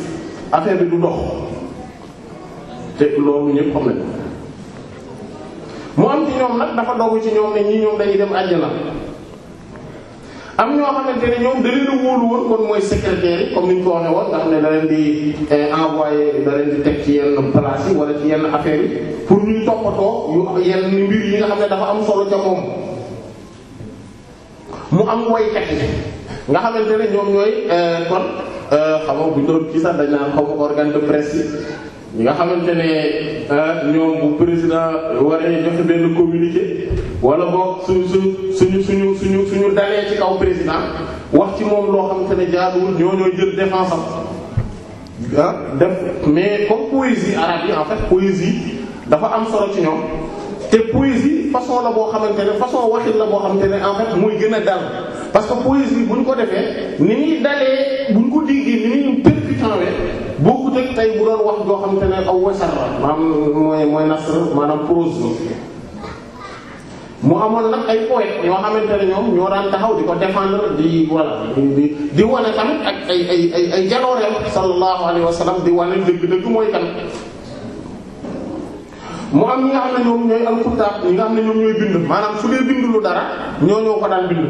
affaire bi du dox te loolu ñëpp xam mu am ci ñoom nag dafa dogu ci ñoom ne ñii ñoom dañuy dem àjjana am ñoo xamante ne ñoom da leen a kon mooy secrétaire yi comme ni ñu ko waxee woon nga xam ne da di eh, envoyer da di teg ci yenn place yi wala ci yenn affaire yi pour ñuy toppatoo yu yenn mbir yi nga xam ne dafa am solo ca moom mu am waykat yi nga xamante ne ñoom ñooy eh, kon eh, xam nga bu ñu doon ci sax dañ naan xaw ma organe de presse yi ñi nga xamante ne euh, ñoom bu président waree joxe benn communiqué wala boog suñ suñ suñu suñu suñu suñu dalee ci kaw président wax ci moom loo xamante ne jaaduwul ñoo ñooy jël défense am ah def mais comme poésie arabe yi en fait poésie dafa am solo ci ñoom te poésie façon la boo xamante ne façon waxit la boo xamante ne en fait muy gën a dal parce que poésie bu ñu ko defee ni ñuy dalee bu ñu ko déggee ni ñuy tey bu doon wax joo xamante ne aw wasar la maanaam mooy mooy nasr maanaam prose mu amoon nag ay poètes yoo xamante ne ñoom ñoo taxaw di ko défendre di voilà di di wane tamit ak ay ay ay ay jalooreem sallallahu alayhi wa di wane dëgg-dëgg mooy kan. mu am ñi nga xam ne ñoom ñooy xam ne ñoom ñooy bind maanaam su dee bind lu dara ñoo ñoo ko daan bind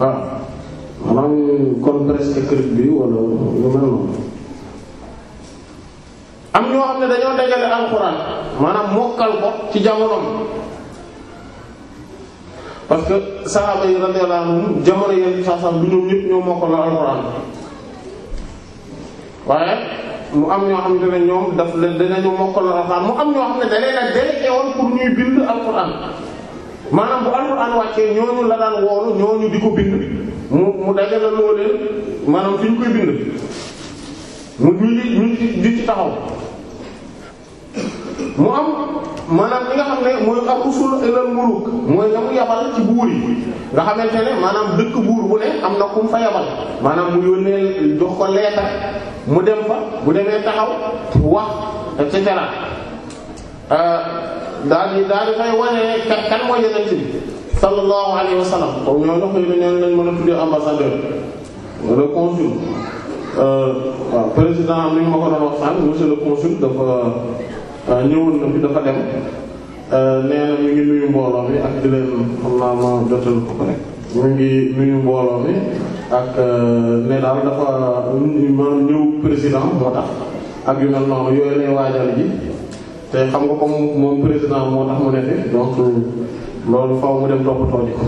waaw. maanaam bi wala lu am ñoo xam ne dañoo dajale alxuraan maanaam mokkal ko ci jamonoom parce que saxaaba yi radiyallahu anhum jamono yenn saa saa du ñoom ñëpp ñoo mokkal alxuraan waaye mu am ñoo xam ne ñoom daf leen dinañu mokkal alxuraan mu am ñoo xam ne da leen a délégué pour ñuy bind alxuraan maanaam bu alxuraan wàccee ñooñu la daan woolu ñooñu di ko bind. mu mu dajale loo leen maanaam fi ñu koy bind mu ñu ci ñu ci di ci taxaw mu am maanaam li nga xam ne mooy am usul ilal muluk mooy nga yabal ci buur yi nga xamante ne maanaam dëkk buur bu ne am na ku mu fa yabal maanaam mu yónnee jox ko leeta mu dem fa bu demee taxaw wax et cetera euh, daal di daal di fay wane kan moo yeneen ci sallallahu alayhi wa sallam comme ñooñu xëy na lañ mën a tuddee ambassadeur le euh, waaw président am nañu ma ko doon wax sànq monsieur le dafa euh, ñëwoon na fi dafa dem euh, nee ko rek mu ngi nuyu mbooloo mi ak ne dafa maanaam ñëw président moo tax ak yu mel yooyu lay waajal ji te xam nga ko moom président moo tax mu ne donc. loolu faw mu dem toppatoo ji ko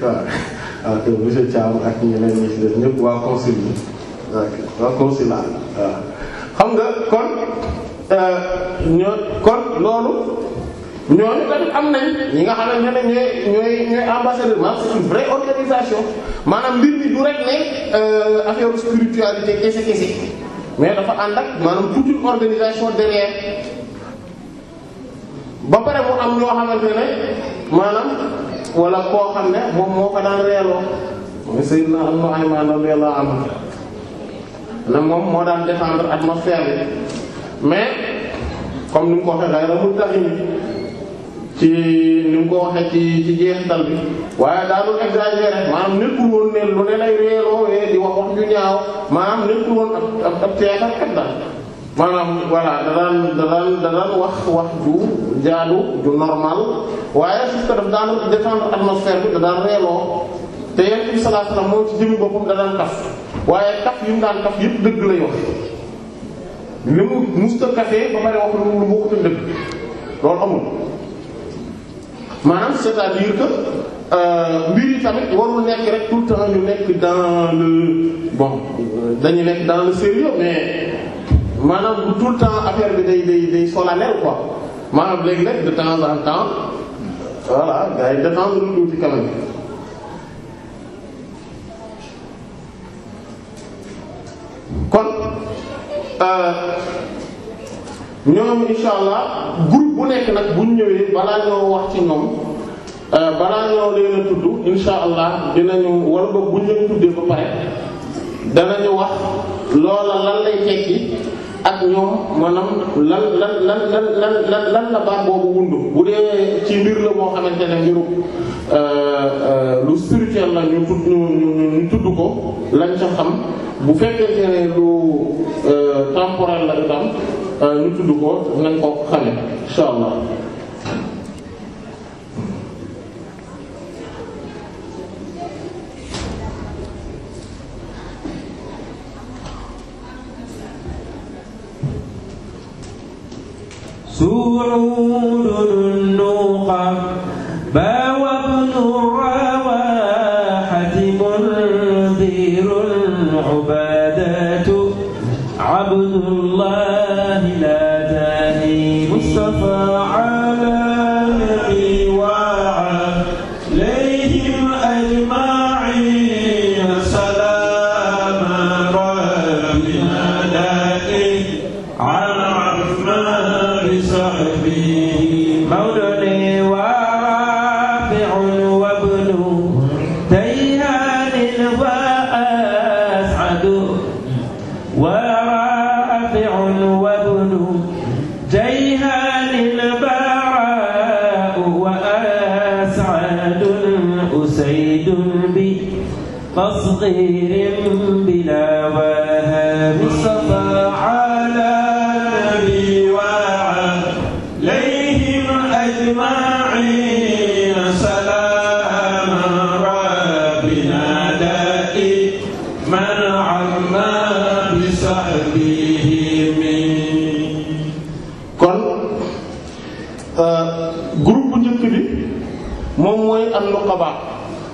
waaw waaw te monsieur Thiam ak ñeneen ñi ci des ñëpp waa consul bi waa consulat ah. waaw xam nga kon euh, ñoo kon loolu ñooñu tamit am nañ ñi nga xam ne ñooy ñooy ñooy ambassadeur maanaam c'est une vraie organisation maanaam mbir mi du rek ne euh, affaire spiritualité kese kese mais dafa ànd ak maanaam toute une organisation derrière ba pare mu am ñoo xamante ne maanaam wala koo xam ne moom moo ko daan reeloo mooy Seydina Ibn Ayman radiyallahu anhu la moom moo daan défendre atmosphère bi mais comme ni mu ko waxee day ramul taxi ci ni ko waxee ci ci jeextal bi waaye daanul exagéré maanaam nekkul woon ne lu ne lay reeloo di wax wax ju ñaaw maanaam nekkul woon ab ab teetal kat daal da daan da daan wax ju jaadu ju normal waaye su ko def daanu défendre atmosphère bi da daan reeloo te yéen bi sallallahu alayhi wasallam moom ci jëmi boppam da daan taf waaye taf yi mu daan taf yëpp dëgg lay wax li mu musta ba pare wax lu mu bokkul dëgg loolu amul maanaam c'est-à-dire que euh, mbir yi tamit warul nekk rek tout temps ñu nekk dans le bon dañu nekk dans le sérieux mais maanaam bu tout temps affaire bi day day day solennel quoi maanaam léeg-léeg de temps en temps voilà gars yi lu tuuti quand kon. Euh, ñoom insha allah groupe bu nekk nag bu ñu ñëwee balaa ñoo wax ci ñoom euh, balaa ñoo leen a tudd insha allah dinañu wala ba bu ñu tuddee ba pare danañu wax loola lan lay tekki ak ñoom maanaam lan lan lan lan lan lan la baat boobu wund bu dee ci mbir la moo xamante ne mbiru euh, euh, lu spirituel la ñu tudd ñu tudd ko lañ ca xam bu fekkente ne lu temporel la itam ñu tudd ko nañ ko xame insha allah سعود النوقة باوق الرواحة منذر عبادات عبد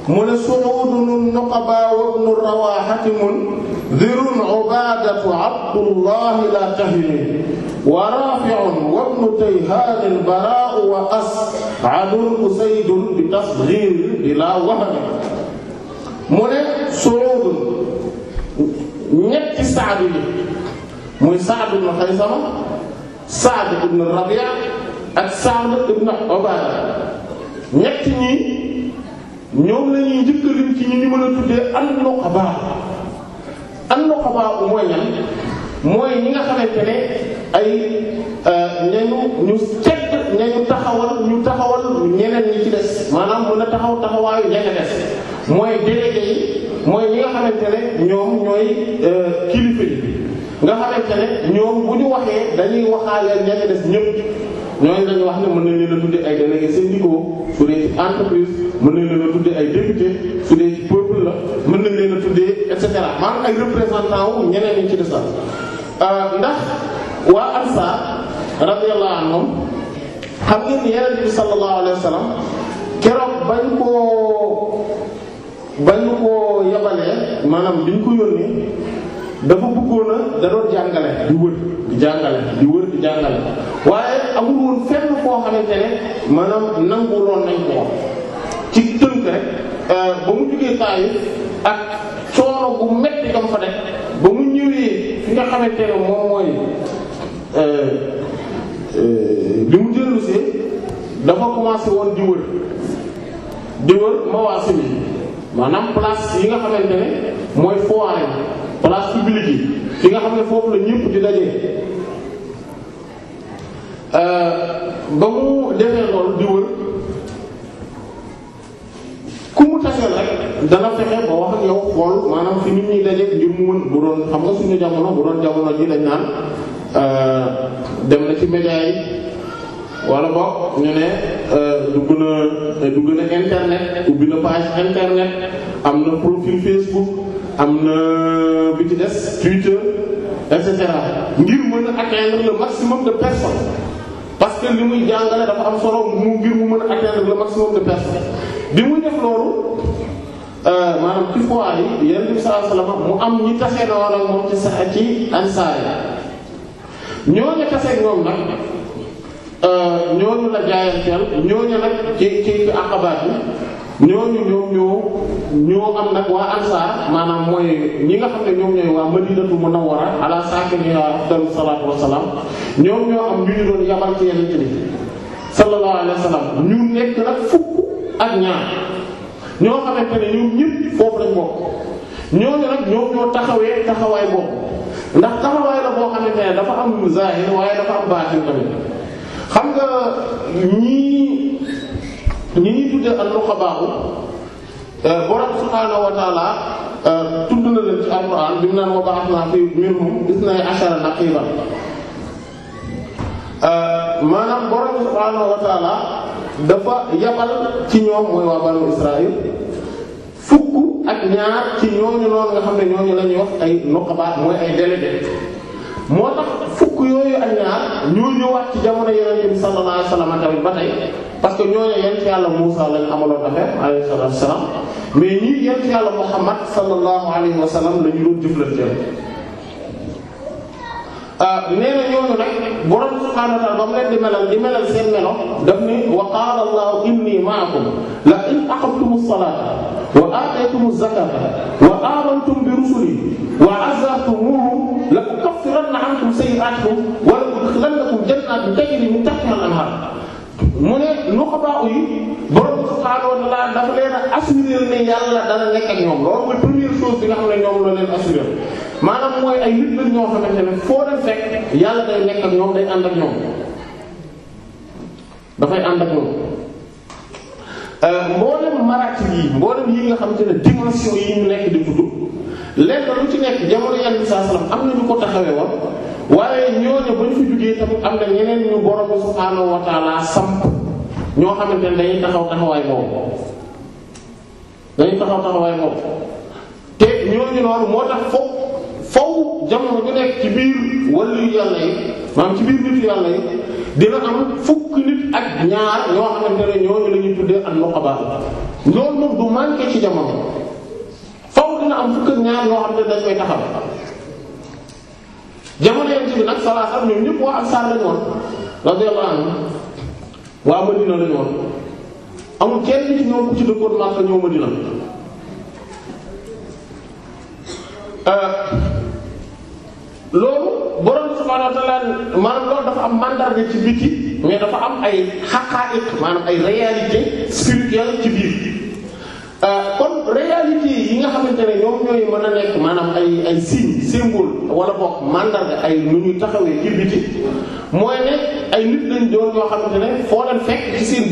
mu ne su'uudun nuqaba wa ibnu rawaaxati munzirun ubaadatu abdullahi laa tahimi wa raafi'un wa ibnu tayhaan baraa'u wa as'adun usaydun bi tasghiir bilaa wahmi mu ne su'uudun ñetti Saad yi muy Saad ibn Xaysama Saad ibn Rabi'a ak Saad ibn Ubaada ñetti ñi ñoom la ñuy ci ñi ñu mën a tuddee an-nuqaba an-nuqaba mooy ñan mooy ñi nga xamante ne ay euh, ñañu ñu tedd ñañu taxawal ñu taxawal ñeneen ñi ci des maanaam mën a taxaw taxawaayu ña des mooy délégué yi mooy ñi nga xamante ne ñoom ñooy euh, kilifa yi nga xamante ne ñoom bu ñu waxee dañuy waxaale ña des ñëpp. ñooñu dañu wax ne mën nañ leen a tuddee ay délégués syndicaux su dee ci entreprise mën nañ leen ay député la mën nañ leen a tuddee et cetera maanaam ay représentants wu ñeneen ñi ci desal euh, ndax waa Ansaar radiyallahu anhum xam ngeen ni Yonent bi sallallahu alayhi wa sallam keroog bañ koo bañ koo yabalee maanaam biñ ko yónnee dafa bëggoon a jàngale di wër di jàngale di wër di jàngale. waaye amul woon fenn foo xamante ne maanaam nanguloon nañ ko ci tënk rek euh, ba mu jugee saa yi ak coono bu metti dam fa def ba mu ñëwee fi nga xamante ne moom mooy li euh, euh, mu jëllu dafa commencé woon di wër di bi maanaam place yi nga xamante ne mooy foire place publique yi fi nga xam ne foofu la ñëpp di dajee Euh, ba mu defee loolu di wër ku mu taseel rek dana fexe ba wax ak maanaam fi nit ñi dajeeg ngir mu mën bu doon xam nga suñu jamono bu doon jamono ji dañ naan euh, dem na ci média yi wala boog ñu ne euh, dugg na dugg na internet ubbi na page internet am na profil Facebook am na bi ci des Twitter et ngir mën a atteindre maximum de personnes. parce que li muy jàngale dafa am solo mu ngir mu mën a atteindre le maximum de personnes bi muy def loolu euh, maanaam ci fois yenn bi sallallahu alayhi mu am ñi tasee na wala moom ci sax ci ansaar yi ñooñu tasee ñoom nag euh, ñooñu la jaayanteel ñooñu nag ci ci ci akabaat yi ñooñu ñoom ñoo ñoo am nag waa ansaar maanaam mooy ñi nga xam ne ñoom ñooy waa madinatu munawwara ala saakiniha afdalu salaatu wassalaam ñoom ñoo am ñu ñu doon yabal ci yeneen ci sallallahu ñu nekk nag fukk ak ñaar ñoo xamante ne ñu ñëpp foofu lañ bokk ñooñu nag ñoom taxawee taxawaay bokk ndax taxawaay la boo xamante ne dafa am zahir waaye dafa am baatin tamit xam nga ñii ñi ñuy tuddee an-nuqabaa euh, borom subhaanahu wa euh, tudd na leen ci alxuraan bi mu naan wa ba'athnaa fii minhum isnay ashara naqiiban euh, maanaam borom subhaanahu wa ta'aala dafa yabal ci ñoom mooy waa banu Israël fukk ak ñaar ci ñooñu noonu nga xam ne ñooñu la wax ay nuqabaa mooy ay délégués. moo tax fukk yooyu ak ñaar ñoo ñëwaat ci jamono yonent bi sallallahu alayhi wasallam tamit ba tey parce que ñooñu yonent yàlla Muusaa lañ amaloon affaire alayhi salaatu wassalaam mais ñii yonent yàlla Muhammad sallallahu alayhi wasallam la ñu doon jëflanteel. Ah, nee na ñooñu nag borom subhaanahu wa ta'aala ba mu leen di melal di melal seen melo daf ni wa qaala Allahu inni ma'akum la in aqamtumus salaata wa aataytumuz zakaata wa aamantum bi rusuli wa azartumuhum la ukaffiranna ankum sayyi'atikum wa la udkhilannakum jannatin tajri min tahtiha al-anhar mu ne nuqabaa yi borom subhaanahu wa ta'aala dafa leen a assuré ne yàlla dana nekk ak ñoom loolu mooy première chose bi nga xam ne ñoom la leen assuré maanaam mooy ay nit lañ ñoo xamante ne day nekk ak day ànd ak Euh, mboolem maraatib yi mboolem yi nga xamante ne dimension yi ñu nekk di tudd lenn lu ci nekk jamono Yonent bi am na ñu ko taxawee woon waaye ñooñu bañ fi jugee tamit am na ñeneen ñu borom subhaanahu wa samp ñoo xamante ne dañuy taxaw taxawaay boobu dañuy taxaw taxawaay boobu te ñooñu noonu moo tax foofu. foofu jamono ju nekk ci biir wàllu yàlla yi maanaam ci biir nit yàlla yi dina am fukk nit ak ñaar ñoo xamante ne ñooñu la ñuy tuddee ak nuqaba loolu moom du manqué ci jamono foofu dina am fukk ak ñaar ñoo xam ne dañ koy taxaw jamono yam ci bi nag salaa am ñoom ñëpp waa Ansaar lañ woon radiyallahu anhu waa Madina lañ woon amul kenn ci ñoom ku ci dëkkoon Makka ñëw Madina euh, loolu borom subhaanahu wa ta'aala maanaam loolu dafa am mandarga ci biti mais dafa am ay xaqaa'iq maanaam ay réalité spirituelle ci euh, kon réalité yi nga xamante ne ñoom ñooy mën a maanaam ay ay signe symbole wala boog mandarga ay lu ñuy taxawee ci biti mooy ne ay yoo xamante ne foo leen fekk ci seen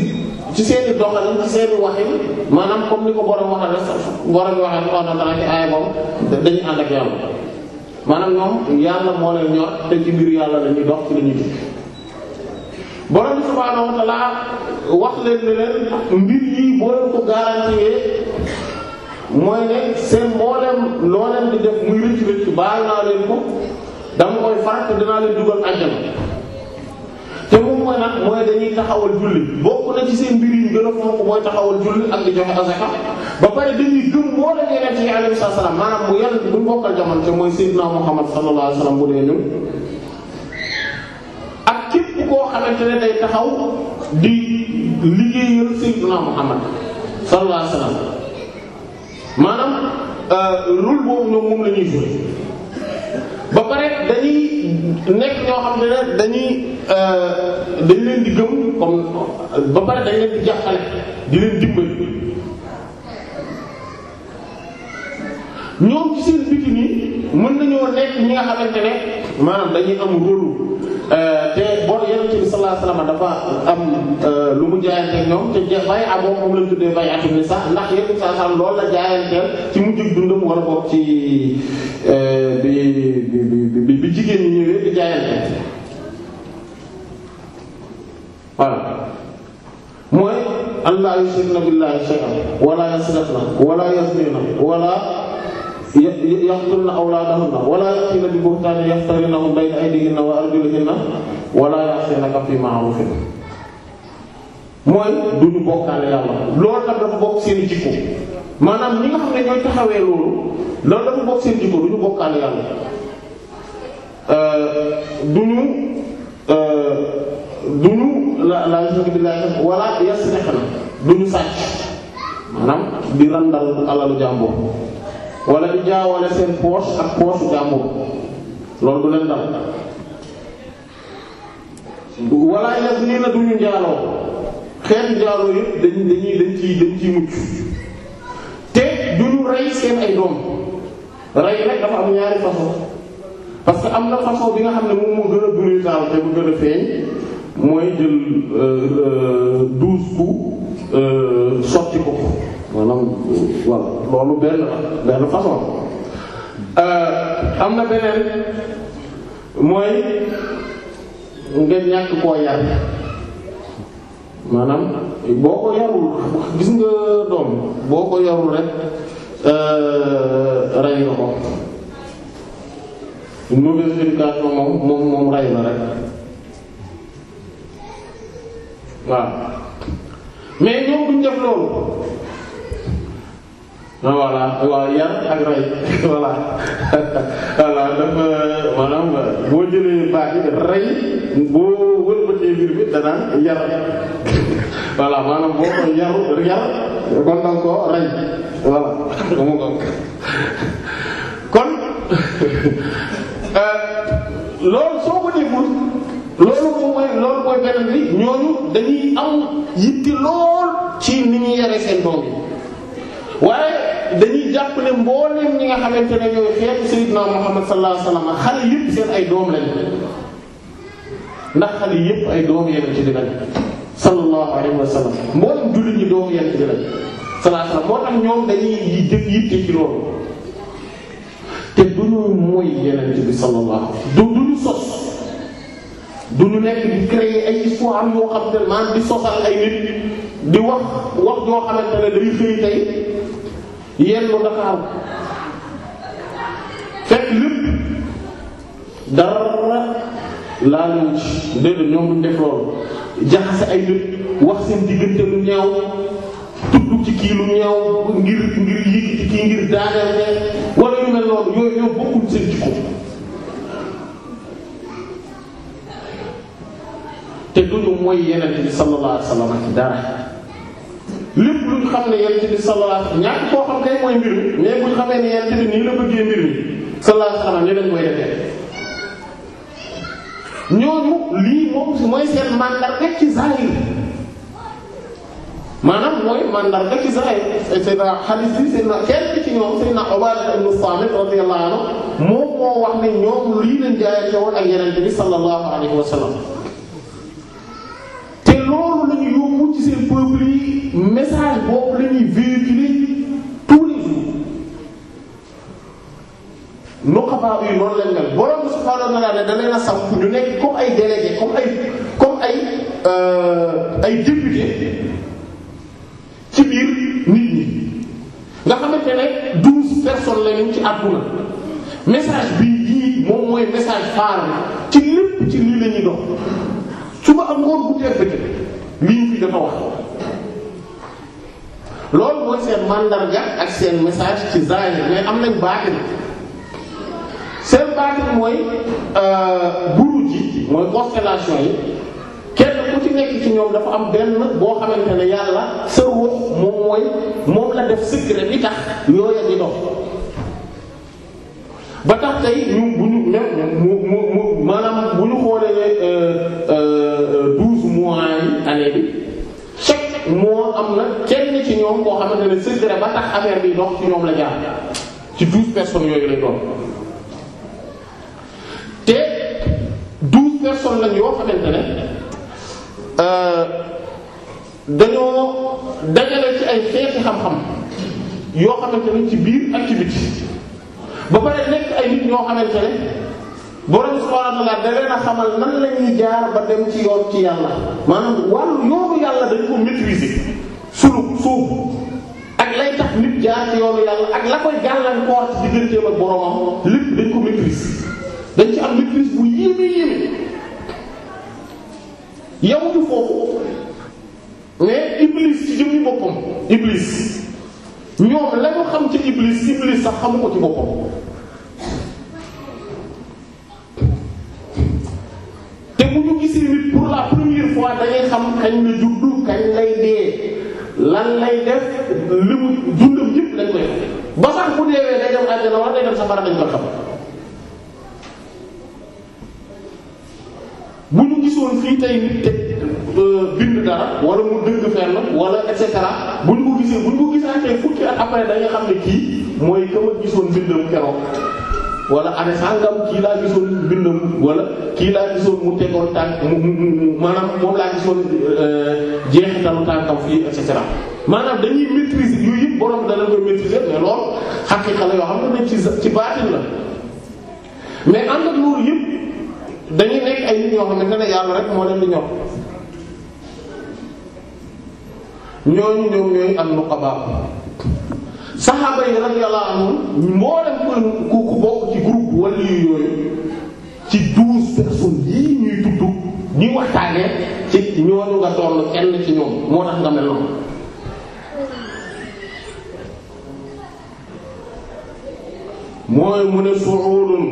ci seeni doxalin ci seeni waxin maanaam comme ni ko borom waxee borom waxee subhaanahu wa ta'aala ci boobu dañu ànd ak yàlla. maanaam ñoom yàlla moo leen ñor te ci mbir yàlla la ñuy dox ci la ñuy dugg borom subhaanahu wa ta'ala wax leen ne leen mbir yi boo leen ko garantie mooy ne seen mboolem loo leen di def muy rëcc rëcc baal naa leen ko dama koy farat dinaa leen dugal àjjana. te moom mooy nag mooy dañuy taxawal julli bokk na ci seen mbir yi gën a fonk mooy taxawal julli ak di joxe asaka ba pare dañuy gëm boole yeneen ci alayhi salaam maanaam mu yàlla bu ñu bokkal jamono mooy Seydina Muhammad sallallahu alayhi wasallam bu dee ak képp koo xamante ne day taxaw di liggéeyal Seydina maanaam euh, rôle boobu moom la ñuy ba pare dañuy nekk ñoo xam ne nag dañuy euh, dañ leen di gëm comme ba pare dañ leen di jàppale di leen dimbali ñoom ci seen biti nii mën nañoo nekk ñi nga xamante ne maanaam dañuy am rôle euh, te boo yonent bi sallallahu dafa am euh, lu mu jaayante ñoom te bay a boobu moom lañ tuddee bay atum ni sax ndax yonent bi sallallahu la jaayanteel ci mujj dundam wala boog ci euh, bi bi bi jigéen ñi ñëwee di jaayante voilà mooy an laa yushrikna billahi shay'an wala yasrifna wala yazmina wala yaqtulna awlaadahunna wala ya'tina bi buhtaanin yaftarinahu bayna aydihinna wa arjulihinna wala ya'sinaka fi ma'rufin mooy du ñu bokkaale yàlla loolu nag dafa bokk seen jikko maanaam ñi nga xam ne ñooy taxawee loolu loolu dafa bokk seen jikko du ñu bokkaale yàlla euh, du ñu euh, du ñu la la billahi wala jàmbur. wala ñu jaawale seen poche ak poche su jàmbur loolu du leen dal wala yas nii na du njaaloo xeetu njaaloo yëpp dañ dañuy dañ ciy dañ ciy mucc te du ñu rey seen ay doom rey nag dafa am ñaari façon parce que am na façon bi nga xam ne moom moo gën a brutal te bu gën a feeñ mooy jël euh, euh, douze coups euh, sotti ko ko maanaam voilà loolu benn benn façon euh, am na beneen mooy nga ñàkk koo yar maanaam boo ko yarul gis nga doom boo ko yarul rek euh, rey nga ko mauvaise éducation moom moom moom rey rek waaw mais ñoom duñ loolu voilà waaw yar ak rey voilà voilà dafa maanaam boo jëlee baax yi rey boo wëlbatee mbir bi danaan yar voilà maanaam boo ko yaru yar kon danga ko rey voilà kon euh, loolu soo ko deful loolu moom mooy loolu mooy beneen bi ñooñu dañuy am yitti lool ci ni ñuy yare seen doom waaye dañuy jàpp ne mbooleem ñi nga xamante ne ñooy xeetu sayyidna Muhammad xale yépp seen ay doom lañ ndax xale yépp ay doom yeneen ci di lañ moo tax ñoom dañuy jëf yitte ci loolu te duñu mooy yeneen bi sallallahu du duñu ñu nekk di créer ay ay nit di wax wax yoo xamante ne day xëy tey yenn Ndakaaru fekk lépp dara laa ñëw ci déedéet ñoom duñ def jaxase ay nit wax seen lu ñaaw tudd kii lu ñaaw ngir ngir yéeg ngir daaneel ne wala ñu mel noonu yooyu ñoom bokkul seen jikko te duñu mooy yeneen bi sallallahu alayhi wasallam ak lépp luñ xam ne yonent bi sallallahu ñàkk koo xam kay mooy mbir mi mais xamee ne yonent bi nii la bëggee mbir mi sallallahu alayhi wasallam ni lañ koy defee. ñooñu lii moom mooy seen mandarga ci zahir maanaam mooy mandarga ci zahir c'est la hadith bi c'est la kenn ci ñoom Seydina Ubaada ibn Saamit radiyallahu anhu moom moo wax ne ñoom lii lañ jaayante woon ak yonent bi sallallahu alayhi wasallam peuple yi message boobu la ñuy véhiculer tous les jours nu a samp nekk comme ay délégué comme ay ay euh, ay député ci biir nit ñi nga xamante ne douze personnes lañu ci àdduna message bi yii moom mooy message phare ci lépp ci lii la ñuy dox suba ak ngoon bu teel li ñu fi jot a wax loolu mooy seen mandarga ak seen message ci zahir mais am nañ baatin seen baatin mooy buruj euh, yi mooy constellation yi kenn ku ci nekk ci ñoom dafa am benn boo xamante ne yàlla sa ruux moom mooy moom la def secret bi tax yooya di dox ba tax tey ñu bu ñu même mu mu maanaam bu ñu xoolee euh, ñoom koo xamante ne secret ba bi dox ci ñoom la jaar ci douze personnes yooyu lay doon te douze personnes lañ yoo xamante ne euh, dañoo dajale ci ay xeeti xam yoo xamante ne ci biir activité ba pare nekk ay nit ñoo xamante ne boo subhaanahu wa ta'aala da leen a xamal nan la jaar ba dem ci yoon ci yàlla maanaam wàllu yoonu yàlla dañ ko maîtriser. suluk soobu ak lay tax nit jaar ci yàlla ak la koy gàllankoor ci digganteem ak boromam lépp dañ ko maîtrise dañ ci am maîtrise bu yéeme yéeme yow du foofu mais iblis ci jëmmi boppam iblis ñoom la xam ci iblis iblis sax xamu ko ci boppam te bu ñu gisee nit pour la première fois dañuy xam kañ la juddu kañ lay dee lan lay def li mu dundam yëpp lañ koy ba sax bu deewee day dem àjjana war day dem safara dañ ko xam bu ñu gisoon fii tey nit te euh, bind dara wala mu dëgg fenn wala et cetera bu ñu ko gisee bu ñu ko gisaatee fukki at après da nga xam ne kii mooy ka gisoon bindam keroog. wala année sangam kii laa gisoon bindam wala kii laa gisoon mu tegoon tànk mu maanaam moom laa gisoon euh, jeexitalu tànkam fii et maanaam dañuy maîtriser yooyu yëpp borom dana koy maîtriser mais loolu la yoo xam ne ci ci baatin la mais ànd ak loolu yëpp dañuy nekk ay nit moo leen di ñor ñoom ñooy am nuqaba saxaaba yi radiyallahu anhum mboolem ku ku bokk ci groupe wala yooyu ci douze personnes yii ñuy tudd di waxtaanee ci ñoom moo tax nga mel mooy mu ne su'ulun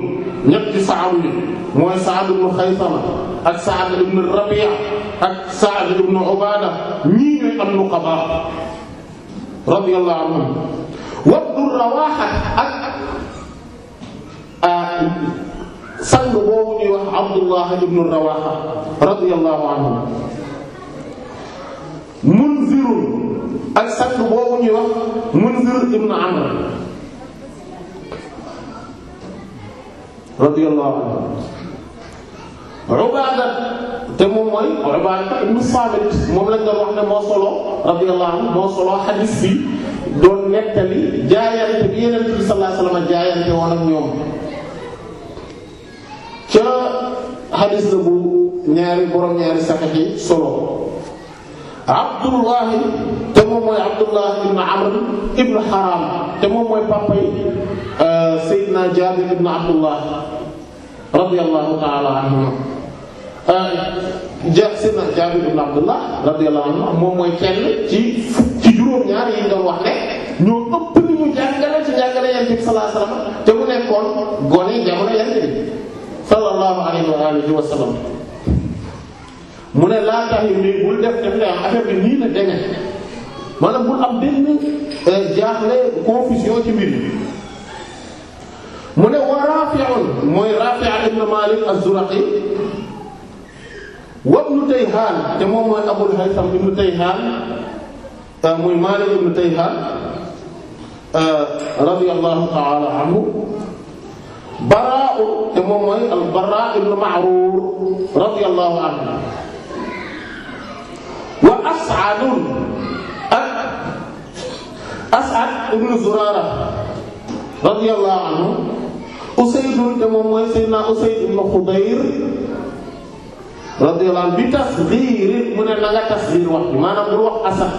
ñetti saabu yi mooy Sa'd ibn Khaythama ak Sa'd ibn Rabi'a ak Sa'd ibn Ubada ñii ñooy am nuqaba radiyallahu wabdu rawaaxa ak ah, sang boobu ñuy wax Abdullah ibnu Rawaaxa radiyallahu anhu munzirun ak sang boobu ñuy wax munzir ibnu Amr radiyallahu anhu Ubaada te moom mooy Ubaada ibnu Saamit moom lañ doon wax ne moo solo radiyallahu anhu moo solo xadiis bi doon nettali jaayante bi Yonent bi sallallahu alayhi wa sallam jaayante woon ak ñoom ca xadiis la bu ñaari borom ñaari saxiix yi solo Abdullahi te moom mooy Abdullahi ibn Amr ibn Haram te moom mooy papa yi euh, Seydina Jaabir ibn Abdullah radiyallahu ta'ala anhuma euh, ja sidna Jaabir ibn Abdullah radiyallahu anhu moom mooy kenn ci ci juróom-ñaar yi ñu wax ne ñoo ëpp li mu jàngale ci jàngale Yonent bi te mu nekkoon gone jamono Yonent bi wa alihi mu ne laa tax yu nii bul def def am affaire bi nii la deme maanaam bul am benn euh, jaaxle confusion ci mbir mu ne wa Rafi'un mooy Rafi' ibn Malik az-Zuraqi wa ibn Tayhan te moom mooy Abul Haytham ibn Tayhan euh, muy Malik ibn Tayhan euh, radiyallahu ta'ala anhu Bara'u te moom mooy al-Bara' ibn Ma'rur radiyallahu anhu wa As'adun ak As'ad ibn Zurara radiyallahu anhu Usaydun te moom mooy Seydina Usayd ibn Khudayr radiyallahu anhu bi tasghir mu ne na nga tasghir wax bi maanaam bul wax asad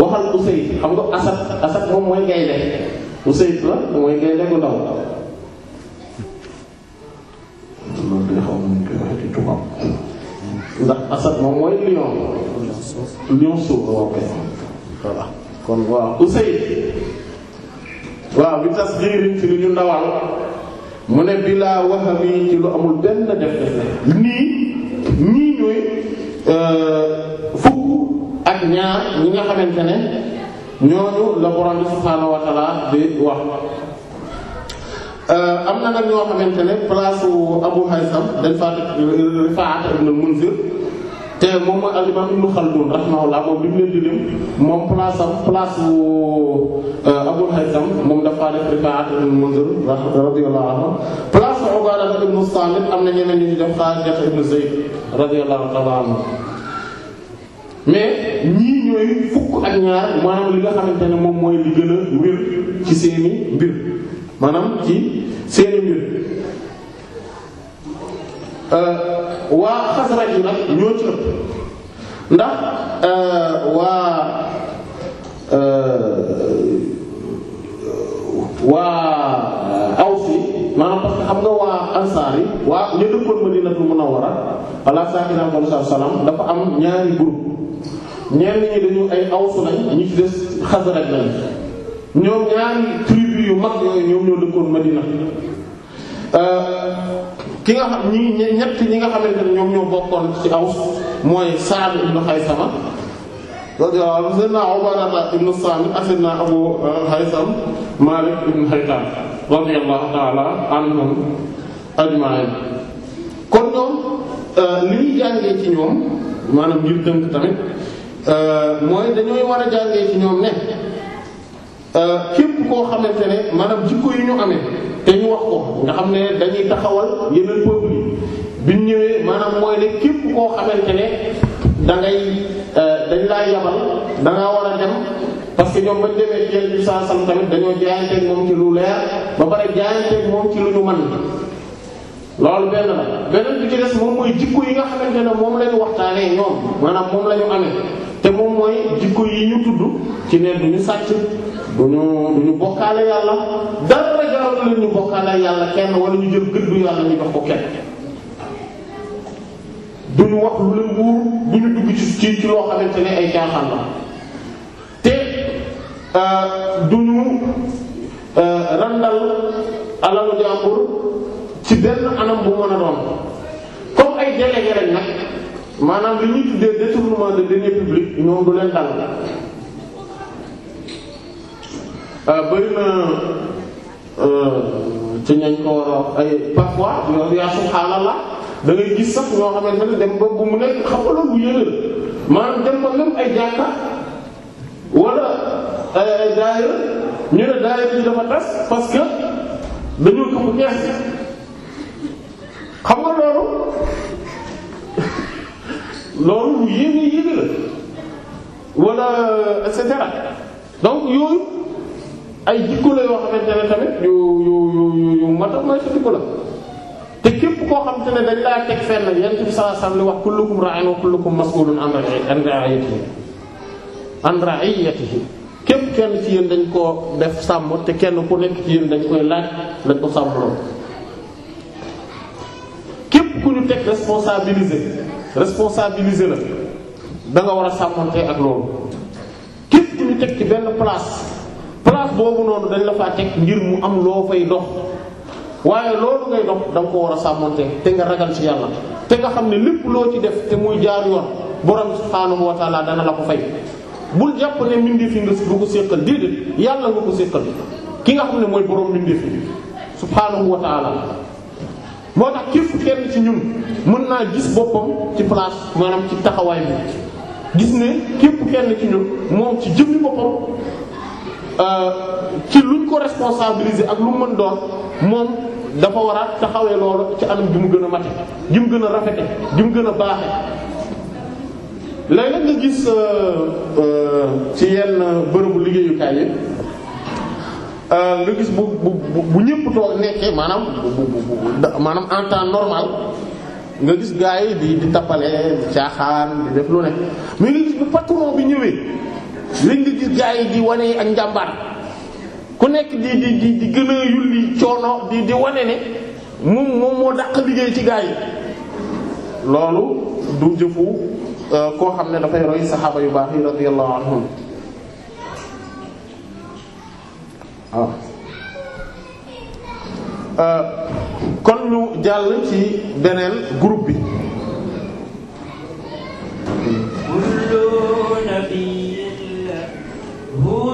waxal Usayd xam nga asad asad moom mooy gaynde Usayd la mooy gaynde gu ndaw ndax asad moom mooy lion lion suuf voilà kon waaw Usayd waaw li tasxiirin ci lu ñu ndawal mu ne bilaa waxami ci lu amul benn def def nii ñii ñooy euh, ak ñaar ñi nga xamante ne ñooñu la borom bi subhaanahu wa wax euh, am na nag ñoo xamante ne place Abu Haysam dañ fa Rifaat ibn Munzir te moom mooy al imam Ibn Khaldun rahimahullah moom li mu leen moom place am place bu euh, Abul Haytham moom dafa def Rifaa'a ibn Munzir radiyallahu anhu place am na ñeneen ñu ci def Xaarija ibn Zayd radiyallahu ta'ala anhu mais ñii ñooy fukk ak ñaar maanaam li nga xamante ne moom mooy li gën a wér ci seeni mbir maanaam ci seeni mbir. Euh, waa xasraj yi nag ñoo ci ndax euh, waa euh, waa aws yi maanaam parce xam nga waa ansaar yi waa ñu dëkkoon Madinatul Munawwara ala saakina wa salaam dafa am ñaari groupe ñenn ñi dañu ay awsu lañ ñi ci des xasraj lañ ñoom ñaari tribu yu mag yooyu ñoom ñoo dëkkoon Madina euh, ki nga xam ñi ñett ñi nga xamante ne ñoom ñoo bokkoon ci aw mooy Sa'd ibn Xaysama radiyallahu anhu sayyidina Abu Xaysam uh, Maalik ibn Haytham radiyallahu ta'ala anhum kon ñoom uh, li ñuy jàngee ci ñoom maanaam ngir tënk tamit uh, mooy dañooy war a jàngee ci ñoom ne Euh, képp koo xamante ne maanaam jikko yu ñu amee te ñu wax ko nga xam ne dañuy taxawal yeneen peuple yi biñ ñëwee maanaam mooy ne képp koo xamante ne da euh, dañ laa yabal da ngaa war a dem parce que ñoom bañ demee ci yenn saa sam tamit dañoo jaayanteeg moom ci lu leer ba pare jaayanteeg moom ci lu ñu mën loolu benn la beneen bi ci des moom mooy jikko yi nga xamante ne moom la waxtaanee ñoom maanaam moom lañu ñu amee. te moom mooy jikko yi ñu tudd ci ne du ñu sàcc du ñu du ñu bokkaale yàlla dara la ñu bokkaale yàlla wala ñu jël gëddu yàlla ñu jox ko kenn du ñu wax lu leen wóor du ñu dugg ci ci loo xamante ne ay jaaxam la te euh, du ñu euh, randal alalu jàmbur ci benn anam bu mën a doon comme ay délégué rek nag. maanaam li ñuy tuddee détournement de deniers publics ñoom du leen dal euh, bëri na euh, ci ñañ ko war a wax ay parfois yow yaa gis sax ñoo xamante ne dem ba bu xam nga loolu bu yële maanaam dem ba même ay jàkka wala ay ay daayira ñu ne daayira bi dafa tas parce que mu ñaas xam nga loolu lu yéeme yéeme la wala et cetera donc yooyu ay jikko la yoo xamante ne tamit yu yu yu yu mata mooy sa jikko la te képp koo xamante ne dañ laa teg fenn yent bi sallallahu alayhi wasallam li wax kullukum ra'in wa kullukum mas'ulun an ra'iyatihi an ra'iyatihi képp kenn ci yéen dañ koo def sàmm te kenn ku nekk ci yéen dañ koy laaj lañ ko sàmm loolu képp ku ñu teg responsabilisé responsabilisé la danga war a sàmmante ak loolu képp ku ñu teg ci benn place place boobu noonu dañ la faa teg ngir mu am loo fay dox waaye loolu ngay dox da ko war a sàmmante te nga ragal ci yàlla te nga xam ne lépp loo ci def te muy jaar yoon borom subhaanahu wa taala dana la ko fay bul jàpp ne mbindeef yi nga ko séqal déedéet yàlla nga ko séqal ki nga xam ne mooy borom mbindeef yi subhaanahu wa moo tax képp kenn ci ñun mën naa gis boppam ci place maanaam ci taxawaay bi gis ne képp kenn ci ñun moom ci jëmmi boppam euh, ci luñ ko responsabiliser ak lu mën doon moom dafa war a taxawee loolu ci anam gi mu gën a mate gi mu gën a rafete gi mu gën a baaxe léeg-léeg nga gis euh, euh, ci yenn bërëbu liggéeyukaay yi Euh, nga gis bu bu bu ñëpp toog nekkee maanaam maanaam en temps normal nga gis gaa yi di di tappale di caaxaan di def lu nekk mais nga gis bu patron bi ñëwee lañ nga gis gars yi di wane ak njàmbaar ku nekk di di di di gën a yulli coono di di wane ne moom moom moo dàq liggéey ci gaa yi loolu du jëfu euh, koo xam ne dafay roy saxaaba yu baax yi radiyallahu anhum Euh, kon ñu jàll ci beneen group bi kullu nabiyyin lahu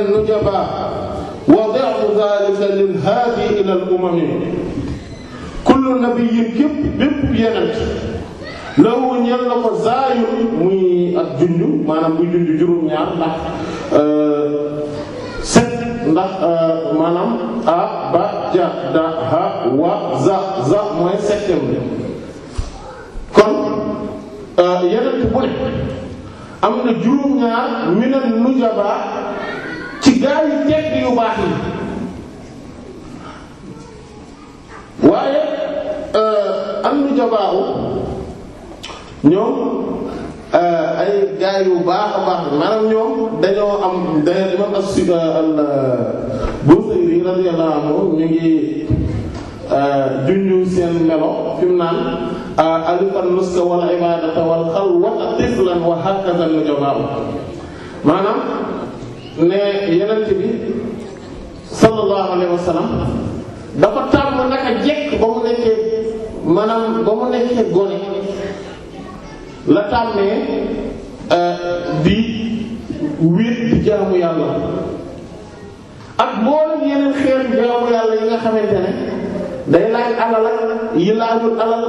النجباء وضعف ذلك للهادي إلى الأمم كل نبي képp bépp yonent law ñel na ko zaayul muy ak junj maanaam muy junj juróom-ñaar ndax set ndax maanaam a ba ja da ha wa za za mooy septième bi kon yeneen bu ne am na juróom-ñaar minal nujaba yu baax yi waaye euh, am nu jabaaru ñoom euh, ay gaay yu baax a baax maanaam ñoom dañoo am d'ailleurs imam as-al euh, Busiri radiyallahu anhu ñu ngi junju seen melo fi mu naan alifan nuska wal ibadata wal xalwa tiflan wa hakaza al jamaa'u maanaam ne yeneen bi sallallahu alayhi wa sallam dafa tàmm naka jekk ba mu nekkee maanaam ba mu nekkee gone la tàmmee euh, di wéet di jaamu yàlla ak mboolem yeneen xeetu jaamu yàlla yi nga xamante ne day laaj alal yi laajul alal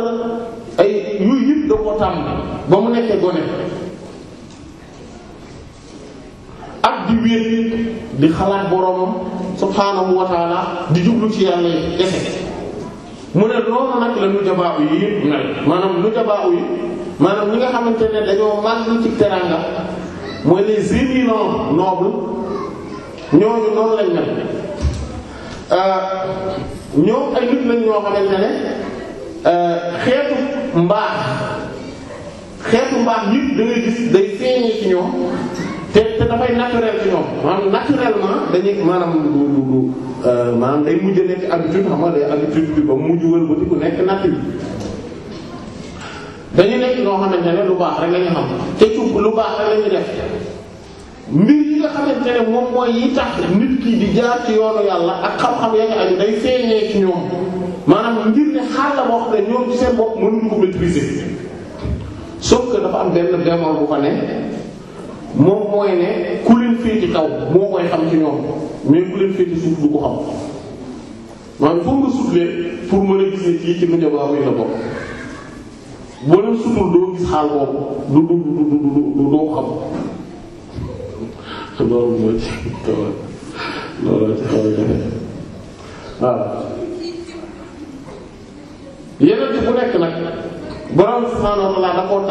ay yu yëpp da koo tàmm ba mu nekkee gone ak di wéet di xalaat boroomam subhaanahu wa di jublu ci yàlla kese mu ne loolu nag la nujabaa yi mel maanaam nujabaa yi maanaam ñi nga xamante ne dañoo màgg ci teranga mooy les éminents nobles ñooñu noonu lañ mel euh, ñoom ay nit lañ ñoo xamante ne euh, xeetu mbaax xeetu mbaax yëpp da gis day feeñee ci ñoom. te te dafay naturel ci ñoom maanaam naturellement dañuy maanaam du du euh, maanaam day mujj nekk habitude xam nga day habitude bi ba mujj wëlbati ku nekk nature dañu nekk ñoo xamante ne lu baax rek la ñu xam te ci lu baax rek la ñu def mbir yi nga xamante ne moom mooy yi tax nit ki di jaar ci yoonu yàlla ak xam-xam ya nga aju day feeñee ci ñoom maanaam ngir ne xaal la boo xam ne ñoom ci seen bopp mënuñu ko maîtriser sauf que dafa am benn moom mooy ne ku leen féeti kaw moo koy xam ci ñoom mais ku leen féeti suuf du ko xam maanaam foo nga sutlee pour mën a gis ne ci mujabaa mi la bokk boo leen sutul doo gis xaal boobu xam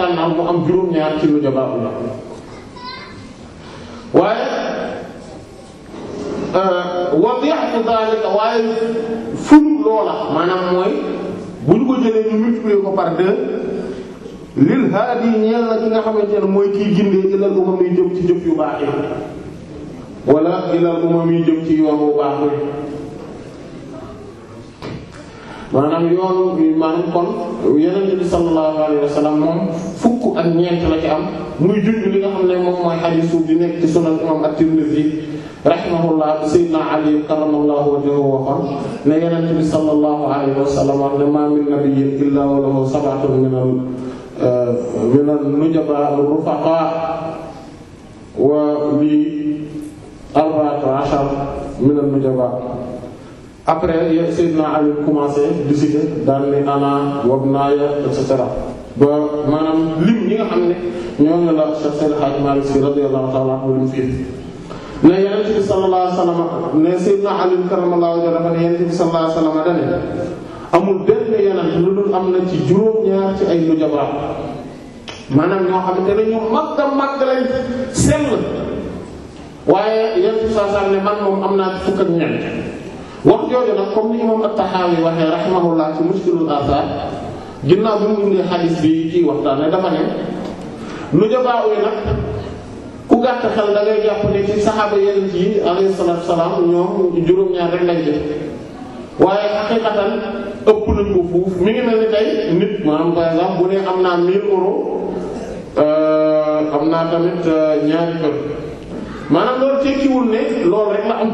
mu am juróom-ñaar ci mujabaa la Euh, wadi'tu dhalika waaye ful loola maanaam mooy bu ñu ko jëlee ñu multiplier ko par deux lil haadi ñeel na ki nga xamante ne mooy kiy gindee ilal umam yi jëm ci jëf yu baax yi wala ilal umam ci yoon bu baax yi maanaam yoonu bi kon yeneen bi sallallahu alayhi wa sallam moom fukk ak ñeent la ci am muy junj li nga xam ne moom mooy hadiis bi nekk ci sunan imam at-Tirmidhi rahimahullah sayyidina ali karramallahu wajhahu waxoon ne yonent bi sallallahu alayhi wa sallam ne ma min nabiyyin illa wa lahu sab'atun min al eh, min al nujaba rufaqa wa li arba'atu ashar min al nujaba après sayyidina ali commencé di citer daan ne ana wa ibnaya et cetera ba maanaam lim ñi nga xam ne ñoo ngi la Seex Seydi Hajji Maalik Si radiyallahu ta'ala anhu lim fii ne yonent bi sallallahu alayhi wa sallam ne sayyidina Ali karramallahu wajhahu dafa ne yonent bi sallallahu alayhi wa sallam dane amul benn yonent lu dul am na ci juróom-ñaar ci ay nujabra maanaam ñoo xamante ne ñu mag a mag lañ sell waaye yonent bi sallallahu alayhi wa sallam ne man moom am naa ci fukk ak ñett wax jooju nag comme ni imam at-Tahawi waxee rahimahullah ci mushkilul athar ginnaaw bi mu indee xadiis bi kii waxtaan ne dafa ne nujabra yi nag gàtt xel da ngay jàpp ne ci saxaaba yeneen yi alayhi salaatu salaam ñoom juróom-ñaar rek lañ def waaye xaqiqatan ëpp nañ ko fuuf ngi mel ni tey nit maanaam par exemple bu ne am naa 1000 euh, am naa tamit euh, ñaari kër maanaam loolu tekkiwul ne loolu rek la am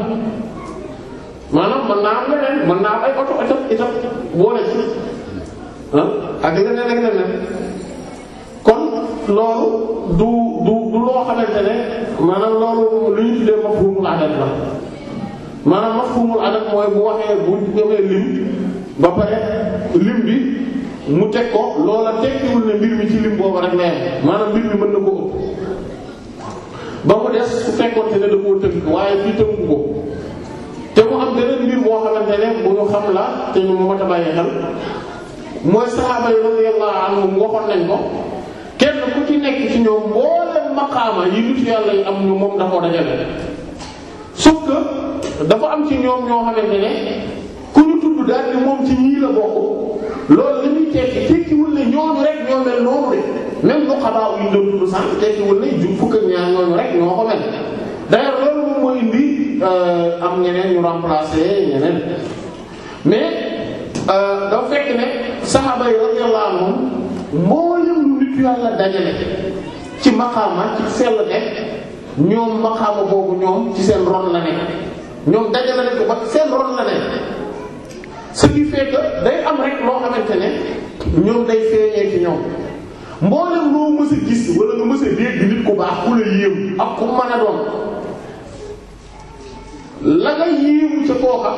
maanaam mën naa am leneen mën naa am ay oto itam itam boole ci ah ak leneen ak leneen. kon loolu du du du loo xamante ne maanaam loolu lu ñu tuddee mafhumul adad la maanaam mafhumul adad mooy bu waxee bu demee lim ba pare lim bi mu teg ko loola tekkiwul ne mbir mi ci lim boobu rek maanaam mbir mi mën na ko ëpp ba mu des su fekkoonte ne da koo waaye fii tënku ko te mu am beneen mbir boo xamante ne bu ñu xam la te ñu mu mën a bàyyi xel mooy saxaaba yi radiyallahu anhum waxoon nañ ko. kenn ku ci nekk ci ñoom mboolem maqaama yi nitu yàlla yi am ñu moom dafa dajale sauf que dafa am ci ñoom ñoo xamante ne ku ñu tudd daal ni moom ci ñii la bokk loolu li muy tekki tekkiwul ne ñooñu rek ñoo mel noonu de même bu xabaaw yi doon rek ñoo ko mel d'ailleurs loolu moom moo indi euh, am ñeneen ñu remplacer ñeneen mais euh, dafa fekk ne saxaaba yi radiyallahu anhum yàlla dajale ci maqaama ci sell ne ñoom maqaama boobu ñoom ci seen ron la ne ñoom dajale ne ba seen ron la ne ce qui fait day am rek loo xamante ne ñoom day feeñee ci ñoom mboolem loo mës gis wala nga mës dégg nit ku baax ku la yéem ak ku mën doon la nga yéemu ca kooka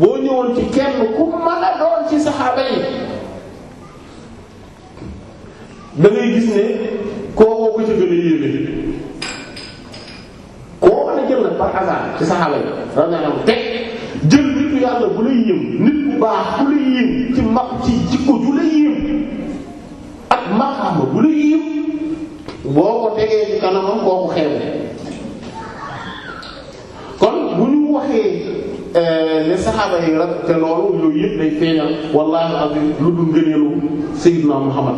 boo ñëwoon ci kenn ku mën doon ci saxaaba yi da ngay gis ne kookoo ko ci gën a koo xam ne jël na par hasard ci saxaaba yi radiyallahu teg jël nitu yàlla bu lay yëm nit bu baax bu lay yëm ci kanamam kooku xeebu kon bu ñu waxee euh, ne saxaaba yi rek te loolu yooyu yëpp day feeñal wallaahi azim lu dul ngëneelu Seydina Muhammad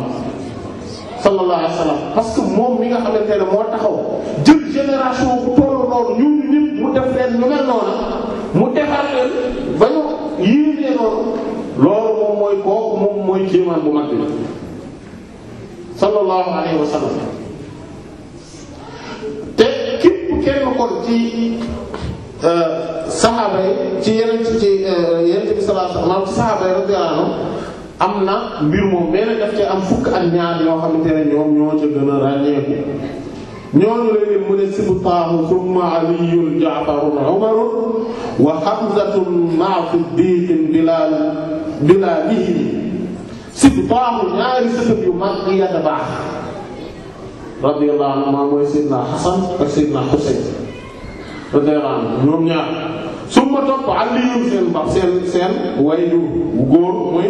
sallallahu alayhi wa sallam parce que moom mi nga xamante ne moo taxaw jël génération bu tollu noonu ñun ñëpp mu def leen ñu mel noonu mu defar leen ba ñu yéegee noonu loolu moom mooy kooku moom mooy kéemaan bu mag bi sallallahu alayhi wa sallam te képp kenn kon ci euh, saxaaba ci yeneen ci euh, yeneen ci sallallahu alayhi wa sallam saxaaba yi am na mbir moom nee na daf ci am fukk ak ñaar yoo xamante ne ñoom ñoo ca gën a ràññeeku ñooñu la leen mu ne Sibtaahu summa Aliyyun Ja'farun Umarun wa Hamzatun ma'a Siddiqin Bilaal Bilaalihi Sibtaahu ñaari sëtëb yu mag ya da baax radiyallahu anhuma mooy Seydina Hasan ak Seydina Husayn radiyallahu anhum ñoom ñaar summa topp Aliyyun seen ba seen seen wayju góor mooy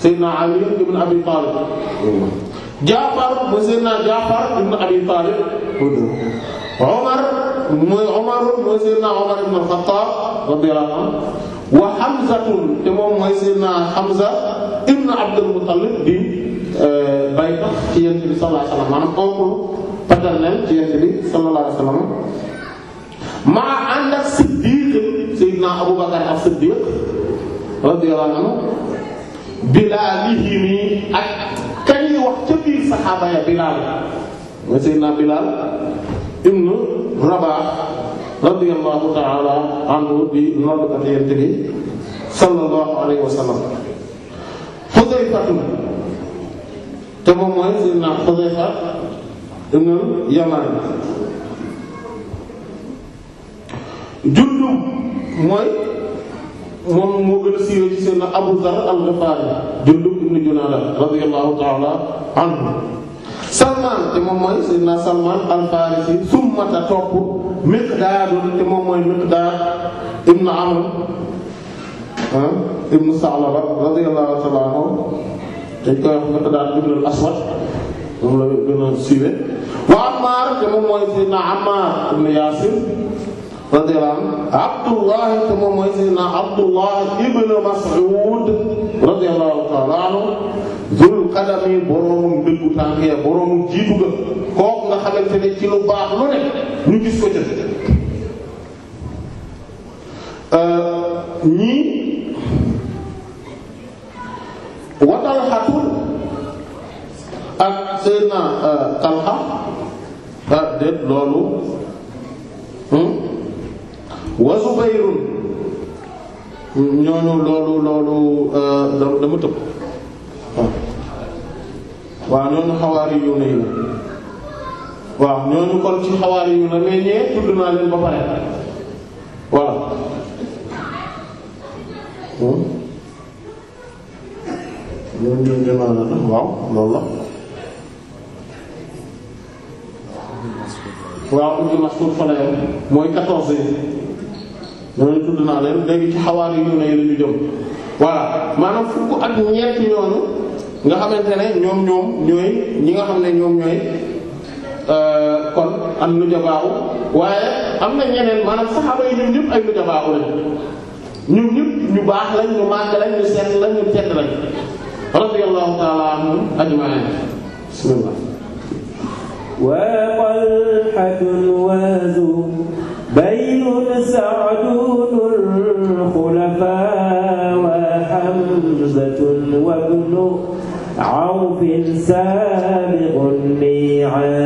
Seydina Ali ibn Abi Talib Jaafar ba Seydina Jaafar ibn Abi Talib Omar mooy Omar mooy Seydina Omar ibn al-Khattab radiyallahu anhu wa Hamzatun te moom mooy Seydina Hamza ibn Abdul Muttalib di euh, bay tax ci Yonent bi sallallahu alayhi wa sallam maanaam oncle paternel ci Yonent bi sallallahu alayhi wa sallam maa ànd ak Siddiq Seydina Abubakar as-Siddiq radiyallahu anhu bilaalihimi ak kañuy wax ca biir saxaaba ya bilaal nga seydina bilaal ibnu rabaax radiyallahu ta'ala anhu di noddkat yente bi sallallahu alayhi wa sallam xudayfatu te moom mooy seydina xudayfa ibnu yamaan jundub mooy moom moo gën a siiwee ci seen Abu Zar al-Ghifari Jundub ibn Junaada radiyallahu ta'ala anhu Salman te moom mooy Seydina Salman al-Farisi summata topp Miqdaad te moom mooy Miqdaad ibn Amr ah, ibn Sa'laba radiyallahu ta'ala anhu dañ koy wax Miqdaad ibn al-Aswad moom la gën a siiwee wa Ammaar te moom mooy Seydina Ammaar ibn Yaasir radiyallahu anhu Abdullah te moom mooy sayyidina Abdullah ibn Mas'ud radiyallahu ta'ala anhu dul qadami boroomum dëggu tànk ya boroomum jiitu ga kooku nga xamante ne ci lu baax lu ne ñu gis ko ca ñii wa Talxatu ak sayyidina Talxa ah déet loolu. Hmm? wa Zubayrun ñooñu loolu loolu euh, dama tëb waaw ñooñu xawaari yu ne yi waaw ñooñu ci xawaari yu ne mais ñee tudd naa leen ba pare voilà hmm? ñooñu tudd naa leen waaw loolu la waaw Ibn Mas'ud fa la yem mooy quatorze yi ñooñu tudd naa leen léegi ci xawaar yu ne yi la ñu jëm voilà maanaam fukk ak ñeenti ñooñu nga xamante ne ñoom ñoom ñooy ñi nga xam ne ñoom ñooy euh, kon am nujabaaw waaye am na ñeneen maanaam saxaaba yi ñoom ñëpp ñu baax lañ ñu màgg lañ seet lañ ñu tedd lañ radiyallahu ta'ala anhum bismillah wa talhatun wa بين سعدون الخلفاء وحمزة وابن عوف سابق الميعاد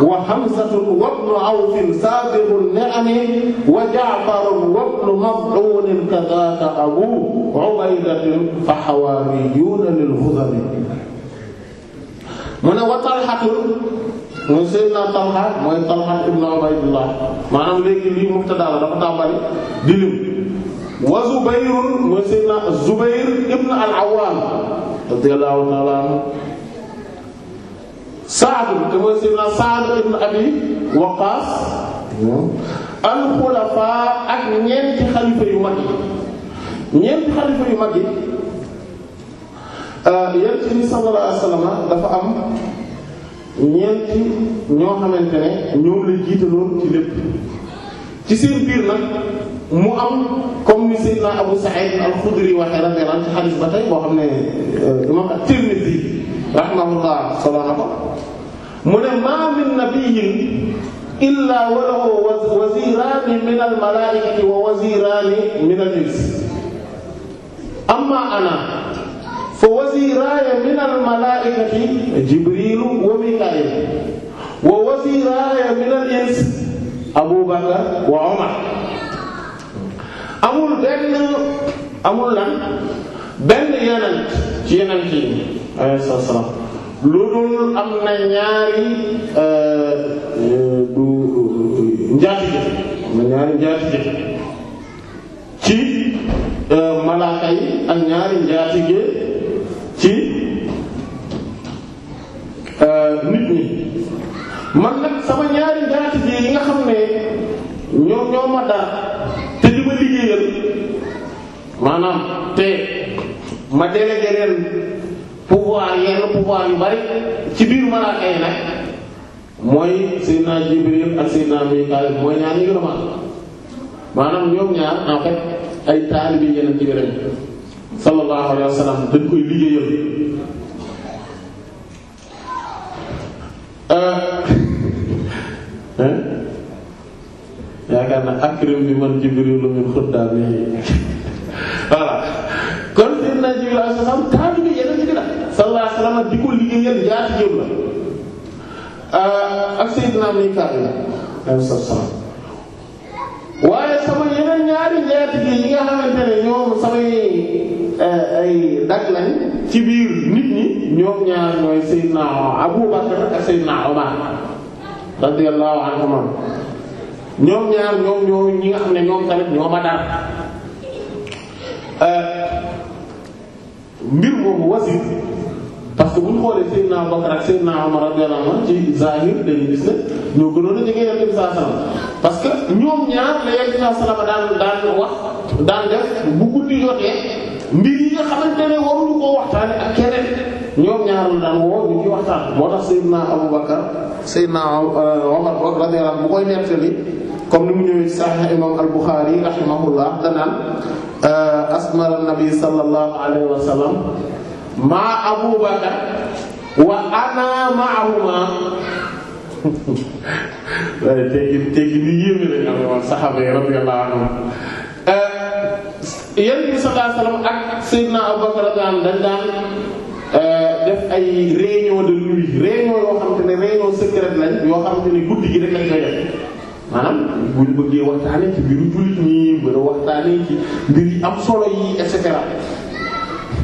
wa Hamzatun wabnu Awfin saabiqu ni'ami wa Ja'farun wabnu Mad'uunin kazaaka Abuu Ubaydatin fa hawaariyyuuna lil Xuzami mu ne wa Talhatun mooy Seydina Talha mooy Talha ibn Ubaydillah maanaam léegi lii mubtada la dafa tàmbali di lim wa Zubayrun mooy Seydina Zubayr ibn al-Awwaam radiyallahu ta'ala anhu Saad te mooy Seydina Saad ibn Abi Waqqas ak yu mag yi ñeenti euh, bi sallallahu dafa am ñeenti ñoo xamante ne ñoom la jiitaloon biir nag xam ne euh, imam at-Tirmidhi rahimahullah solo na ko mu ne maa min nabiyyin illaa wa lahu waziraani min al malaa'ikati wa waziraani min al ins amma ana fa waziraaya min al malaa'ikati jibriilu wa mikaa'iil wa waziraaya min al ins abubakar wa omar amul benn amul lan benn yenent ci yenent yi alayhi salaam lu dul am na ñaari euh, euh, du njaatige am na ñaari njaatige ci euh, malaaka yi ak ñaari njaatige ci nit ñi man nag sama ñaari njaatige yi nga xam ne ñoom ñoo ma te di ma liggéeyal maanaam te ma délégué leen pouvoir yenn pouvoir yu bari ci biir malaaka yi nag mooy Seydina Jibril ak Seydina Mikaayil mooy ñaar ñu gën a maanaam ñoom ñaar en fait ay taalibi yeneen ci gërëm sallallahu alayhi wa sallam dañ koy liggéeyal euh, yaakaar na akrim bi man Jibril min xuddaami voilà kon Seydina Jibril ak Seydina sallallahu alayhi wa sallam di ko liggéeyal jaati jëm la euh, ak Seydina Mikaayil alayhi salaam waaye sama yeneen ñaari jaati gi yi nga xamante ne ñoom samay euh, ay dag lañ ci biir nit ñi ñoom ñaar ñooy Seydina Abu Bakr ak Seydina Umar radiyallahu anhuma ñoom ñaar ñoom ñoo ñi nga xam ne ñoom tamit ñoo ma dara euh, mbir moomu wasif parce que bu ñu xoolee Seydina Abubakar ak Seydina Umar radiyallahu anhum ci zahir dañuy gis ne ñoo gënoon a jege Yonent bi sallallahu alayhi wasallam parce que ñoom ñaar la Yonent bi sallallahu alayhi wasallam daan daan wax daan def bu guddi jotee mbir yi nga xamante ne waruñu koo waxtaane ak keneen ñoom ñaar la daan woo ñu ci waxtaan moo tax Seydina Abubakar Seydina Umar euh, radiyallahu anhu bu koy nettali comme ni mu ñëwee ci Sahih imam al-Bukhari rahimahullah danaan euh, asmara nabi sallallahu alayhi wasallam maa abubakar wa ana ma'ahuma waaye tegi tegi ni yéeme lañ am woon saxaaba yi radiyallahu anhum euh, yonent bi sallallahu alayhi wasallam ak sayyidina abubakar radiyallahu anhu dañ daan euh, def ay réunion de nuit réunion yoo xamante ne réunion secrète lañ yoo xamante ne guddi gi rek lañ koy def maanaam bu ñu bëggee waxtaanee ci mbiru jullit ñi bëgg a waxtaanee ci mbir yi am solo yi et cetera.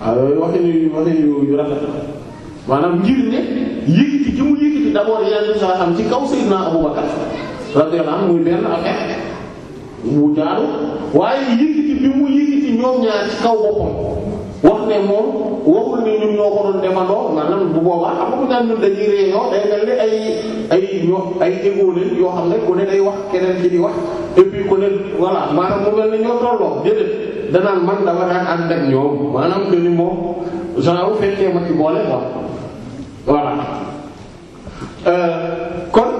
waaw yooyu waxin yu waxin yu rafet maanaam ngir ne yëkkati gi mu yëkkati d'abord yenn saa xam ci kaw Seydina Abubakar radiyallahu anhu muy benn affaire bu jaaru waaye yëkkati bi mu yëkkati ñoom ñaar ci kaw boppam. wax ne moom waxul ne ñun ñoo ko demandoo maanaam bu boobaa xam nga daal ñun dañuy réunion day mel ni ay ay ñoo ay égo leen yoo xam ne ku ne day wax keneen ci di wax et puis ku ne voilà maanaam mu mel ne ñoo tolloo déedéet danaan man dama daan ànd ak moom genre bu ma ci boole quoi voilà euh, kon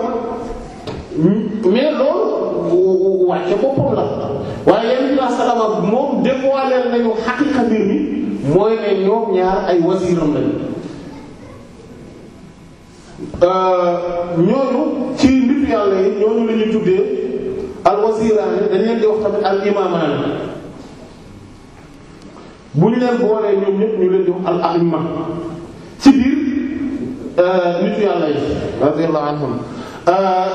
mais loolu nañu xaqiqa mbir mi. mooy ne ñoom ñaar ay wasiiram lañu euh, ñooñu ci nit yàlla yi ñooñu la tuddee al wasiraani dañ leen di wax tamit al imaamaani bu ñu leen boolee ñoom ñëpp ñu leen di wax al a'imma ci biir euh, nit yàlla yi radiyallahu anhum euh,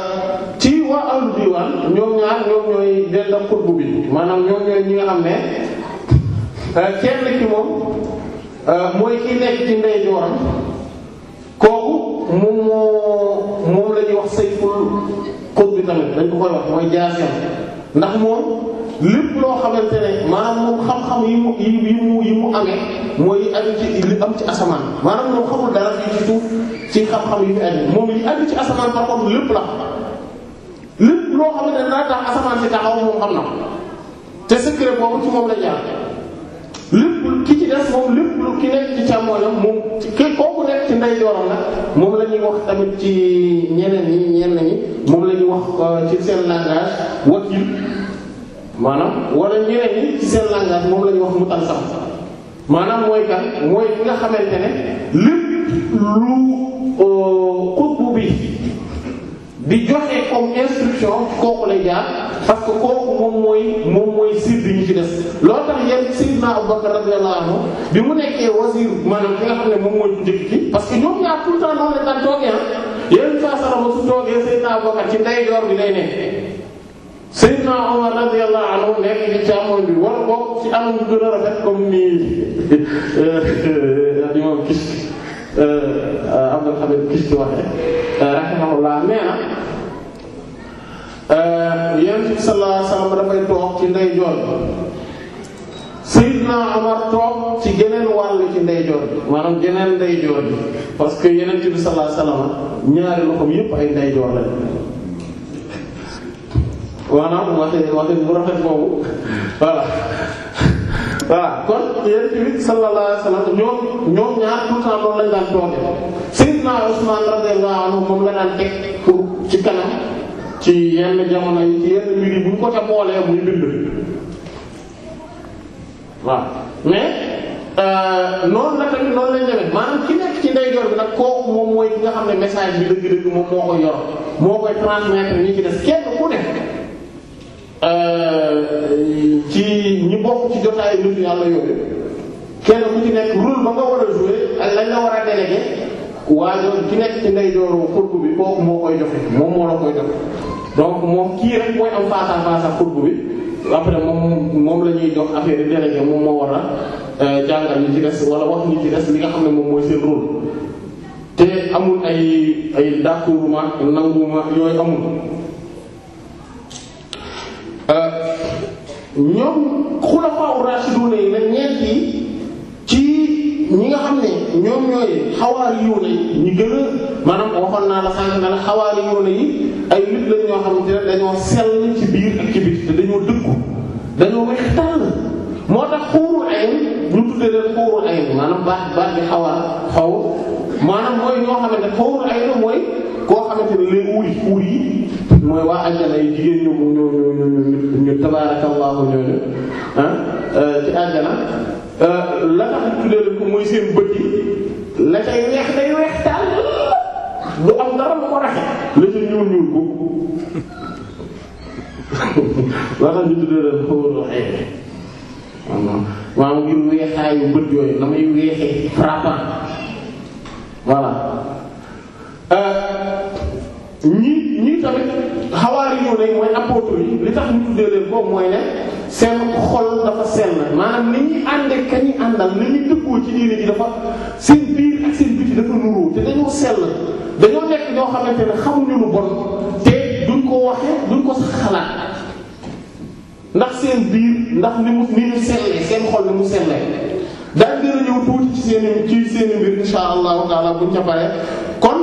ci waa al diwaan ñoom ñaar ñoom ñooy dend ak xutbu bi maanaam ñoom ñooy ñi nga xam ne. Euh, kenn ki moom euh, mooy ki nekk ci ndeyjooram kooku moom moo moom la ñuy wax sayful xutb bi tamit dañ ko koy wax mooy jaasem ndax moom lépp loo xamante ne maanaam moom mooy yi ci asamaan maanaam moom lépp la loo xamante ne dana tax asamaan si taxaw moom xam na ko te secret boobu ci moom la jaar ci des moom lépp lu ki nekk ci càmmoñam moom ci kër kooku nekk ci ndeyjooram nag moom la ñuy wax tamit ci ñeneen ñi ñenn ñi moom la ñuy wax euh, ci seen langage wakil maanaam walla ñeneen ñi ci seen langage moom la ñuy wax mutalsam maanaam mooy kan mooy ki nga xamante ne lépp lu euh, xutbu bi di joxe comme instruction kooku lay jaar parce que kooku moom mooy moom ñu ci des loolu tax yéen Sayyidna Abu Bakr bi mu nekkee wazir maanaam ki nga xam ne moom mooy njëkk ci parce que ñoom ñaar tout le temps noonu la daan toogee ah yéen saa sarama su toogee ci lay nekk Sayyidna Umar nekk ci càmmoñ bi wala bokk ci anam bu gën a rafet Euh, euh, Abdul Hamid Kisti waxee euh, rahimahullah nee na yonent bi sallallahu alayhi wasallam dafay toog ci ndeyjoor Sayyidna Umar toog ci geneen wàll ci ndeyjoor maanaam geneen ndeyjoor parce que yonent bi sallallahu alayhi wasallam ñaari loxoom yépp ay ndeyjoor lañ maanaam waxi waxi bu rafet boobu voilà voilà kon yonent bi sallallahu alayhi ñoom ñoom ñaar tout le lañ daan toog Sayyidna Usman radiyallahu anhu moom la daan teg pour ci kanam ci yenn jamono yi ci yenn mbir yi ko ca boolee muy bind waaw mais euh, noonu la tamit noonu lañ demee maanaam ki nekk ci ndeyjoor bi nag kooku moom mooy nga xam ne message bi dëgg moom moo koy yor moo koy transmettre ñi ci des kenn ku nekk. Euh, ci ñi bokk ci jotaay nitu yàlla yooyu kenn ku ci nekk rôle ba nga war a jouer ak lañ la war a délégué waaye ci nekk ci ndeyjooru xutbu bi kooku moo koy joxe moom moo la koy joxe donc moom kii rek moom moom la ñuy jox affaire yi moom moo war a euh, jàngal ñi ci des wala wax ñi ci des li nga xam ne moom mooy seen rôle te amul ay ay dàquruma nanguma yooyu amul ñoom xulafaa raashidun yi nag ñeent yi ci ñi nga xam ne ñoom ñooy xawaari yoona yi ñi gën a maanaam waxoon naa la sànq na la xawaari yoona yi ay nit lañ ñoo xamante ne dañoo sell ci biir ak ci te dañoo dëggu dañoo weex tàll moo tax xuuru ayn ñu tuddee leen xuuru maanaam baax baax bi xawaar xaw maanaam mooy ñoo xamante xuuru ayn mooy koo xamante ne léegi wuy wuur yi mooy wax àjjana yi jigéen ñoom ñoo ñoo ñoo ñu tabaarakallaahu ñooñu ah euh, ci àjjana euh, la tax tuddee ko mooy seen bët yi la cay weex day weex taal bu am dara lu ko rafet la ca ñuul ñuul ko la tax ñu tuddee leen xaw a waaw ngir weexaayu bët yooyu la may weexee frappant voilà. Euh, ñii ñii tamit xawaari yu ne mooy apôtre yi li tax ñu tuddee leen boobu mooy ne seen xol dafa sell maanaam ni ñuy àndee ka àndal ni ñuy dëggoo ci diine ji dafa seen biir ak seen biti dafa nuroo te dañoo sell dañoo nekk ñoo xamante ne xamuñu lu bon te duñ ko waxee duñ ko sax xalaat ndax seen biir ndax ni mu ni ñu sellee seen xol ni mu sellee daal dina ñëw tuuti ci seen i ci seen i mbir insha allahu taala buñ ca paree kon.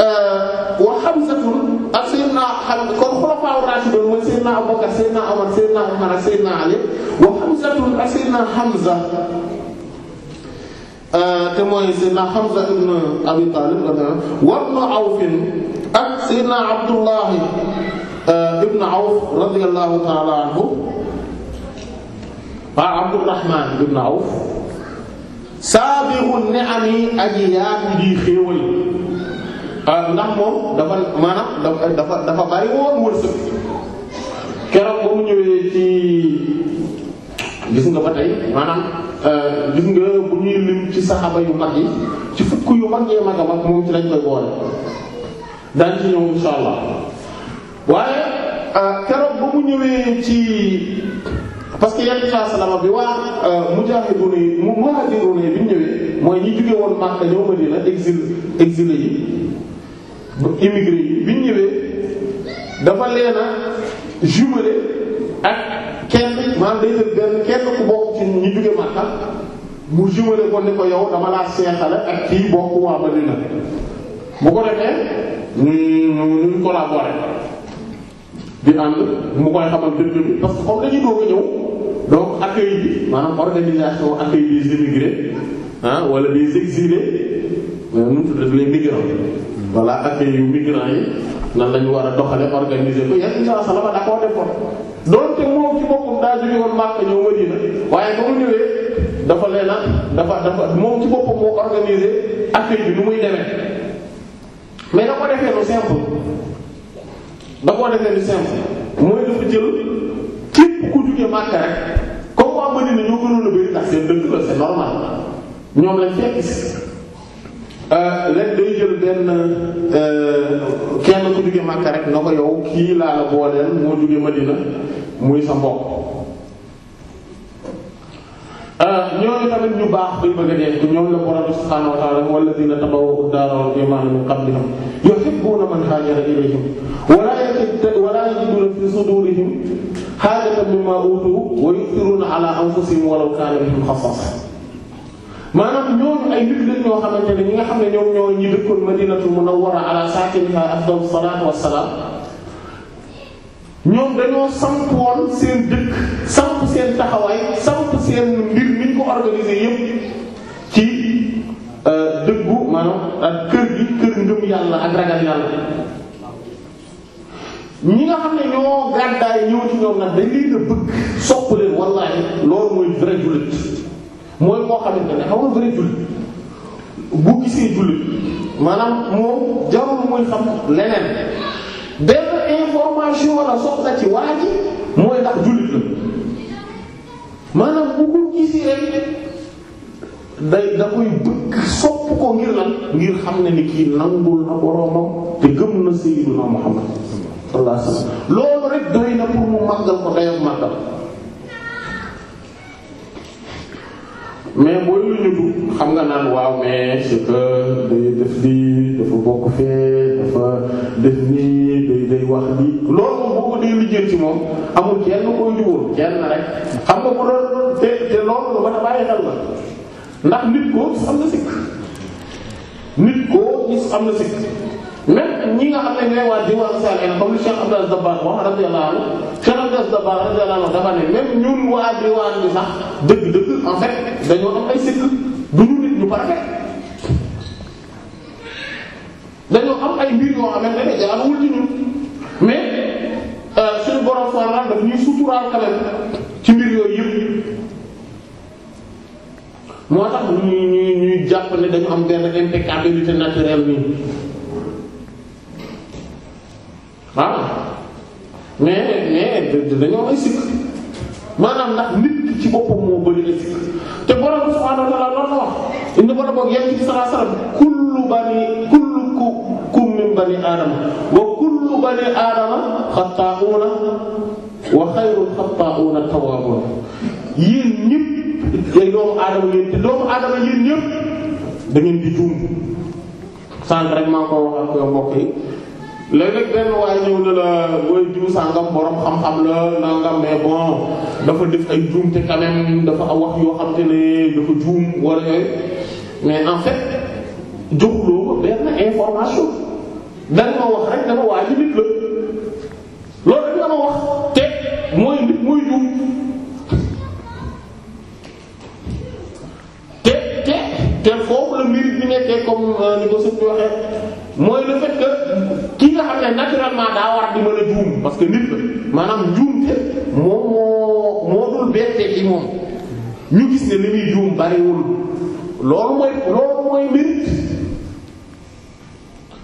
Euh, wa Hamzatun ak Seydina xam kon xulafaa raashidun mooy Seydina Abubakar Seydina Umar Seydina Usmaan ak Seydina Ali wa Hamzatun ak Seydina Hamza euh, te mooy Seydina Hamza ibn Abi Talib wa ibn Awf ak Seydina Abdullah euh, ibn Awf radiyallahu ta'ala anhu wa Abdurrahman ibn Awf saabiru ni'ami aji yaatu ji xéewal Euh, ndax moom dafa maanaam dafa dafa bari woon wërsëg keroog ba mu ñëwee ci gis nga ba tey maanaam euh, gis nga bu ñuy lim ci saxaaba yu mag yi ci fukk yu mag yee mag a mag moom ci lañ koy daan ci ñëw insha allah waaye euh, keroog ba mu ñëwee ci parce que yenn saa salama bi waa mu yi muhaajiruuna yi bi ñu ñëwee mooy ñi jóge woon Makka ñëw Madina exil exilé yi immigré yi bi ñu ñëwee dafa leen a jumelé ak kenn maanaam day jël benn kenn ku bokk ci ñi jóge Makka mu jumelé ko ko yow dama laa seexale ak kii bokk waa Madina bu ko defee ñu ñu collaborer di ànd mu koy xamal dëgg bi parce que comme dañuy doog a ñëw donc accueil bi maanaam organisation accueil des immigrés ah wala des exilés nu mu tudd les migrants. voilà accueil yu migrants yi nan lañu war a doxale organiser ko yan saa salama daa koo defoon doonte moom ci boppam daa jóge woon Makka ñëw Madina waaye ba ñëwee dafa leena dafa dafa moom ci boppam moo organiser accueil bi nu muy demee mais da ko defee lu simple da koo defee lu mooy dafa jël képp ku jóge Makka rek comme waa Madina ñoo gënoon a bari ndax seen dëkk la c'est normal ñoom lañ fekk Euh, léegi day jël benn euh, kenn ku jóge Makka rek na ko yow kii laa la booleel moo jóge Madina muy sa mbokk euh, ñooñu tamit ñu baax bay bëgg a dee ñoom la borom bi subhaanahu wa ta'aala walladiina tabawwa'u ad-daara wal iimaana min qablihim yuhibbuuna man haajara ilayhim wa laa yajiduuna fii suduurihim haajatan mimmaa uutuu wa yu'thiruuna 'alaa anfusihim wa law kaana bihim khasaasa maanaam ñooñu ay nit lañ ñoo xamante ne ñi xam ne ñoom ñoo ñi dëkkoon madinatu munawwara ala saakiniha afdalu salaatu wassalaam ñoom dañoo samp woon seen dëkk samp seen taxawaay samp seen mbir niñ ko organisé yépp ci euh, dëggu maanaam kër gi kër ngëm yàlla ak ragal ñi nga xam ne ñoo gàddaay ñëw ci ñoom nag dañ bëgg sopp leen wallaahi loolu mooy moo xamante ne xam nga vrai jullit bu gisee jullit maanaam moom jarul muy xam leneen benn information la soxla ci waa mooy ndax jullit la maanaam bu ko gisee rek day da bëgg sopp ko ngir lan ngir xam ne ni kii nangul na boroomam te gëm na sayyiduna Muhammad sallallahu alayhi wasallam loolu rek doy na pour mu màggal ko dayam màggal mais booy lu ñutu xam nga naan waaw mais c'est que day def lii dafa bokk fee dafa def nii day day wax lii loolu moom boo ko dee lijjël ci moom amul kenn koy jubóol kenn rek xam nga bu doon te te loolu ko am na sikk nit koo gis ne wax radiyallahu anhu Cheikh Abdel Dabbar dafa ne même ñun waa diwaan bi sax dëgg-dëgg en fait dañoo am ay sikk du ñu nit ñu parfait dañoo am ay mbir yoo xam ne ne jaaduwul ci ñun mais euh, suñu borom subhaanahu daf ñuy suturaal quand même ci mbir yooyu yëpp moo tax ñu ñu ñuy jàpp ne dañu am benn impeccabilité naturelle nii waaw mais mais dañoo ay sikk maanaam ndax nit ci boppam moo bëri na si te borom subhaanahu wa ta'aala loolu wax indi borom boog yéen ci sallallahu alayhi wasallam kullu bani kullukum min bani aadama wa kullu bani aadama xataa'uuna wa xayrul xataa'uuna tawwaabuun yéen ñëpp ay doomu aadama yéen te doomu aadama yéen ñëpp da rek maa ko wax ak mbokk yi. léeg-léeg benn waaye ñëw la booy diw sàngam xam-xam la nangam mais bon dafa def ay juum te quand dafa a wax yoo xam te ne dafa juum wala yooyu mais en fait joxuloo benn information danga wax rek dama waa nit la loolu rek dama wax te mooy nit mooy juum te te te foofu la mbir bi nekkee comme euh, ni ko sëñ bi waxee mooy le fait que ki nga xam ne naturellement daa war di mën a juum parce que nit la maanaam juumte moom moo moo dul bette ci moom ñu gis ne li muy juum bariwul loolu mooy loolu mooy mbir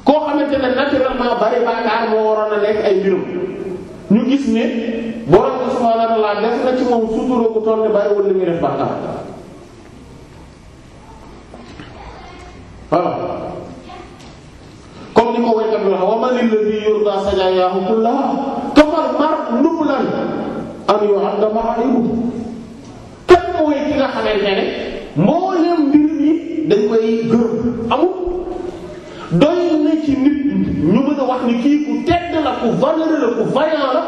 koo xamante ne naturellement bari baakaar moo waroon a nekk ay mbirum ñu gis ne borom bi subhaanahu wa ta'aala def na ci moom sutura ko toll ne bariwul li muy def baakaar waaw comme ni ko waykat bi wax wa man alladhi yurda sajaayahu kullaha kafal mar nubulan an yu'adda ma'ayib kan mooy ki nga xamante ne moo leen mbir yi dañ koy gërëm amul doy na ci nit ñu mën a wax ni kii ku tedd la ku valeur la ku vaillant la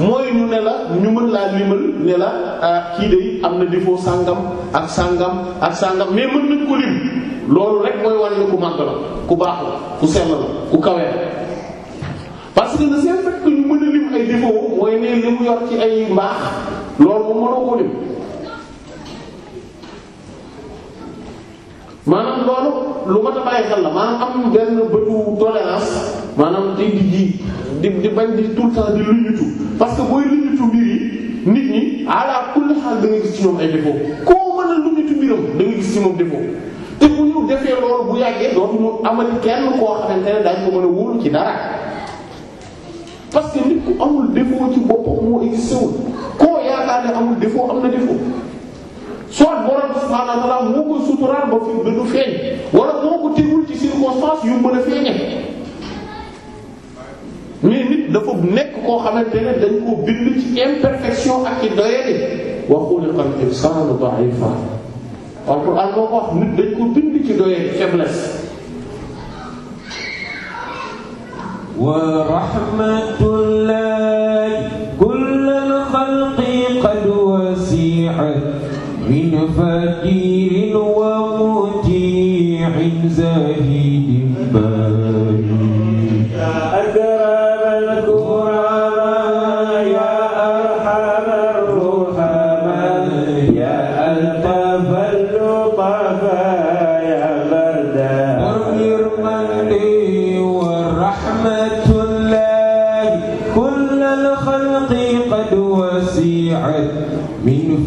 mooy ñu ne la ñu mën laa limal ne la ah, kii de am na défaut sàngam ak sàngam ak sàngam mais mën nañ ko loolu rek mooy wan ne ku màgg la ku baax la ku sell la ku kawe la parce que le seul fait que ñu mën a lim ay défaut mooy ne li mu yor ci ay mbaax loolu moom mënoo ko lim. maanaam loolu lu mat a bàyyi xel la maanaam am benn bëtu tolérance maanaam di di di di bañ di tout le di luñutu parce que booy luñutu mbir yi nit ñi ala kulli xaal da gis ci moom ay défaut koo mën a luñutu mbiram da nga gis ci moom défaut te bu ñu defee loolu bu yàggee dootuñu amati kenn koo xamante ne daañu ko mën a wóolu ci dara parce que nit ku amul défaut ci boppam moo existé wul koo yaakaar ne amul défaut am na défaut. soit borom subhaanahu wa ta'aala moo ko suturaal ba fi ba du feeñ wala moo ko tegul ci circonstance yu mën a feeñe mais nit dafa nekk koo xamante ne dañ koo bind ci imperfection ak ci doyadi wa xuliqal insaanu da'iifa alxuraan moo ko wax nit dañ ko bind ci doyadi faiblesse wa rahmatullahi kullal xalqi qad wasi'at من فقير ومتقين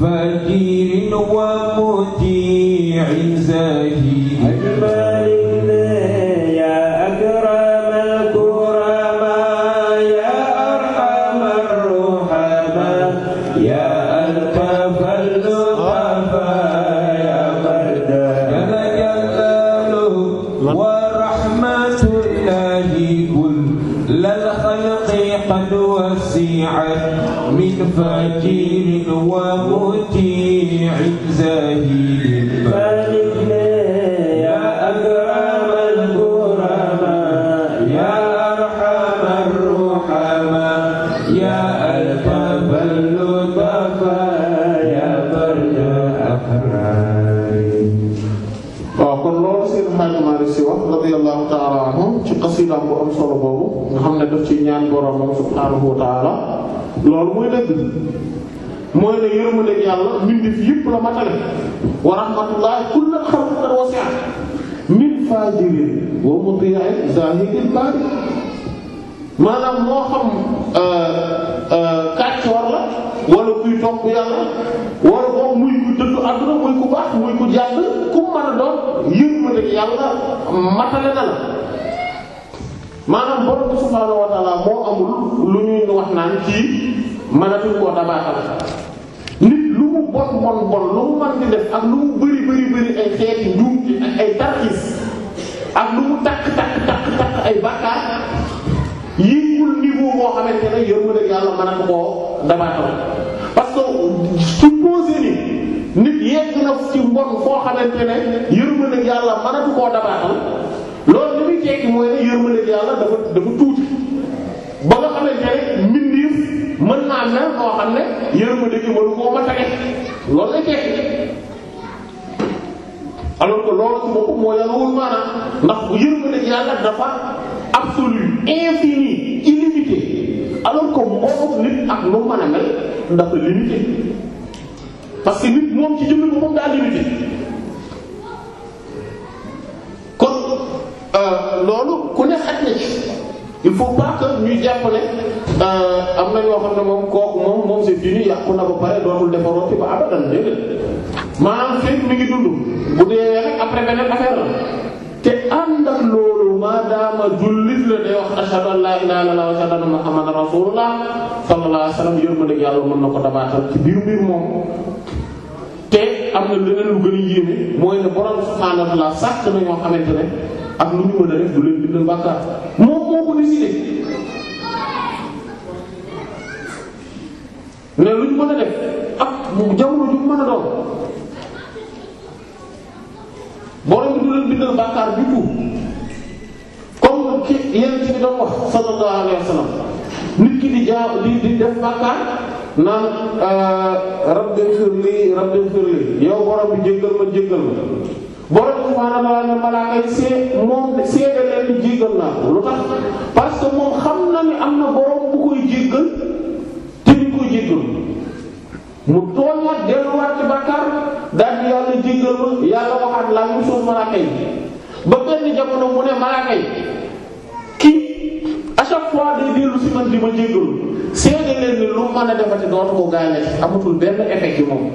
فقير ومطيع ci ñaan boroomam subhaanahu wa taala loolu mooy dëgg mooy ne yërmande yàlla mbindeef yëpp la matale wa rahmatullahi kullal xalqi qad wasi'at min fajirin wa muti'in zahidin bari maanaam moo xam euh, euh, kàcc war la wala kuy topp yàlla wala boobu muy ku dëddu àdduna muy ku baax muy ku jàll ku mën a doon yàlla matale na la maanaam borom bi subhaanahu moo amul lu ñuy wax naan ci mënatuñ koo dabaatal nit lu mu bon bon bon lu mu mën di def ak lu mu bari bari bari ay xeeti njuum mu takk takk takk takk ay bàkkaar boo xamante ne yërmande yàlla mënatu koo dabaatal que supposé ni nit yegg na koo dabaatal loolu muy tekki mooy ne yërmandeeg yàlla dafa dafa tuuti ba nga xamante ne mbindeef mën naa mel koo xam ne yërmandeeg yi mënu koo matale loolu la tekki alors que loolu ci boppam moo yàllawul maanaam ndax bu yërmandeeg yàlla dafa absolu infini illimité moom nit ak nit moom ci jëmmi boppam Euh, loolu ku ne xaj na ci il faut pas que ñuy jàpp ne euh, am na xam ne moom kooku moom moom c'est fini yàqu na ba pare dootul defaroo fi ba abadan déedéet maanaam fekk mi ngi dund bu dee rek après beneen na ko dabaatal ci biir mbir moom te am na leneen lu gën a yéeme mooy ne borom subhaanahu sàkk na xamante ne ak lu ñu mën a def du leen bindal bàkkaar moom moo ko décidé ne lu ñu mën a def ak mu jamono ju mën a doon borom du leen bindal bàkkaar du tout comme ki yenn ci bi doon wax sallallahu alayhi wa ki di jaa di di def bàkkaar naan euh, rabbi firli rabbi firli yow borom bi jéggal ma jéggal ma borom subhaanahu wa ta'aala malaaka yi see moom seede leen jéggal naa lu tax parce que moom xam na ni am na borom bu koy jéggal te ñu koy jéggal mu tooñaat delluwaat ci bàkkaar daal di yàlla jéggal ma yàlla waxaat laa ñu suuf malaaka yi ba benn jamono mu ne malaaka yi kii à chaque fois day dellu si man di ma jéggal seede leen ni lu mën a defati dootu ko gaañati amatul benn effet ci moom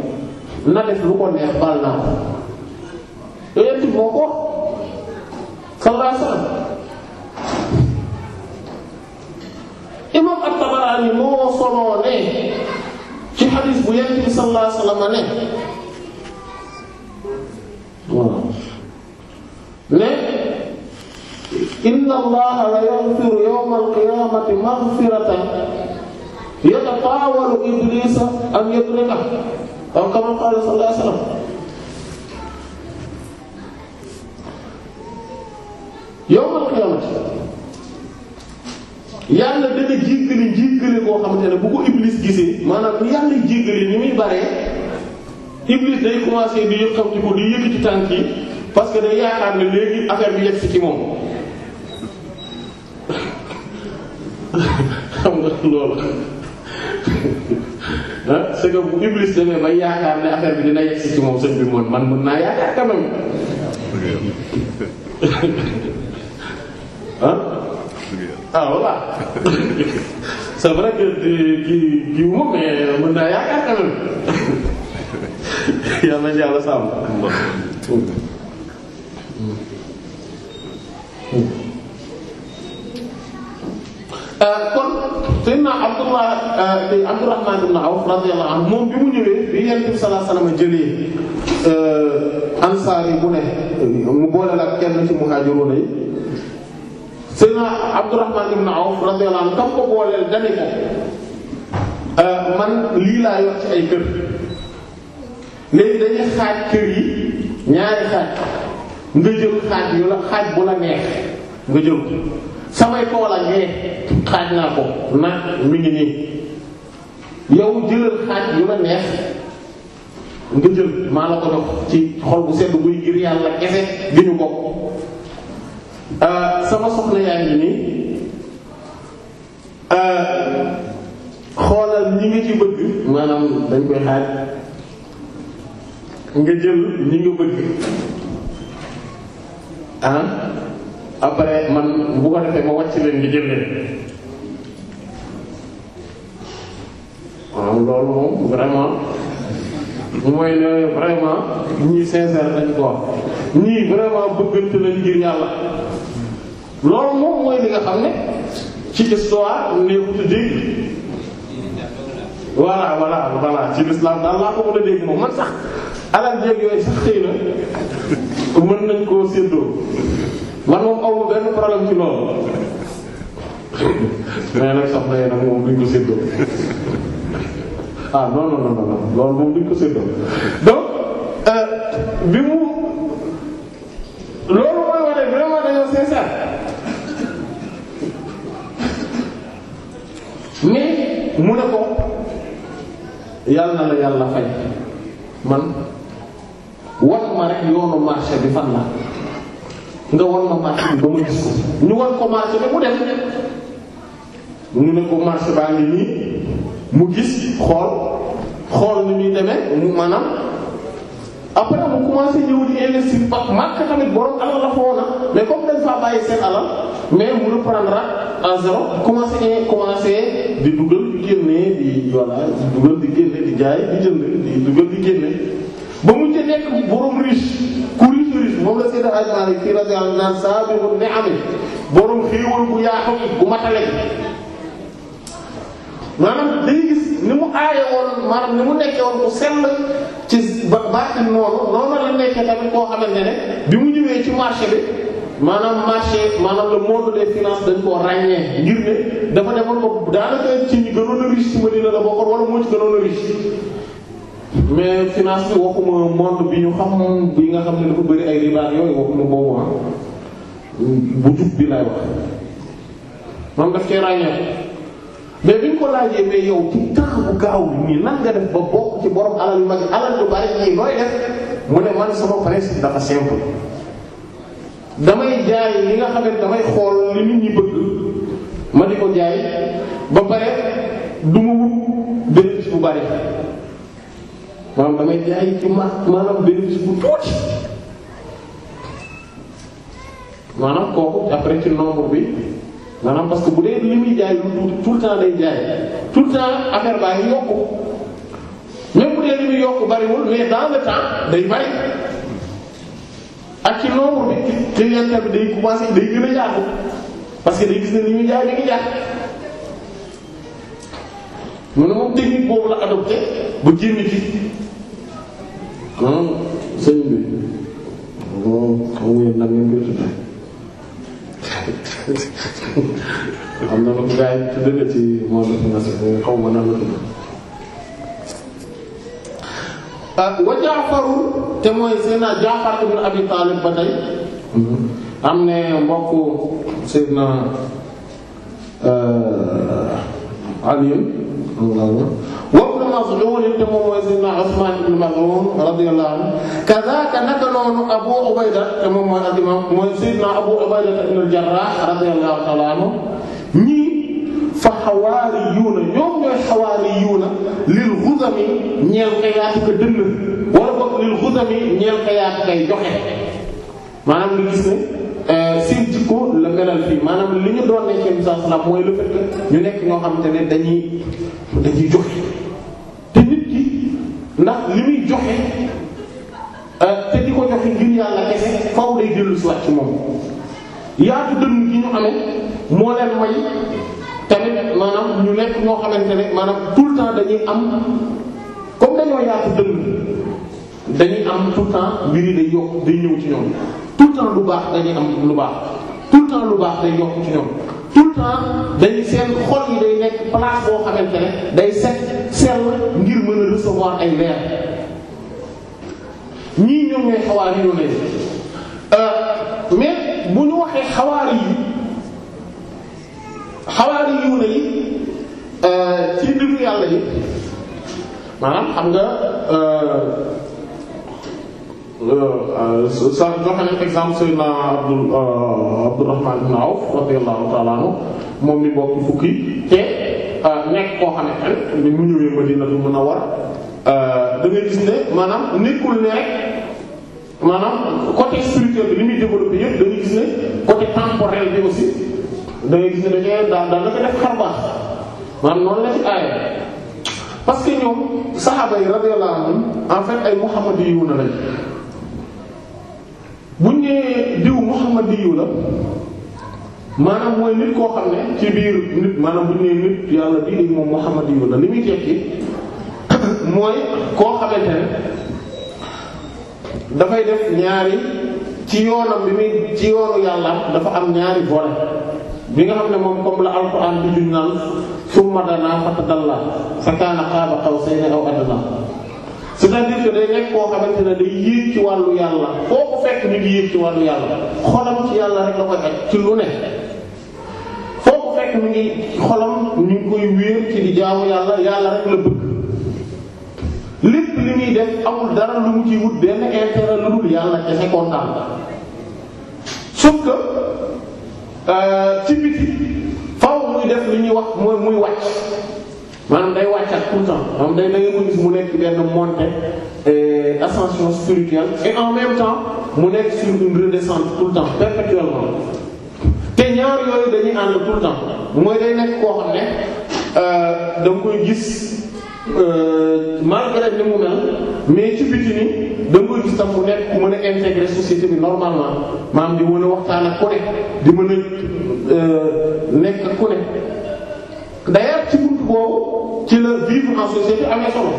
na def lu ko neex bal naa ko yonent bi moo ko wax sallallahu alayhi wasallam imam at-Tabarani moo soloo ne ci xadis bu yonent bi sallallahu alayhi wasallam ne waaw ne inna allaha la yaghfiru yawma al-qiyamati maghfiratan yatataawalu iblisa an yudrika aw kama qala sallallahu alayhi wasallam yawmal qiyaamati yàlla dana jéggale jéggale koo xamante ne bu ko iblis gisee maanaam yàlla jéggale ni muy baree iblis day commencer ci tànk yi parce que day yaakaar ne léegi affaire bi yegg ci moom xam nga loolu ah c'est que bu iblis demee bay yaakaar ne affaire bi dina yegg ci moom sëñ bi moom man mën naa yaakaar quand même ah ah voilà c'est vrai que kii kii wu ma mais mën naa yaakaar quand même yal nañu yàlla sàmm. Euh, kon Seydina Abdullah te euh, Abdurrahman ibn Awf radiyallahu anhu moom bi mu ñëwee bi Yonent bi sallallahu alayhi wasallam jëlee euh, ansaar yi bu ne mu boole la ak kenn ci muhaajiroon yi. Seydina Abdourahman ibn Awf radiyallahu anhu kam ko booleel dani ko euh, xaaj kër yi ñaari xaaj nga jël xaaj yu la xaaj bu la neex nga jël samay toola xaaj naa ko na mi ngi nii yow jëlal xaaj yu la neex nga jël maa la ko jox ci xol bu sedd buy ngir yàlla kese gi ñu ko Euh, sama soxna yaa ngi nii euh, xoolal ñi nga ci bëgg maanaam dañ koy xaaj nga jël ñi nga bëgg ah après man bu ko defee ma wàcc leen nga jël leen waaw loolu moom vraiment mooy ne vraiment ñii sincère lañ ko wax ñii vraiment bëggante lañ ngir yàlla loolu moom mooy li nga xam ne ci histoire néewutu dégg voilà voilà voilà ci l'islam daal laa ko mën a dégg moom man sax alal jéeg yooyu sax xëy na mën nañ koo séddoo man moom aw ma benn problème ci loolu mais nag soxna yi nag moom duñ ko séddoo ah non non non non loolu moom duñ ko séddoo donc euh, bi mu loolu mooy wane vraiment dañoo sincère mais mu ne ko yàlla na la yàlla fay man war ma rek yoonu marché bi fan la nga war ma marché bi ba ma gis ko ñu war ko marché bi mu def ñu ne ko marché baa ngi nii mu gis xool xool ni muy demee mu après mu commencé ñëw di investir parce que Makka tamit borom alal la mais comme dañ faa bàyyi seen alal mais mu reprendre à zéro commencé commencé di dugal di di génne di jaay di jënd di dugal di génne ba mu nekk borom riche ku riche riche moom la Seydi Hadji Malick fi radiyallahu naan saa bi ne amee borom xéewal bu yaatu bu matale. maanaam day gis ni mu aaye woon maanaam ni mu nekkee woon mu sell ci ba baatin noonu noonu la nekkee tamit koo xamante ne bi mu ñëwee ci marché bi maanaam marché maanaam le monde des finances dañ koo ràññee ngir ne dafa demoon ko daanaka ci ñi gënoon a riche ci Madina la bokkoon wala moo ci gënoon a riche mais finance bi waxuma monde bi ñu xam bi nga xam ne dafa bëri ay ribaat yooyu waxuma boobu ah bu jub bi lay wax man daf cee ràññee. mais bi ñu ko laajee mais yow ci temps bu gaaw nii nan nga def ba bokk ci borom alal yu mag alal yu bari yi nooy def mu ne man sama principe dafa simple damay jaay li nga xam ne damay xool li nit ñi bëgg ma di ko jaay ba pare du ma wut bu bari maanaam damay jaay ci ma maanaam bénéfice bu tuuti maanaam kooku après ci nombre bi. maanaam parce que bu dee li muy jaay lu tuuti tout le temps day jaay tout le temps affaire baa ngi yokku même bu dee li muy yokku bariwul mais dans le temps day bari ak ci nombre bi clientèle bi day commencé day gën a yaatu parce que day gis ne li muy jaay li muy jaay mu ne moom technique boobu la adopté ba génn ci maanaam ah sëñ bi bon xam nga nag ngeen koy tuddee am na ko gaa yi tudd na ci moom la fi nga xaw ma nan la tudd. ah wa Jaafaru te mooy Seydina Jaafar ibn Abi Taalib ba tey. Mhm. am ne mbokk Seydina euh, Aliou. wa ibn Maz'un te moom mooy sayyidina Usman ibn Maz'un radiyallahu anhu kazaaka naka noonu Abu Ubayda te moom mooy al-imam mooy sayyidina Abu Ubayda ibn al-Jarrah radiyallahu ta'ala anhu ñii fa xawaariyuuna ñoom ñooy xawaariyuuna lil xuzami ñeel xeyaatu ko dënn wala boog lil xuzami ñeel xeyaatu kay joxe maanaam li gis ne seen jikko la gënal fii maanaam li ñu doon nekkee bi saa salaam mooy le fait ñu nekk ñoo xamante ne dañuy dañuy joxe te nit ki ndax li muy joxe euh, te di ko joxe ngir yàlla kese faw day dellu si ci moom yaatu dënn gi ñu amee moo leen may tamit maanaam ñu nekk ñoo xamante ne maanaam tout temps dañuy am comme dañoo yaatu dënn dañuy am tout le temps mbir yi day yokk day ñëw ci ñoom temps lu baax dañuy am lu baax tout temps lu baax day yokk ci ñoom tout le temps dañuy seen xol yi day nekk place boo xamante ne day set sell ngir mën a recevoir ay leer ñii ñoom ñooy xawaar yi euh, mais bu ñu waxee xawaar yi xawaar yi ñu ne yi ci nitu yàlla yi maanaam xam nga euh, Euh, euh, sa joxe nañ exemple Seydina Abdul euh, Abdurrahman ibn Awf radiyallahu ta'ala anhu moom mi bokk fukki te nekk koo xamante ne mu ñëwee Madinatul Munawwara da ngay gis ne maanaam nekkul ne rek maanaam côté spirituel bi li muy développé yëpp da gis ne côté temporel bi aussi da gis ne da ngay daan daan dafa def xarbaax maanaam noonu la ci aaye parce que ñoom saxaaba yi radiyallahu anhum en fait ay muhammadiyuuna lañ buñ nee diw muhammadiyu la maanaam mooy nit koo xam ne ci biir nit maanaam buñ nee nit yàlla bi moom muhammadiyu la li muy tekki mooy koo xamante ne dafay def ñaari ci yoonam bi muy ci yoonu yàlla dafa am ñaari volet bi nga xam ne moom comme la alxuraan bi juñ naan summa danaa fatadalla fa kaana qaaba qawsayni aw adnaa cest à day nekk koo xamante ne day yéeg ci wàllu yàlla foo ko fekk mi ngi yéeg ci wàllu yàlla xolam ci yàlla rek la koy ak ci lu ne foo ko fekk mi ngi xolam ñu koy wéer ci di jaamu yàlla yàlla rek la bëgg lépp li muy def amul dara lu mu ci wut benn intérêt lu dul yàlla kese kontaan sauf que euh, ci biti faaw muy def li ñuy wax mooy muy wàcc maanaam day wàccaat tout le temps maanaam day da nga mu nekk benn montée euh, ascension spirituelle et en même temps mu nekk sur une redescente tout le temps perpétuellement te ñaar yooyu dañuy ànd tout le temps mooy day nekk koo xam ne euh, da koy gis euh, malgré ni mu mel mais ci biti ni da nga koy gis tam mu nekk mën a intégrer société bi normalement maanaam di mën a waxtaan ak ku ne di mën a nekk ku ne. d'ailleurs ci buntu boobu ci la vivre en société amee solo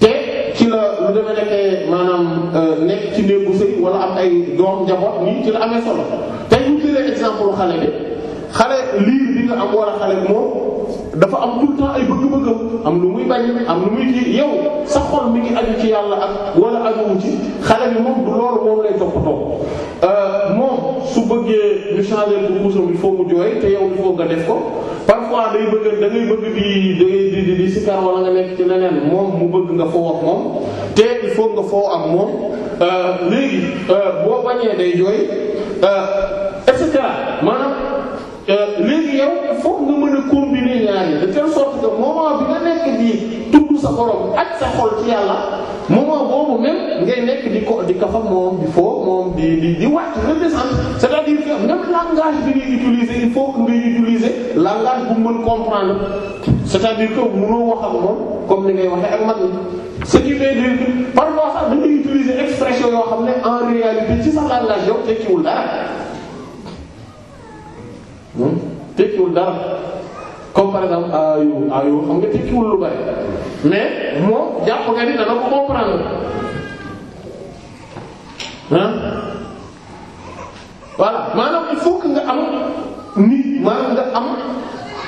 te ci la lu deme nekkee maanaam euh, nekk ci néegu sëy wala am ay doom njaboot nii ci la amee solo tey ñu xale bi xale lii bi nga am war a xale moom dafa am tout ay bëgg-bëggam am lu muy bañ am lu muy kii yow sa xol mi ngi aju ci yàlla ak wala ajuwu ci xale bi moom du loolu moom lay toppatoo euh, moom. su bëggee ñu changer bu puusam il faut jooy te yow il faut nga def ko parfois day bëgg da ngay bëgg di di di di sikar wala nga nekk ci leneen moom mu bëgg nga foo ak moom te il faut nga foo ak moom euh, léegi euh, boo bañee day jooy euh, et cetera foog nga mën a combiner ñaar yi de telle sorte que moment bi nga nekk di tudd sa borom ak sa xol ci yàlla moment boobu même ngay nekk di ko di kafa moom di foo moom di di di wàcc redescendre c'est-à-dire que même langage bi ngay utiliser il faut ngay utiliser langage bu mën comprendre c'est-à-dire que mënoo wax ak moom comme ni ngay waxee ak man ñi ce qui veut dire que parfois sax da ngay utiliser expression yoo xam ne en réalité ci sa langage yow tekkiwul dara. Hmm? tekkiwul dara comme par exemple ayo ayo xam nga tekkiwul lu bari mais moom jàpp nga ni dana ko comprendre ah nga am nit maanaam nga am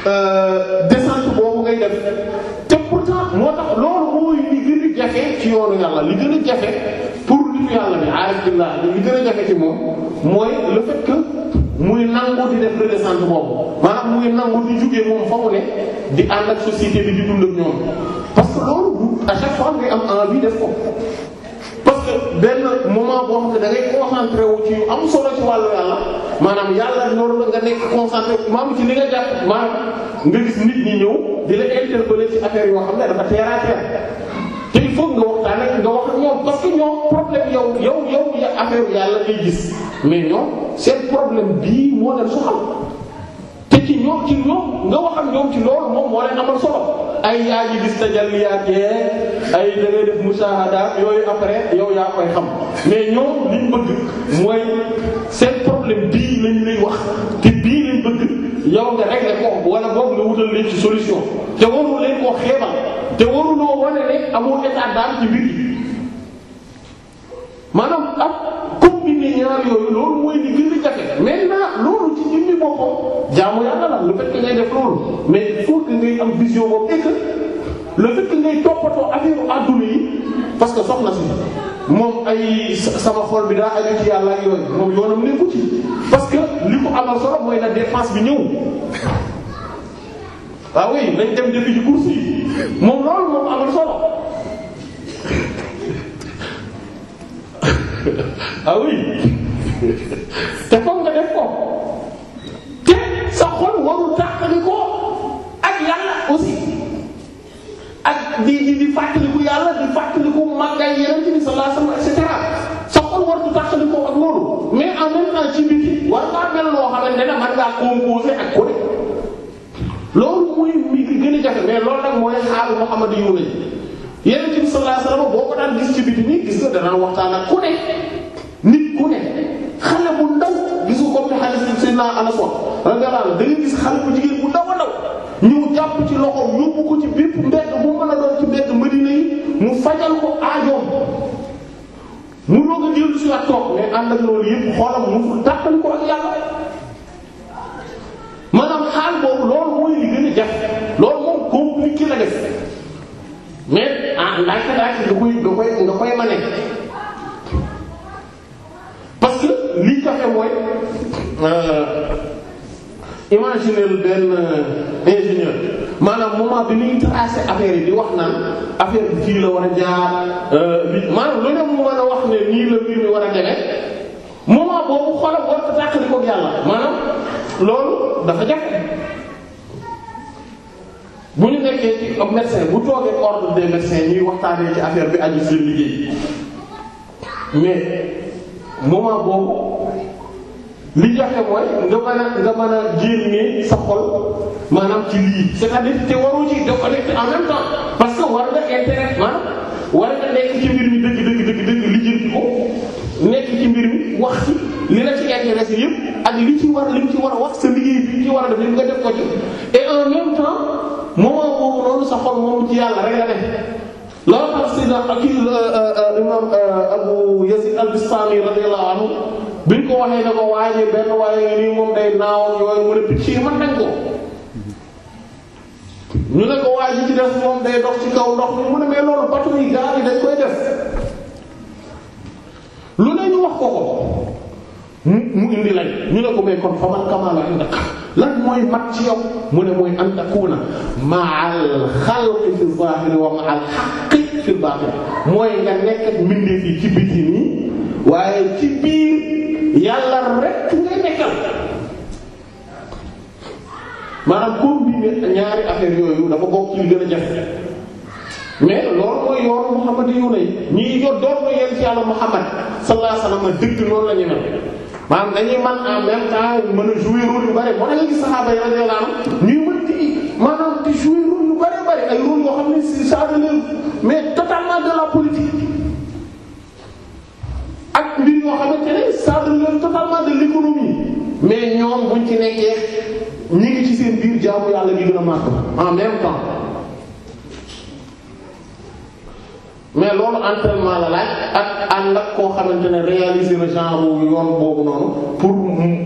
euh, descente boobu ngay def te pourtant moo tax loolu mooy li gën jafe ci yoonu yàlla li gën a jafe pour nitu yàlla bi alhamdulilah li gën a jafe ci moom mooy le fait muy nangu di def redescente boobu maanaam muy nangu di jugee moom fa mu ne di ànd ak société bi di dund ak ñoom parce que loolu à chaque am ngay am envie def ko. parce que benn moment boo xam ne da ngay concentré wu ci am solo ci wàllu yàlla maanaam yàlla loolu la nga nekk concentré maanaam ci li nga jàpp maanaam nga gis nit ñi ñëw di la interpeller ci affaire yoo xam ne dafa teel a te il faut nga waxtaan nga wax ak ñoom parce que ñoom problème yow yow yow ya affaire yàlla ngay gis mais ñoom seen problème bii moo leen soxal te ci ñoom ci ñoom nga wax ak ñoom ci solo ay yaa ngi gis tajalliyaat yee ay da ngay def yow yaa koy xam mais ñoom liñ bëgg mooy seen problème bii lañ lay wax te bëgg yow nga régler ko wala boog nga wutal leen ci solution te warul te waruloo wane rek amoo état d'âme ci mbir yi maanaam ak combiner ñaar yooyu loolu mooy di gën a jafe maintenant loolu ci jëmmi boppam jaamu yàlla la le fait ngay def loolu mais il faut ngay am vision boobu et que le ngay toppatoo affaire adduna yi parce que soxna si moom ay sama xol bi daa aju ci yàlla ak yooyu moom yoonam nekku ci parce que li ko amal solo mooy la dépense bi ñëw ah oui nañ dem defi ci course yi. moom loolu moom amul solo ah te foog nga def ko te sa xol warul tàqali ko ak yàlla aussi ak di di di fàttaliku yàlla di fàttaliku màggaay yeneen bi ko ak loolu mais en même temps ci biti war ngaa mel loo xamante ne man ngaa ak ko loolu muy jafe mais loolu nag mooy xaalu Muhammad yu lañ Yonent bi sallallahu alayhi wasallam boo ko daan gis ci biti nii gis nga danaan waxtaan ak ku ne nit ku ne xale bu ndaw ko comme ni xale Seydina Anas wax radiyallahu anhu da gis xale bu jigéen bu ndaw a ndaw ñëw jàpp ci loxoom yóbbu ko ci bépp mbedd bu mën a doon ci mbedd Madina yi mu fajal ko aajoom mu a jël si ak mu ko ak yàlla maanaam xaal boobu loolu mooy li gën a jafe loolu ki la mais ah ndànk ndànk nga koy nga koy nga koy mane parce que lii taxe mooy euh, imaginer benn euh, ingénieur maanaam moment bi ñuy tracer affaire yi di wax naan affaire bi fii la war a jaar euh, maanaam a wax loolu dafa jafe. bu ñu nekkee ci bu toogee ordre des médecins ñuy waxtaanee ci affaire bi aju seen liggéey mais moment boobu li jafe mooy nga mën a nga mën a génnee sa xol maanaam ci lii cest à te waru ci def connecté parce que war nga intérêt maanaam war nekk ci mbir mi dëgg dëgg dëgg dëgg li jël ko nekk ci mbir mi wax ci li la ci intéressé yëpp ak li ci war li mu ci war a wax sa liggéey bi ci war a def nga def ko ci et en même moment boobu noonu sa xol moom ci yàlla rek la def loolu euh, euh, euh, Abu Yazid al-Bistami radiyallahu anhu biñ ko waxee ne ko waaye benn nii moom day naaw yooyu mu ne picc yi mën ñu ne ko waaye ji ci def moom day dox ci kaw ndox mi mu ne mais loolu batu yi gaal koy def lu ne ñu wax ko ko mu indi lay ñu ne ko mais kon fa man kamaa la indak lan mooy mat ci yow mu ne mooy an takuna ma'al xalqi fil zahiri wa ma'al haqqi fil batin mooy nga nekk ak mbindeef ci biti nii waaye ci biir yàlla rek ngay nekkal maanaam combiner ñaari affaire yooyu dafa bokk ci li gën a jafe mais loolu mooy yoonu Muhammad yu ne ñi yor doon na yéen yàlla Muhammad sallallahu alayhi wasallam dëgg loolu la ñu maanaam dañuy man en même temps mën a jouer rôle yu bari moo tax nga gis saxaaba yi radiyallahu anhum ñuy mën di maanaam di jouer rôle yu bari bari ay rôle yoo xam ne c'est ça mais totalement de la politique ak mbir yoo xamante ne ça relève totalement de l'économie mais ñoom buñ ci nekkee ñu ngi ci seen biir jaamu yàlla gi gën a màgg en même temps mais loolu entraînement la ak ànd ak koo xamante ne réaliser le genre yoon boobu noonu pour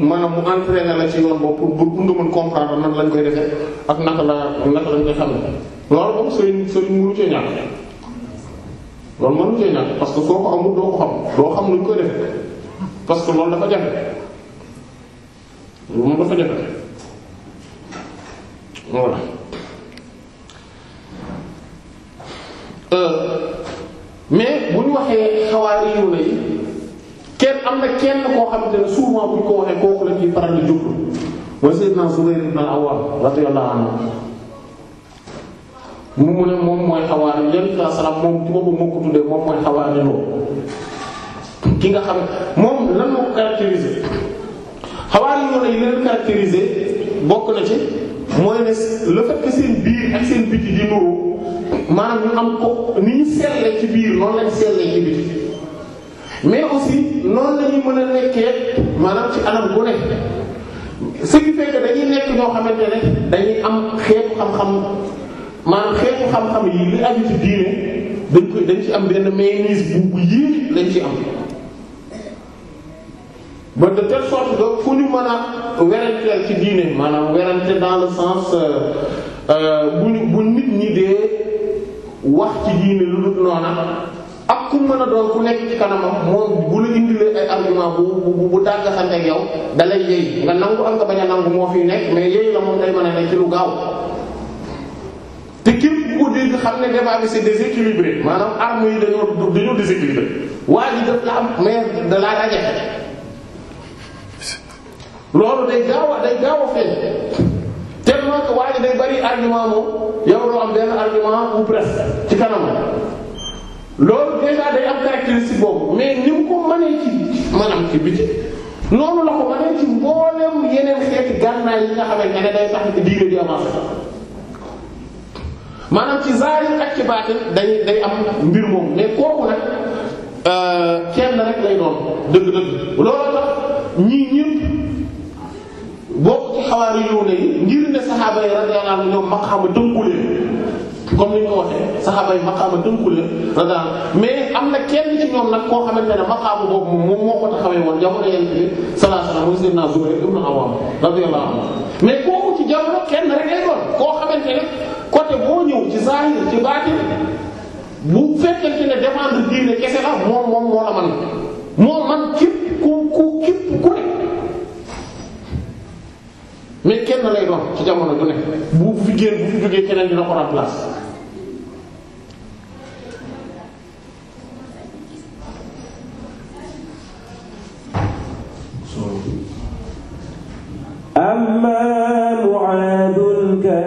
maanaam mu entraîner la ci yoon boobu pour pour nga mën comprendre nan lañ koy defee ak naka la naka lañ koy xam ne loolu moom sëriñ sëriñ mënu cee ñàkk loolu mënu cee ñàkk parce que soo ko amul doo ko xam doo xam luñ koy defee parce que loolu dafa jafe loolu moom dafa jafe voilà. Euh, mais bu ñu waxee xawaari yiw yi kenn am na kenn koo xamante ne souvent buñ ñu ko waxee kooku la ñuy faral di jublu mooy Sayyidna Zubayr ibn al-Awwam radiyallahu anhu mu mu ne moom mooy xawaari yenn saa salaam moom ci boppam moo ko tuddee moom mooy xawaari loo ki nga xam moom lan moo ko caractériser xawaari yoo yi leen caractériser bokk na ci mooy ne le fait seen biir ak seen biti di nuru. maanaam ñu am ko ni ñu selle ci biir noonu lañ selle ci biir mais aussi noonu la ñuy mën a nekkee maanaam ci anam bu ne ce qui fait que dañuy nekk ñoo xamante ne dañuy am xeetu xam-xam yi li aju ci diine dañ koy dañ ci am benn mainmise bu bu yéeg lañ ci am ba de telle sorte que fu ñu mën a weranteel ci diine maanaam werante dans le sens euh, euh, bu bu nit ñi dee wax ci diine lu dul noona ak ku mën a doon ku nekk ci kanamam moom bu la indilee ay ma bu bu bu dàggasante ak yow dalay yey nga nangu am nga bañ a nangu moo fi nekk mais yey la moom day mën a nekk ci lu gaaw te képp ku ko xam ne débat bi c'est déséquilibré maanaam armes yi dañoo dañoo déséquilibré waa ji daf la am mais da laa daje loolu day gaaw a day gaaw a feeñ tellement que waa ji day bari argument moom yow loo am benn argument ou presque ci kanam loolu déjà day am boobu mais ni ko mënee maanaam ci biti noonu la ko mënee ci mboolem yeneen xeeti gànnaay yi nga xamante ne day tax diine di avancer maanaam ci zaahir ak ci baatin day am mbir moom mais kooku nag euh, kenn rek lay doon dëgg-dëgg loolu tax ñii bokk ci xawaari yow ne yi ngir ne saxaaba yi radiyallahu anhum ñoom maqaama tënku leen comme ni ñu ko waxee saxaaba yi maqaama tënku leen radiyallahu mais am na kenn ci ñoom nag koo xamante ne maqaama boobu moom moo ko kenn rek lay doon koo xamante ne côté boo ñëw ci zahir ci baatin bu fekkente ne défendre diine kese la moom moom moo man moo man képp ku ku képp ku ne mais kenn lay doon ci jamono ju ne bu fi génn bu fi jógee keneen dina ko remplacer amma mu'aadun ka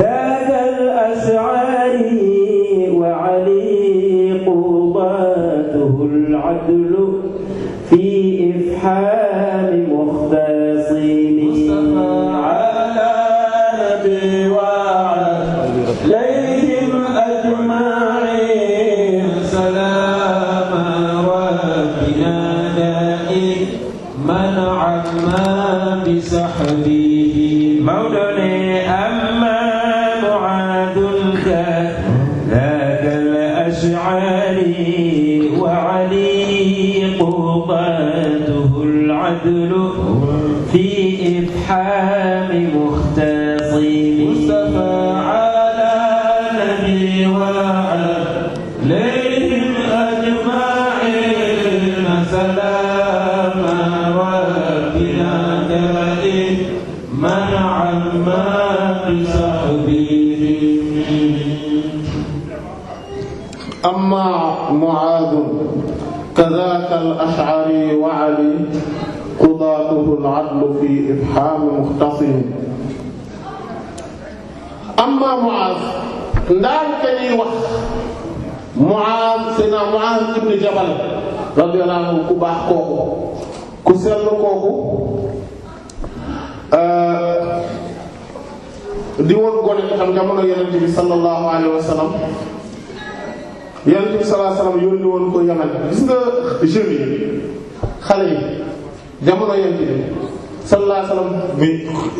zaaka al-ash'ari wa 'ali qurbaatuhu al-'adlu fi ifhaa al-Ash'ari wa 'Ali qudaatuhu al-'adlu fi ibhaam muxtasim amma Mu'aaz ndaante ñuy wax Mu'aaz sayyidina Mu'aaz ibn Jabal radiyallahu anhu ku baax kooku ku sell kooku euh, di woon gone xam jamono Yonent bi sallallahu alayhi wa sallam yonent bi sallallahu alayhi wasallam yónni ko Yaman gis nga jeunes yi xale yi jamono yonent bi sallallahu alayhi wasallam bi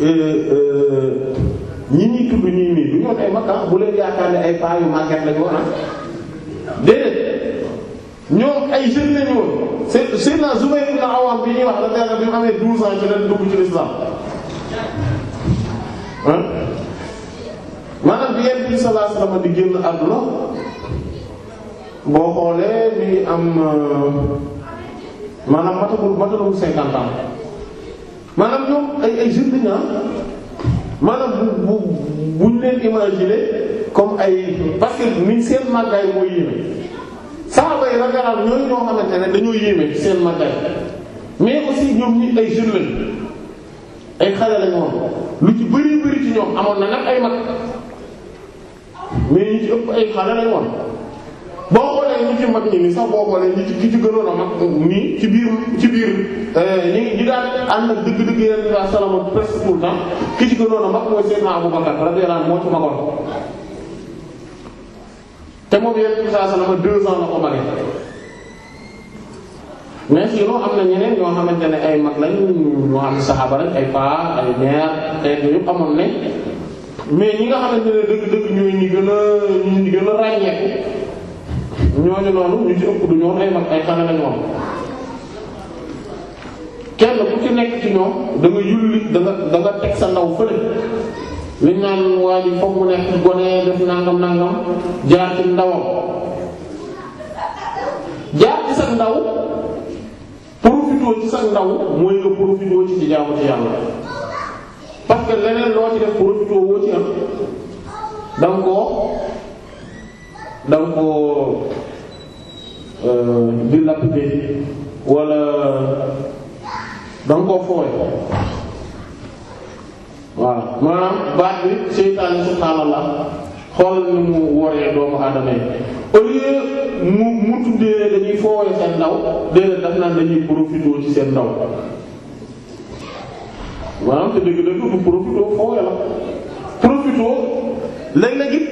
euh, euh, ñi ñuy tudd ñoon ay makka ah, bu leen yaakaar ne ay paa yu màgget lañu woon ah déedéet ñoom ay jeunes lañu woon c'est Seydina Zubayr ibn Awwam bi ñuy wax la terre bi mu amee 12 ans ci leen dugg ci l'islam ah maanaam bi yonent bi sallallahu alayhi wasallam di génn àdduna boo xoolee mi ngi am euh, maanaam matagul matagul cinquante ans maanaam ñoom ay ay jeunes lañu ah. maanaam bu bu buñ leen imaginer comme ay parce que ni seen màggaay mooy yéeme saxaba yi ragalal ñooy ñoo xamante ne dañoo yéeme seen màggaay mais aussi ñoom ñi ay jeunes ay xare lañu lu ci bari bari ci ñoom amoon na nag ay mag mais ñu ci ëpp ay xale lañu boolee ñi ci mag ñi ni sax boo boolee ñi ci ci gënoon a mag nii ci biir ci biir euh, ñi ñi daal ànd ak dëgg-dëgg yeneen bi sallallahu temps ki ci gënoon a mag mooy Seydina Abu Bakar radiyallahu moo ci magoon te mais sinon am na ñeneen ñoo xamante ne ay mag lañ ñoo xam ne saxaaba rek ay paa ay mère ay yëpp amoon ne mais ñi nga xamante ne dëgg-dëgg ñooy ñi gën a ñi gën a ràññeeku ñooñu noonu ñu ci ëpp du ñoom ay mag ay xale ñoom kenn ku ci nekk ci ñoom da nga yulli danga nga teg sa ndaw fële li naan waa ji foog mu nekk def nangam nangam jaar ci ndawam jaar ci sa ndaw profité ci sa ndaw mooy nga profité ci ci jaamu ci yàlla parce que leneen loo ci def profité woo ci am danga ko danga ko euh, di lapider wala danga koo fooy waaw maanaam baat bi seytaane subhaanallah xoolal ni mu wooyee doomu aadama yi au mu mu tuddee dañuy fooyee seen ndaw déedéet daf naan dañuy profité ci seen ndaw maanaam te dëgg-dëgg du profité fooyee la profité léeg-léeg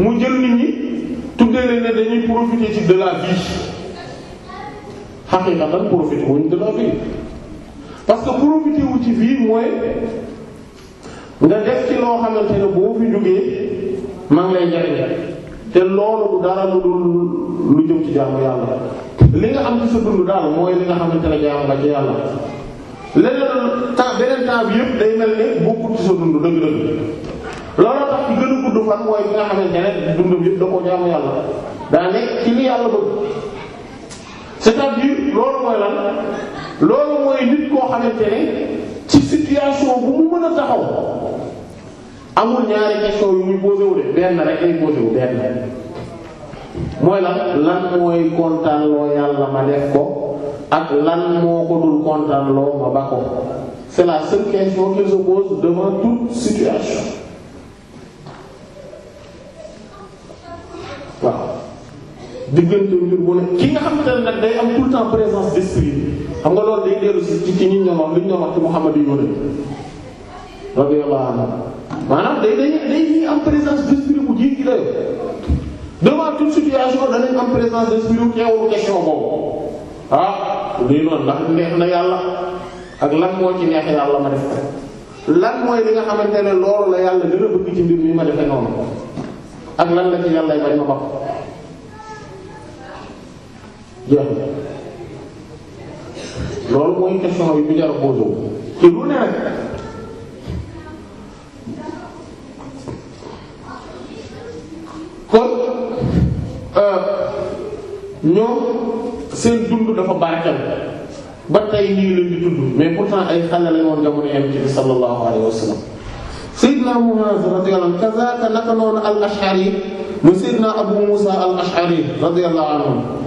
mu jël nit ñi. tuddee leen ne dañuy profiter ci de la vie xaqiiqatan profiter wuñ de vie parce que profiter wu ci vie mooy nga def ci loo xamante ne boo fi jógee maa ngi lay njariñ te loolu du dara lu lu jëm ci jaamu yàlla li nga xam ci sa dund daal mooy li nga xamante ne jaamu la ci yàlla leneen temps beneen temps yëpp day mel ne bokkul ci sa dund dëgg-dëgg. looloo tax ci gën a gudd fan mooy bi nga xamante ne dundam yëpp da koo jaamu yàlla daa nekk li yàlla bëgg cest loolu mooy lan loolu mooy nit koo xamante ne ci situation bu mu mën a taxaw amul ñaari question yu muy posé wu de benn rek lay posé wu mooy lan lan mooy kontaan loo yàlla ma def ko ak lan moo ko dul kontaan loo ma ba c'est la seule question qui se pose devant situation. diggante mbir bu ne ki nga xamante ne nag day am tout temps d'esprit xam nga loolu day dellu ci ci ñi ñoom li ñu ñoom ci Muhammad yu ne radiyallahu anhu maanaam day day day ñuy am présence ah lii noonu ndax neex na yàlla ak lan moo ci neexee yàlla ma def lan mooy li nga xamante ne loolu la yàlla dina bëgg ci mbir mi ma defee noonu ak lan la ci yàlla bay ma bokk jeex na loolu mooy question yi ñu jar a posé te lu ne nag kon euh, ñoom seen dund dafa barkeel ba tey ñu di dund mais pourtant ay xale lañ woon jamono yonent bi sallallahu alayhi wa sallam Seydina Muaz radiyallahu naka noonu al ashari mu Seydina Abu Musa al ashari radiyallahu anhu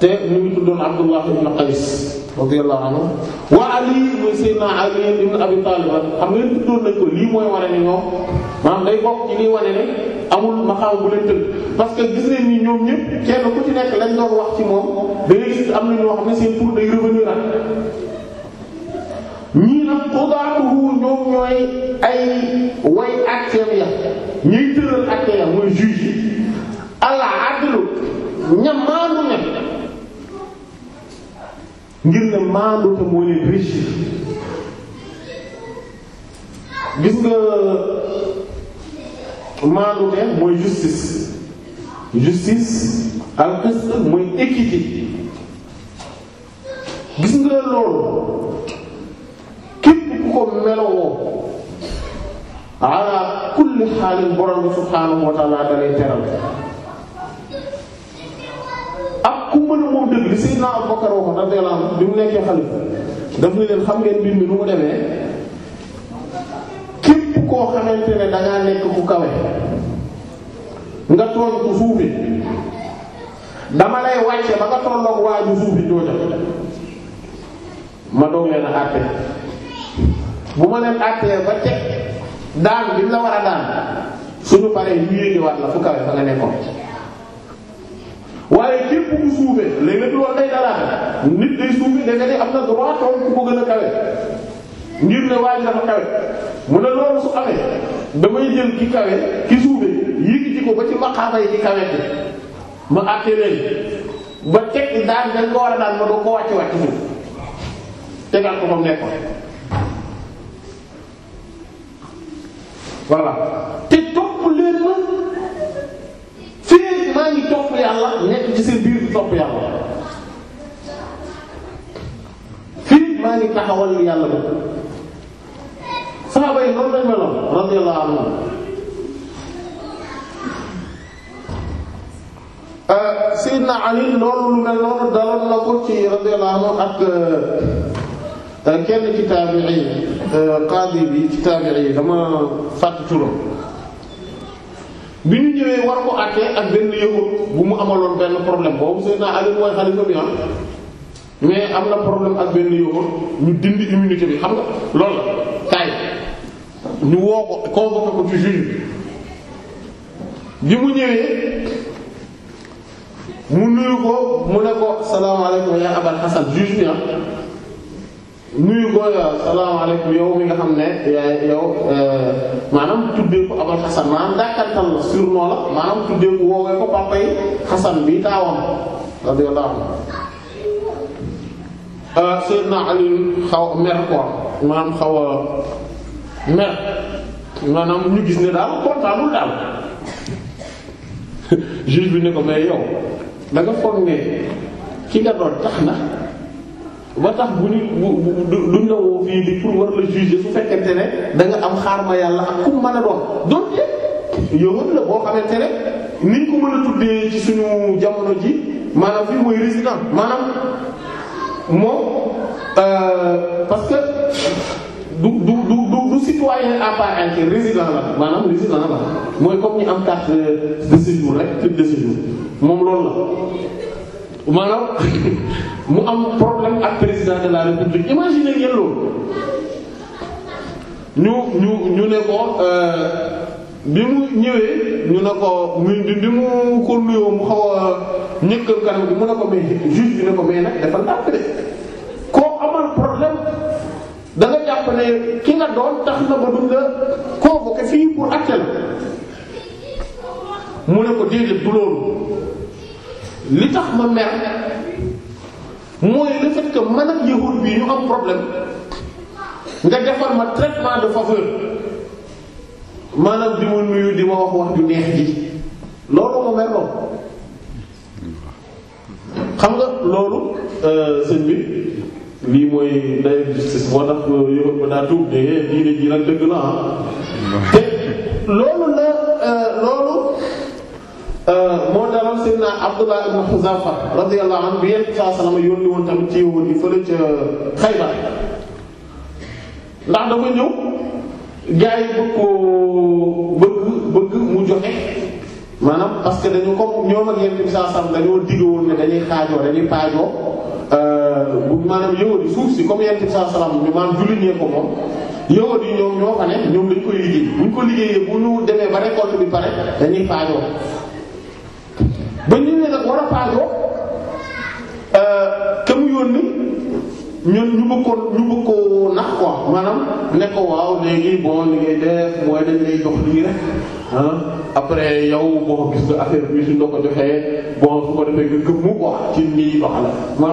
te ñu ngi tuddoon Abdullah ibn Qays radiyallahu anhu wa Ali mooy Seydina Ali ibn Abi xam ngeen tuddoon nañ ko lii mooy wane ne ñoom maanaam day bokk ci liy wane ne amul maxaam bu leen tënk parce que gis nañ ni ñoom ñëpp kenn ku ci nekk lañ doon wax ci moom da am na ñoo xam ne seen tur day revenir ak ñii nag xudaatuhu ñoom ñooy ay way acteurs ya ñuy tëral acteurs ya mooy juge yi al adlu ñamaanu ngir ne maandu te moo leen gis nga maandu te mooy justice justice al qist mooy équité gis nga loolu képp ku ko melowoo ala kulli xaalin borom subhaanahu wa ta'ala da lay teral ak ku mën a moom dëgg li Seydina Abu Bakar waxoon radiyallahu anhu bi mu nekkee xalifa daf ni leen xam ngeen mbir mi nu mu demee képp koo xamante ne da nekk ku kawe nga tooñ ku suufi dama lay wàcce ba nga ma doog leen a àtte bu ma leen àttee ba teg daan bi la war a daan suñu paree ñu yéegewaat la fu kawe fa nga nekkoon. képp ku suufee léeg-léeg loolu day dalaate nit day suufee da nga am na droit toog ku ko gën a kawe ngir ne waaye dafa kawe mu ne loolu su amee damay jël ki kawe ki suufee yéegi ci ko ba ci maqaama yi ci kawe te ma àtte leen ba teg daan dañ ko war a daan ma doo ko wàcc wàcc moom tegal ko moom nekkoon voilà te topp leen ma fii maa ngi topp yàlla nekk ci seen biir topp yàlla fii maa ngi taxawal yàlla ba saxaaba yi noonu lañ meloon radiyallahu anhu euh, Sayyidina Ali loolu lu mel noonu daloon na ko ci radiyallahu anhu ak euh, kenn ci taabi'i euh, qadi bi ci taabi'i dama fàtt turam bi ñu ñëwee war ko àttee ak benn yëngu bu mu amaloon benn problème boobu Seydina Ali mooy xalifa bi ah mais am na problème ak benn yëngu ñu dindi immunité bi xam nga loolu kaay ñu woo ko convoqué ko ci juge bi mu ñëwee mu nuyu ko mu ne ko salaamaaleykum yaa Abal Hasan juge bi ah. nuyu ko salaamaaleykum yow mi nga xam ne yow euh, maanaam tuddee ko abal xasan maanaam dàkkantal la surnom la maanaam tuddee ko ko papa xasan bi taawam radiyallahu anhu euh, sayyidna Ali xaw mer ko maanaam xaw mer maanaam ñu gis ne daal kontaanul daal juge bi ne ko mais yow da foog ne ki nga doon tax na ba tax bu ñu duñ du woo fii di pour war la juger su fekkente ne da nga am xaar ma yàlla ak kum mën a doon donc yowat la boo xamante ne niñ ko mën a tuddee ci suñu jamono ji maanaam fii mooy résident maanaam moom euh, parce que du du du du citoyen à part résident la maanaam résident la mooy comme ñu am carte de rek titre moom loolu la maanaam mu am problème ak président de la république imaginez ngeen loolu ñu ñu ñu ne ko euh, bi mu ñëwee ñu ne ko muy di di mu ko nuyoo mu xaw a ñëkkal kanam bi mu ne ko mais juge bi ne ko mais nag dafa ndànk de koo amal problème da jàpp ne ki nga doon tax na ba duñ la convoqué fii pour acte mu ne ko déedéet du loolu li tax ma mer mooy le fait que man ak yahud bi ñu am problème nga defal ma traitement de faveur maanaam di ma nuyu di ma wax wax ju neex ji loolu ma mer nga loolu euh, sëñ bi lii mooy day justice moo tax yëngal euh, ba daa tuub de eh, diine ji nag dëgg la ah. loolu la imaam Seydina Abdullah ibn Huzafa radiyallahu anhu bi yéen saa salaama yónni woon tamit ci yowoon yi fële ca Xaybar ndax dafa ñëw gars yi bëgg koo bëgg bëgg mu joxe maanaam parce que dañu comme ñoom ak yéen saa salaam dañoo diggoon ne dañuy xaajoo dañuy paajoo euh, maanaam yowoon yi suuf si comme yéen saa salaam julli ñee ko moom. yowat yi ñoom ñoo fa ne ñoom dañ koy liggéey bu ñu ko liggéeyee bu ñu demee ba récolte bi pare dañuy faajoo war a paajoo ka mu yónni ñun ñu bëgg ko ñu bëgg ko nax quoi maanaam ne ko waaw léegi bon li def mooy dañ lay jox lii rek ah après yow boo gis nga affaire bi suñ la ko joxee defee nga gëmmu quoi ci lii wax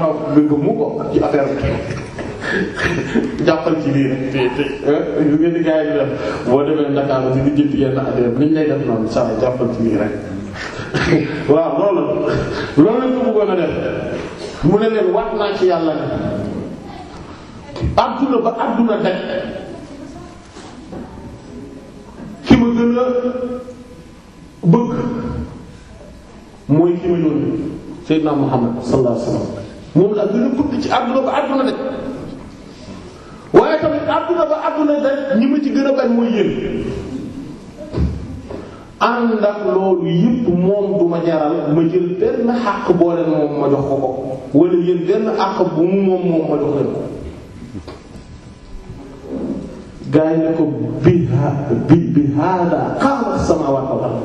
ko ci affaire bi jàppal ci lii rek te te lu ngeen di gars yi di def boo demee Ndakaaru ci jënd yenn affaire bi liñ lay def noonu saa jàppal ci lii rek. waaw loolu loolu lañ ko bëggoon a def mu ne leen waat naa ci yàlla àdduna ba àdduna daj ki ma gën a bëgg mooy ki ma yónni Seydina Muhammad sallallahu alayhi wasallam moom laa gën a bëgg ci àdduna ba àdduna daj waaye tamit àdduna ba àdduna daj ñi ma ci gën a bañ mooy yéen ànd ak loolu yëpp moom du ma jaral jël benn àq boole na moom ma jox ko ko wala yéen benn àq bu mu moom moom ma jox leen ko gaa ne ko bi bi bi hada xaaral samaawaat wal ard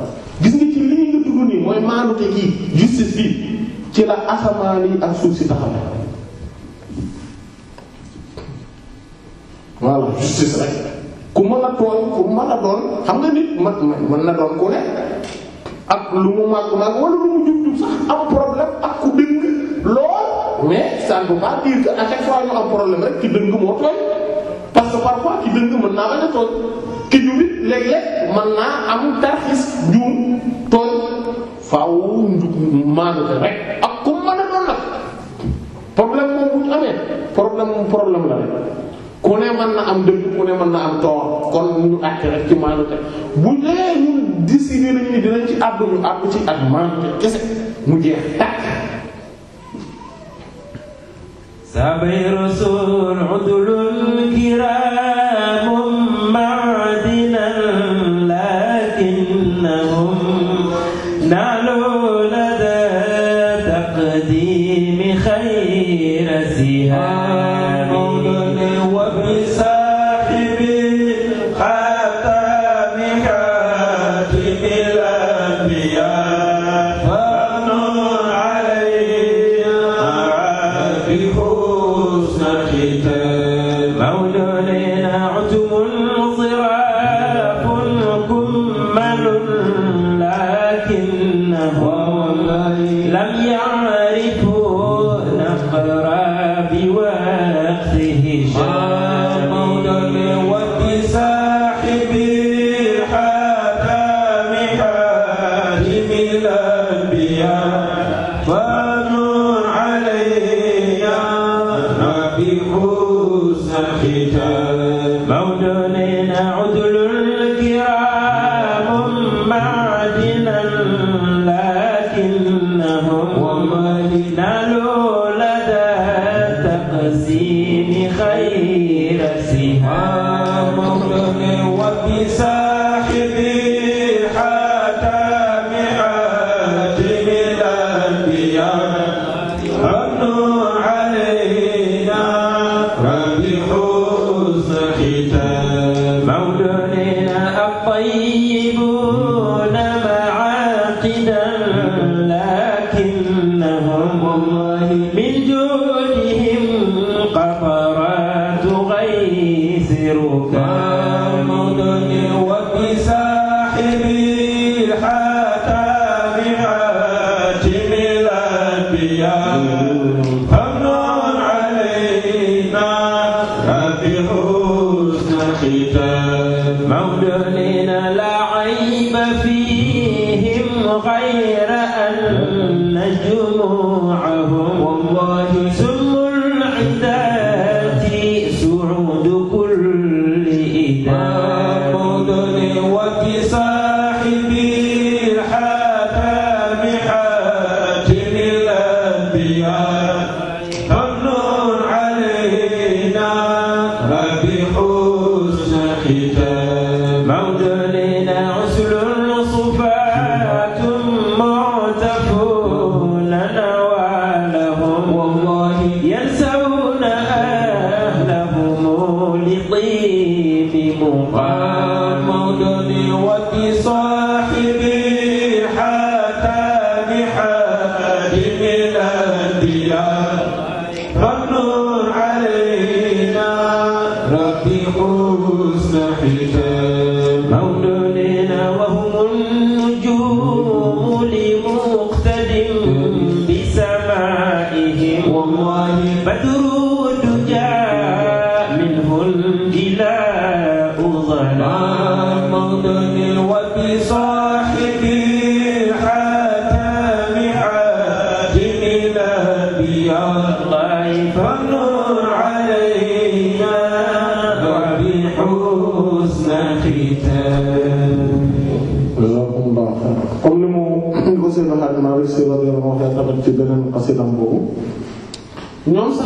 gis nga ci lii nga dugg nii mooy maanute gi justice bi ci la asamaan ak suuf si taxaw voilà justice rek ku mën a tooñ ku mën a doon xam nga nit man mën doon ku ne ak lu mu màgg màgg wala lu mu jub jub sax am problème ak ku dëng lool mais ça ne veut pas dire que à chaque fois am problème rek ci dëng moo parce que parfois naa bañ tooñ ki jubit léeg-léeg mën naa am tarxis juum tooñ faaw njub maanute rek ak ku mën a doon nag problème moom bu amee problème problème la rek ku ne mën na am dëgg ku ne mën na am tort kon ñu àtte rek ci maanute bu dee ñun décider nañu ci àddu ñu àddu ci ak maanute kese mu jeex tàkk sabay rasul udulul kiram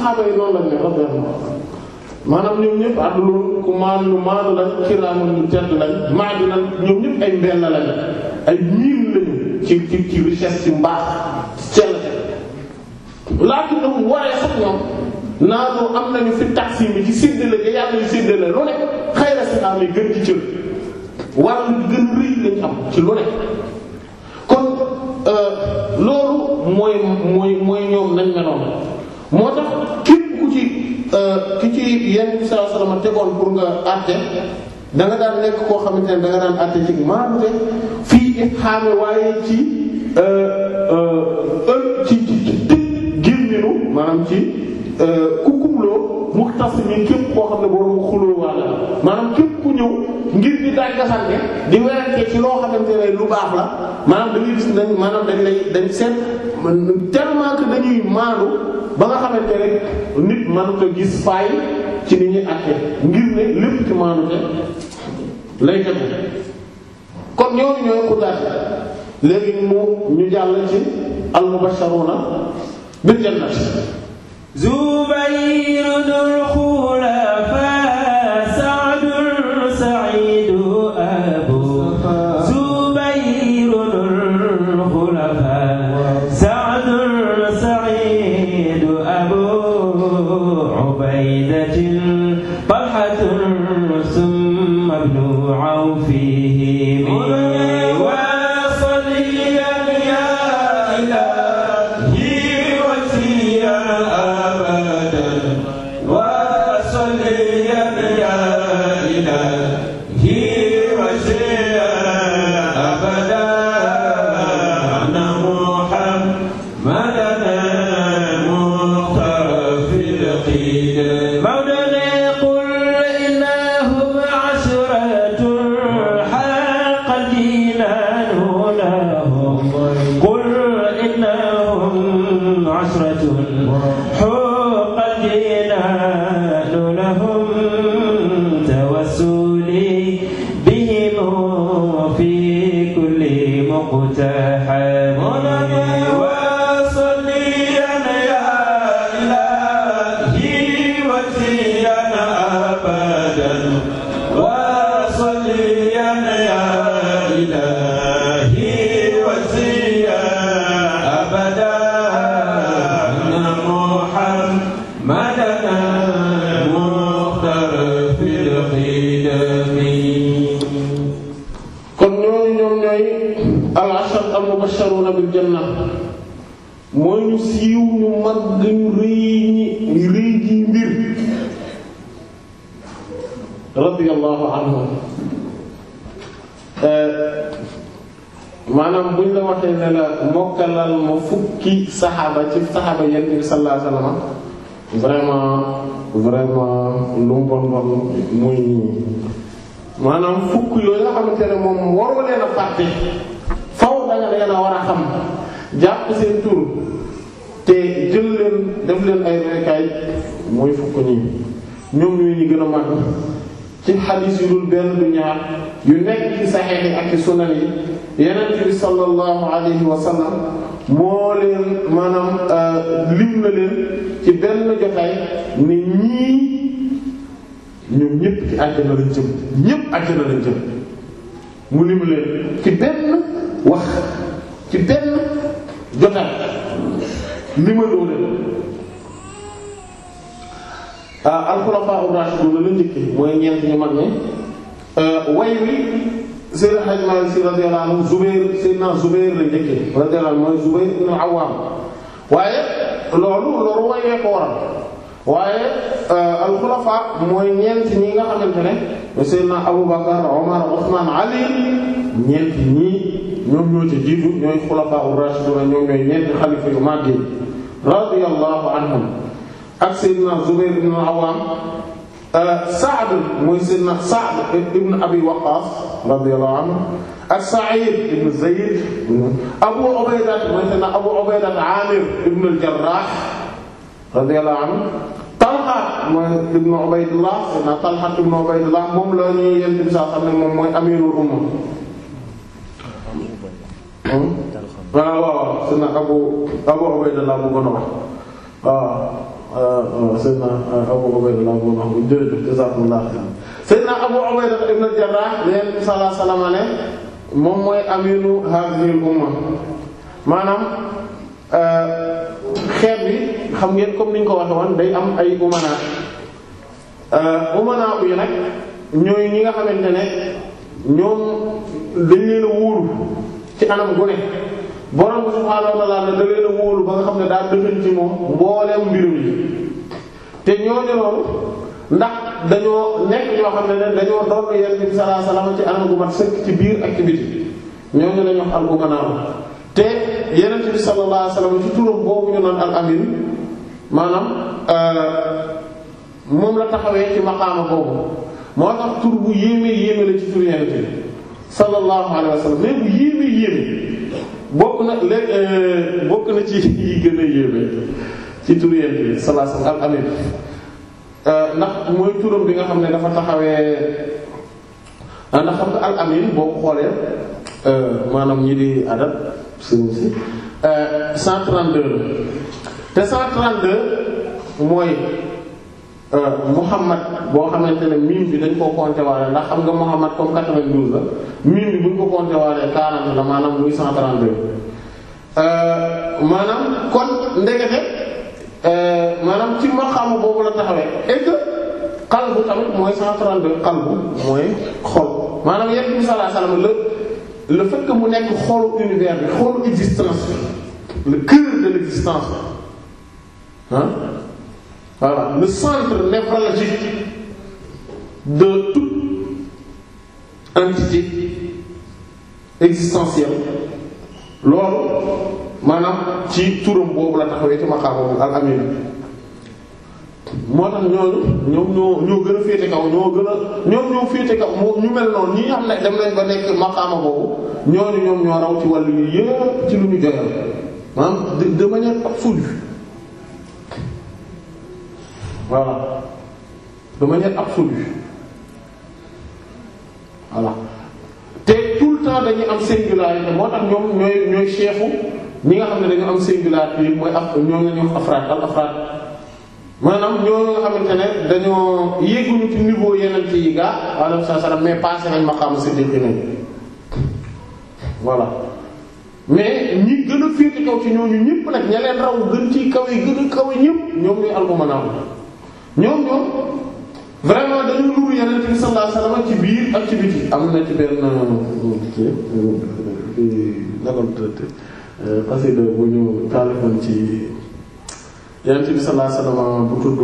saxaaba yi loolu lañ ne radiyallahu maanaam ñoom ñëpp lu ku maan lu maanu la kiraamun ñu tedd lañ maadi lañ ñoom ñëpp ay mbenn lañ ay miin lañu ci ci ci richesse ci mbaax ci sell laakin yàlla yu séddale lu ne xëy na si am yi gën ci cër wala lu gën rëy lañ am ci lu ne kon euh, loolu mooy mooy mooy ñoom nañ meloon moo tax képp ku ci euh, ki ci yenn bi sallallahu alayhi wasallam tegoon pour nga àtte da daal nekk koo xamante ne da nga daan àtte ci maanute fii it xaame waaye ci euh, euh, ël ci génninu maanaam ci ku kumloo muxtas mi képp koo xam ne koo xuloo waala maanaam ñëw ngir di daaj kasante di werante ci loo xamante ne lu baax la maanaam dañuy gis nañ maanaam dañ lay dañ seet tellement que dañuy maandu ba nga xamante rek nit mënut ko gis faay ci ni ñuy àtte ngir ne lépp ci maandu te lay tegu kon léegi mu ñu jàll ci al mubashsharuna bil jannah zubayru dul khulafa maanaam buñ la waxee ne la mokkalal ma fukki saxaaba ci saxaaba yonent bi sallallahu alayhi wasallam lu mu bon muy maanaam fukk yooyu nga xamante ne moom waroo leen a fàtte faw da nga leen war a xam jàpp seen tur te jël leen def leen ay rekkaay mooy fukk ñi ñoom ñooy ñi gën a mag ci xadis yu dul benn du ñaar yu nekk ci saxiix yi ak ci sunan yi yeneen bi sallallahu alayhi wa moo leen maanaam euh, lim na leen ci benn jotaay ne ñii ñoom ñëpp ci àjjana lañ jëm ñëpp àjjana lañ jëm mu lim leen ci benn wax ci benn jotaay limaloo leen Euh, alxulafaa ar-raashidun la njëkk mooy ñeent ñu mag ñi euh, way wi Seydina Hadj Malick Sy radiyallahu anhu Zubayr Seydina Zubayr la njëkk radiyallahu mooy Zubayr ibn Awwam waaye loolu loolu wayee ko waral waaye euh, alxulafaa mooy ñeent ñi nga xamante ne Seydina Ali ñeent ñii ñoom ñoo ci jiitu ñooy xulafaa ar-raashidun ñoom ñooy ñeent xalifa yu ak Seydina Zubayr ibn Awwam euh, Saad mooy Seydina Saad ibn Abi Waqqas radiyallahu anhu ak Sa'id ibn Zayd Abu Ubayda mooy Seydina Abu Ubayda Amir ibn al-Jarrah radiyallahu anhu Talha mooy ibn Ubaydullah Seydina Talha ibn Ubaydullah moom la ñuy yent bi saa xam ne moom mooy amirul umma waaw hmm? waaw Seydina Abu Abu Ubaydullah bu gën a wax waaw Euh, euh, Seydina euh, Abu Ubayda laa bëggoon wax bu jërëjëf jazakumullahu xayran Seydina Abu Ubayda ibn al-Jarrah leen sallallahu alayhi wa sallam ne moom mooy aminu hadhihi al maanaam xeet bi xam ngeen comme ni ko waxee woon day am ay umana umana yi nag ñooy ñi nga xamante ne ñoom dañ leen a wóoru ci anam gu borom subhaanahu wa ta'aala ba xam ne daal dëgën ci moom mbooleem te ñooñu loolu ndax dañoo nekk ñoo xam ne ne dañoo doon Yonent bi sallallahu ci anam gu mat ci biir ak ci biti ñooñu lañu wax al-umanaa te Yonent bi sallallahu alayhi maanaam euh, moom la taxawee ci maqaama boobu moo tax tur bu yéeme yéeme la ci tur Yonent bi sallallahu alayhi wasallam mais bu yéeme yéeme. bokk na léeg euh, bokk na ci yi gën a yéeme ci turu bi salaasa al amin euh, ndax mooy turam bi nga xam ne dafa taxawee euh, ndax xam nga al amin boo xoolee maanaam ñi di adab suñu si 132 te 132 mooy. Euh, Muhammad boo xamante ne mim bi dañ koo compter waale ndax xam nga Muhammad comme 92 la mim bi buñ ko compter waalee 40 la maanaam muy 132 euh, maanaam kon ndekete euh, maanaam ci maqaamu boobu la taxawee et que qalbu tamit mooy 132 qalbu mooy xol maanaam Yonent bi sallallahu alayhi wasallam le le mu nekk xolu univers bi existence bi le cœur de l'existence ah. voilà le centre névralgique de toute entité existentielle loolu maanaam ci turam boobu la taxawee ci maqaamam al amin moo tax ñooñu ñoom ñoo ñoo gën a féete kaw ñoo gën a ñoom ñoo féete kaw moo ñu mel noonu ñi am ne dem nañ ba nekk maqaama boobu ñooñu ñoom ñoo raw ci wàllu yi yëpp ci lu ñu joyal maanaam de manière absolue voilà de manière absolue voilà te tout le temps dañuy am singularité moo tax ñoom ñooy ñooy chefu ñi nga xam ne dañu am singularité mooy af ñoom la afraad al afraad xamante ne dañoo yéeguñu ci niveau yeneen mais passé nañ maqaam siddiqi nañ voilà mais ñi gën a féete kaw ci ñooñu ñëpp nag ña leen raw gën ci kaw yi gën a kaw yi ñëpp ñoom ñooy almumanaaw ñoom ñoom vraiment dañu nuru yeneen bi sallallahu ci biir ak ci biti am na ci benn euh, euh, nakomtraté euh, xasida bu ñu taalifoon ci yeneen bi sallallahu alayhi wasallam bu tudd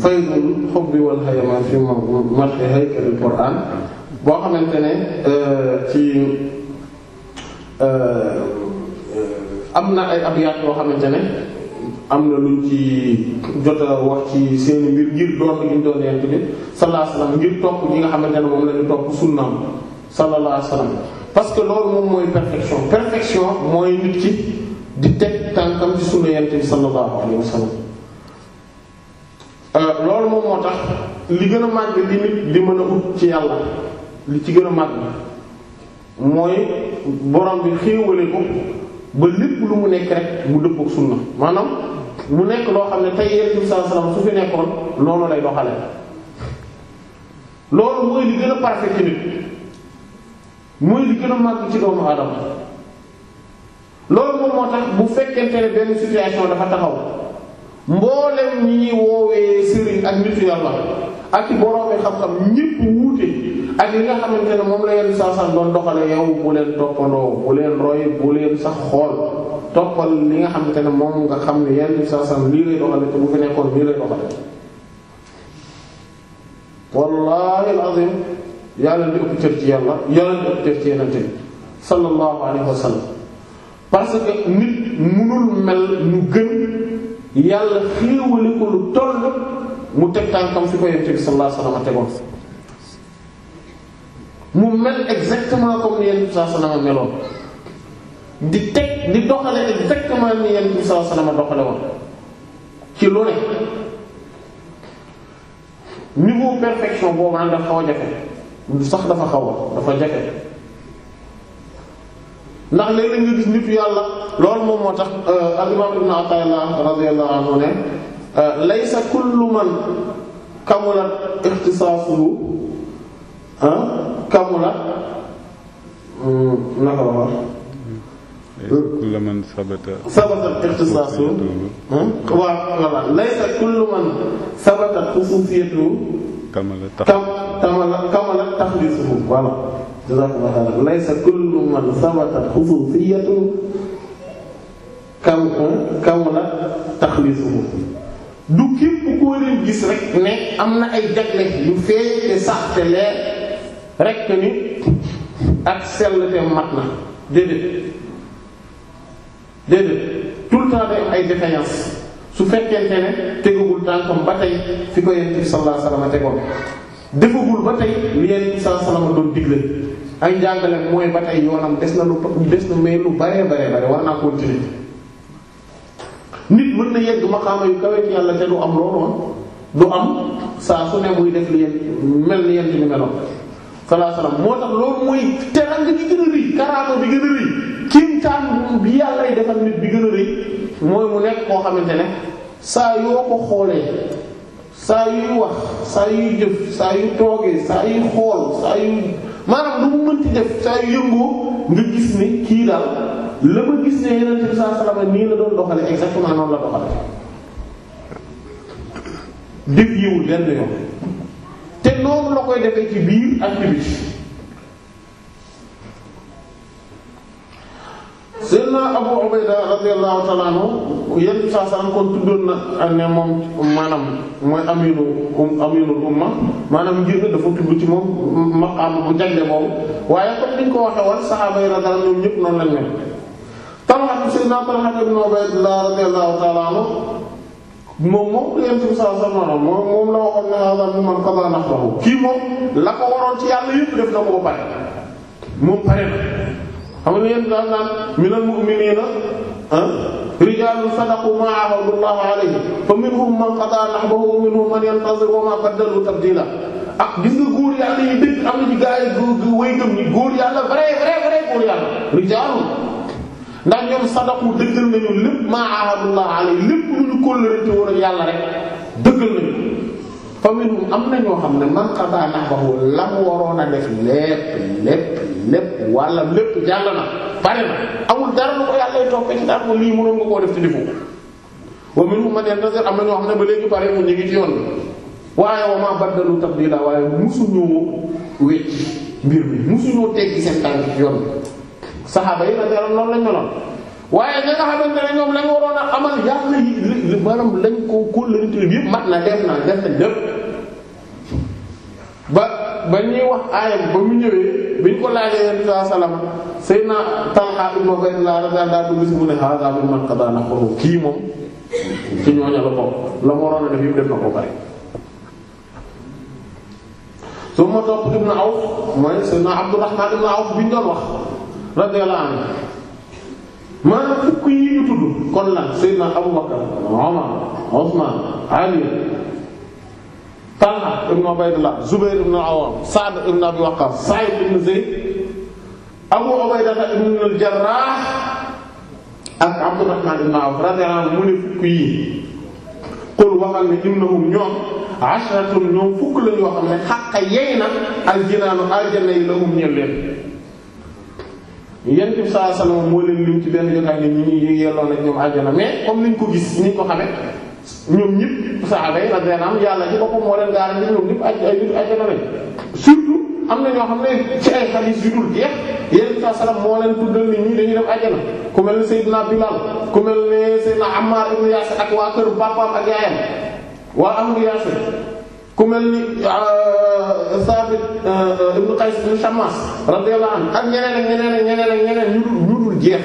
faydul hubbi wal hayaman fi madhi haykalil Qur'an boo xamante ne ci am na ay abiyat boo xamante ne am na lu ci jot a wax ci seeni mbir ngir doon li ñu doon yent bi sallallahu alayhi wasallam ngir topp ñi nga xamante ne moom la ñu topp sunnaam parce que loolu moom mooy perfection perfection mooy nit di teg tànkam ci sunna yent euh, loolu moom moo li gën a màgg li mën a ut ci yàlla li ci gën a màgg mooy borom lépp lu mu nekk rek mu dëppoo sunna maanaam mu nekk loo xam ne tey Yonent bi sallallahu alayhi wasallam su fi nekkoon noonu lay doxale loolu mooy li gën a parfait ci nit mooy li gën a màgg ci doomu aadama loolu moom moo tax bu fekkente ne benn situation dafa taxaw mboolem ñi ñuy woowee sëriñ ak nitu yàlla ak ci boroomee xam-xam ñépp wuute ak li nga xamante ne moom la Yonent bi sallallahu alayhi wasallam doon doxale yow bu leen toppandoo bu leen roy bu leen sax xool toppal li nga xamante ne moom nga xam ne yenn saa saa lii lay doxale te bu fi nekkoon lii lay doxale wallahi alazim yàlla li ëpp ci yàlla yàlla li ëpp ci yenente bi sallallahu alayhi mu teg tànkam fi ko yenente tegoon mu mel exactement comme ni yenente bi sallallahu alayhi meloon di teg di doxale exactement ni Yonent bi sallallahu doxale woon ci lu ne niveau perfection boobu nag dafa xaw a jafe sax dafa xaw a dafa jafe ndax léeg-léeg nga gis nit yàlla loolu moom moo tax euh, al-imam ibn Ata'illah radiyallahu anhu ne euh, laysa kullu man kamula ikhtisasuhu kamula hmm, naka la wax kullu man man sabata xususiyatu. kamala tax kamala kamala taxdisuhu voilà. jazakumullahu xayran laysa kullu man sabata xususiyatu kam kamala taxdisuhu du képp koo leen gis rek ne am na ay jagle yu feeñ sax te leer ni ak sell te mat na déedéet tout le temps ay défaillance su fekkente ne tegagul tànkam ba tey fi ko yonent bi sallallahu alayhi tegoon defagul ba tey li yonent bi sallallahu alayhi wasallam doon digle ay jàngale mooy ba tey yoonam des na lu des na mais lu baree baree bare war naa continuer nit mën na ma maqaama yu kawe ci yàlla te du am loolu woon du am saa su ne muy def li yéen mel ni yéen ni meloon moo tax loolu mooy teranga gi gën a rëy karaama bi gën a rëy kéemtaan bi yàlla lay defal nit bi gën a rëy mooy mu nekk koo xamante ne saa yoo ko xoolee saa yuy wax saa yuy jëf saa yu toogee saa yuy xool saa yu maanaam lu mu mënti def saa yu yëngoo nga gis ni kii daal la ma gis ne yeneen bi saa salama nii la doon doxale exactement noonu la doxale def yiwul benn yoon te noonu la koy defee ci biir activité Seydina Abu Ubayda radiyallahu ta'ala anhu yenn saa saa kon tuddoon na ne moom maanaam mooy aminu um, aminul umma maanaam ngir dafa tudd ci moom maqaam bu jagle boobu waaye comme ni ñu ko waxee woon saxaaba yi radiyallahu ñoom ñëpp noonu lañ ne Talha Seydina Talha ibn Ubaydillah radiyallahu ta'ala moom moom la yonent bi sallallahu alayhi moom la waxoon moom la ko moom pare na. xam nga yéen daan naan minal mu'minina ah, rijalun sadaqu ma ahadullahu alayhi fa minhum man qada nahbahu wa minhum man yantazir wa ma baddalu tabdila ak ah, gis nga góor yàlla yi dëgg am na ci gaa yi góor way gëm ni góor yàlla vrai vrai vrai góor yàlla rijalun ndax ñoom sadaqu dëggal nañu lépp ma ahadullahu alayhi lépp lu ñu kóllërante woon ak yàlla rek dëggal nañu famille am na ñoo xam ne man xadaa nax baxu la mu waroon a def lépp lépp lépp wala lépp jàll na pare na amul dara lu ko yàllay toppee ci daan ko lii mënoon nga koo def ci ñoo xam ne ba léegi pare mu ñu waaye wa ma baddalu tabdila waaye musuñoo wecc mbir musuñoo teggi seen tànk ci yoon saxaaba yi na seeram loolu lañ meloon waaye ña nga xamante ne ñoom la ñu waroon a amal yàlla yi maanaam lañ ko kóllënteel yëpp mat na def na def nañ lépp ba wax aayam ko gis mu ne hada bi man qada nahru kii moom ci ñooñu la ko la mu waroon a def yëpp def na ko bari. su ma topp Ibn Awf mooy Seydina Abdurrahman ibn Awf biñ doon wax radiyallahu anhu maanaam fukk yi ñu tudd kon lan Seydina Abubakar Omar Osman Ali Talha ibn Ubaydullah Zubayr ibn Awwam Sa'd ibn Abi Waqqas Sa'id ibn Zayd Abu Ubayda ibn al-Jarrah ak Abdurrahman ibn Awf radiyallahu anhu mu ne fukk yi qul waxal ne innahum ñoom ashratun ñoom fukk la ñoo xam ne xaqa yey na aljinaanu aljanna yi lahum ñeel leen yonent bi sallallahu alayhi wasallam moo leen lim ci benn jotaay ne ñi ñuy yelloo nag ñoom àjjana mais comme niñ ko gis niñ ko xame ñoom ñëpp saxaaba yi radiyallahu anhum yàlla ci boppam moo leen gaara ñoom ñëpp ay ay àjjana lañ am na ñoo xam ne ci ay xadiis yu dul moo leen tuddal ni ñii dañuy dem àjjana ku mel ne Seydina Bilal ku mel ne Seydina Ammar ibn ak waa kër Bapam ak yaayam waa Amru Yasir ku mel ni Sabit euh, euh, ibn Qays ibn Shammas radiyallahu anhu ak ñeneen ñeneen ñeneen ñeneen ñu dul ñu dul jeex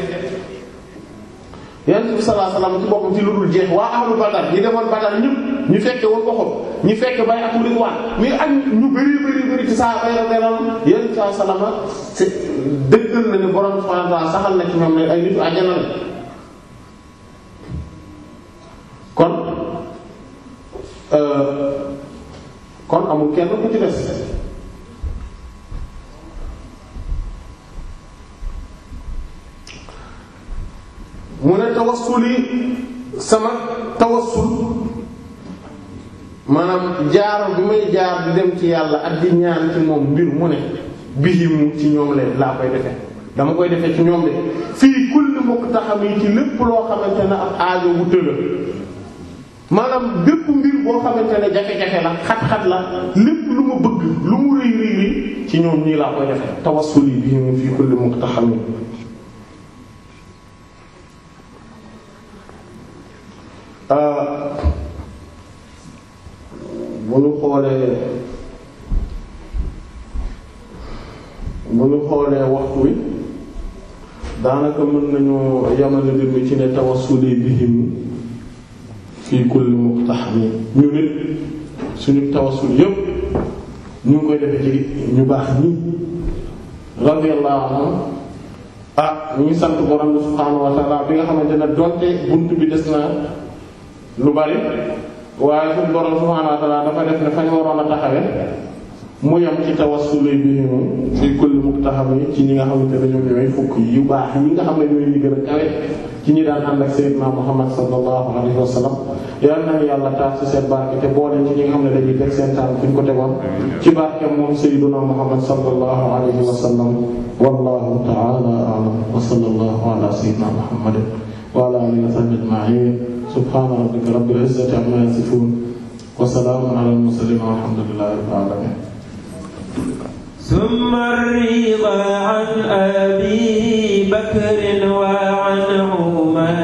yonent bi sallallahu alayhi wasallam ci boppam ci lu dul jeex waa ahlu Badar ñi demoon Badar ñëpp ñu fekke woon Uhud ñu fekk bay ak Ridwaan mais ak ñu bëri bëri bëri ci sahaaba yi radiyallahu anhum yonent bi sallallahu alayhi wasallam c'est dëggal na ni borom subhanahu wa ta'ala saxal na ci ñoom ne ay nitu àjjana la kon. Euh, kon amul kenn ku ci des mu ne tawassuli sama tawassul maanaam jaar bi may jaar di dem ci yàlla ak di ñaan ci moom mbir mu ne bihimu ci ñoom leen laa koy defee dama koy defee ci ñoom de fii kulli mukk taxam yi ci lépp loo xamante ne ak aajo wu tëla maanaam bépp mbir boo xamante ne jafe-jafe la xat-xat la lépp lu ma bëgg lu mu rëy rëy ci ñoom ñii laa koy defe tawassuli bihim fi kulli muqtaham ah, bu ñu xoolee bu ñu xoolee waxtu wi daanaka mën nañu yamale mbir mi ci ne tawassuli bihim fii kulli muqtahamin ñu nit suñu tawassul yëpp ñu ngi koy defe ci ñu baax ñi radiyallahu anhu ah ñu ngi sant borom bi subhaanahu wa ta'ala bi nga xamante ne donte bunt bi des na lu bari waaye suñu borom subhaanahu wa ta'ala dafa def ne fañ waroon a taxawe mu yam ci tawassuli bihim fi kulli muqtahamin ci ñi nga xamante ne ñoom ñooy fukk yu baax yi nga xam ne ñooy ñi gën a kawe ci ñi daan ànd ak sayyidina Muhammad sallallahu alayhi wa yal na yàlla taas ci seen barke te boole ci ñi nga xam ne dañuy teg seen tànk fi ñu ko tegoon ci barkeem moom sayyiduna Muhammad sallallahu alayhi wa sallam wallahu ta'ala a'lam wa sallallahu ala sayyidina Muhammadin wa ala alihi wa sahbihi ajma'in subhana rabbika rabbil izzati amma yasifun wa salamun ala al mursalin walhamdulillahi rabbil alamin ثم الرضا عن أبي بكر وعن عمر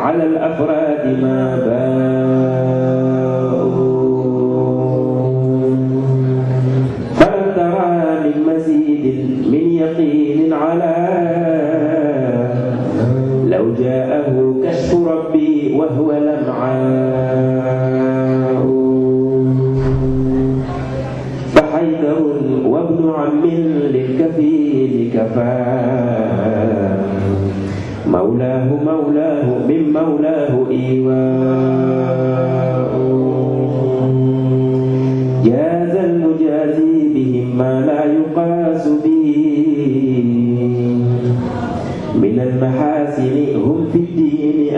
على الأفراد ما باءوا فهل ترى من مزيد من يقين على لو جاءه كشف ربي وهو لمعاء فحيدر وابن عم للكفيل كفى مولاه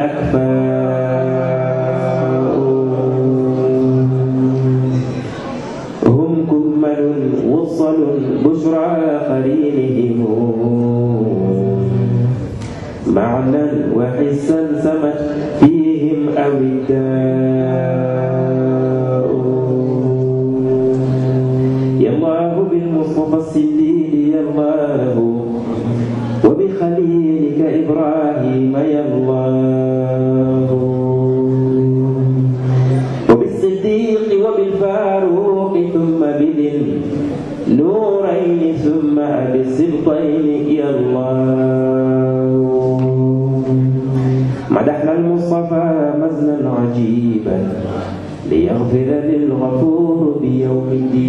أكفاء هم كمل وصل بشرى قرينهم معنى وحسا سمت فيهم أودان ليغفر للغفور بيوم الدين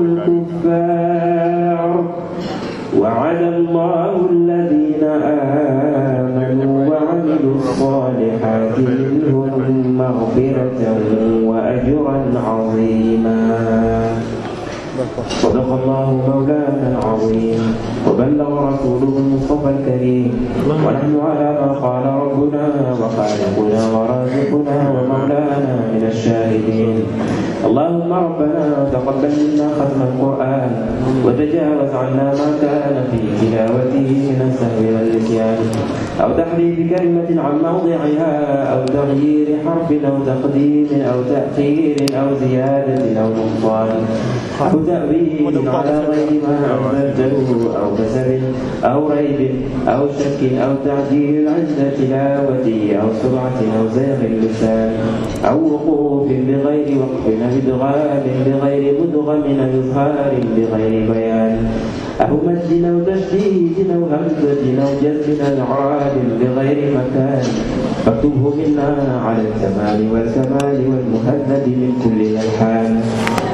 الكفار وعد الله الذين آمنوا وعملوا الصالحات منهم مغفرة وأجرا عظيما صدق الله مولانا العظيم وبلغ رسوله المصطفى الكريم ونحن على ما قال ربنا وخالقنا ورازقنا ومولانا من الشاهدين اللهم ربنا تقبل منا ختم القرآن وتجاوز عنا ما كان في تلاوته من السهو والنسيان أو تحريف كلمة عن موضعها أو تغيير حرف أو تقديم أو تأخير أو زيادة أو نقصان أو تأويل على غير ما أنزلته أو كسل أو ريب أو شك أو تعجيل عند تلاوته أو سرعة أو زيغ اللسان أو وقوف بغير وقف إدغام بغير مدغم أو إظهار بغير بيان أو مد أو تشديد أو همزة أو جزم أو عادل بغير مكان فاكتبه منا على الكمال والكمال والمهدد من كل الحال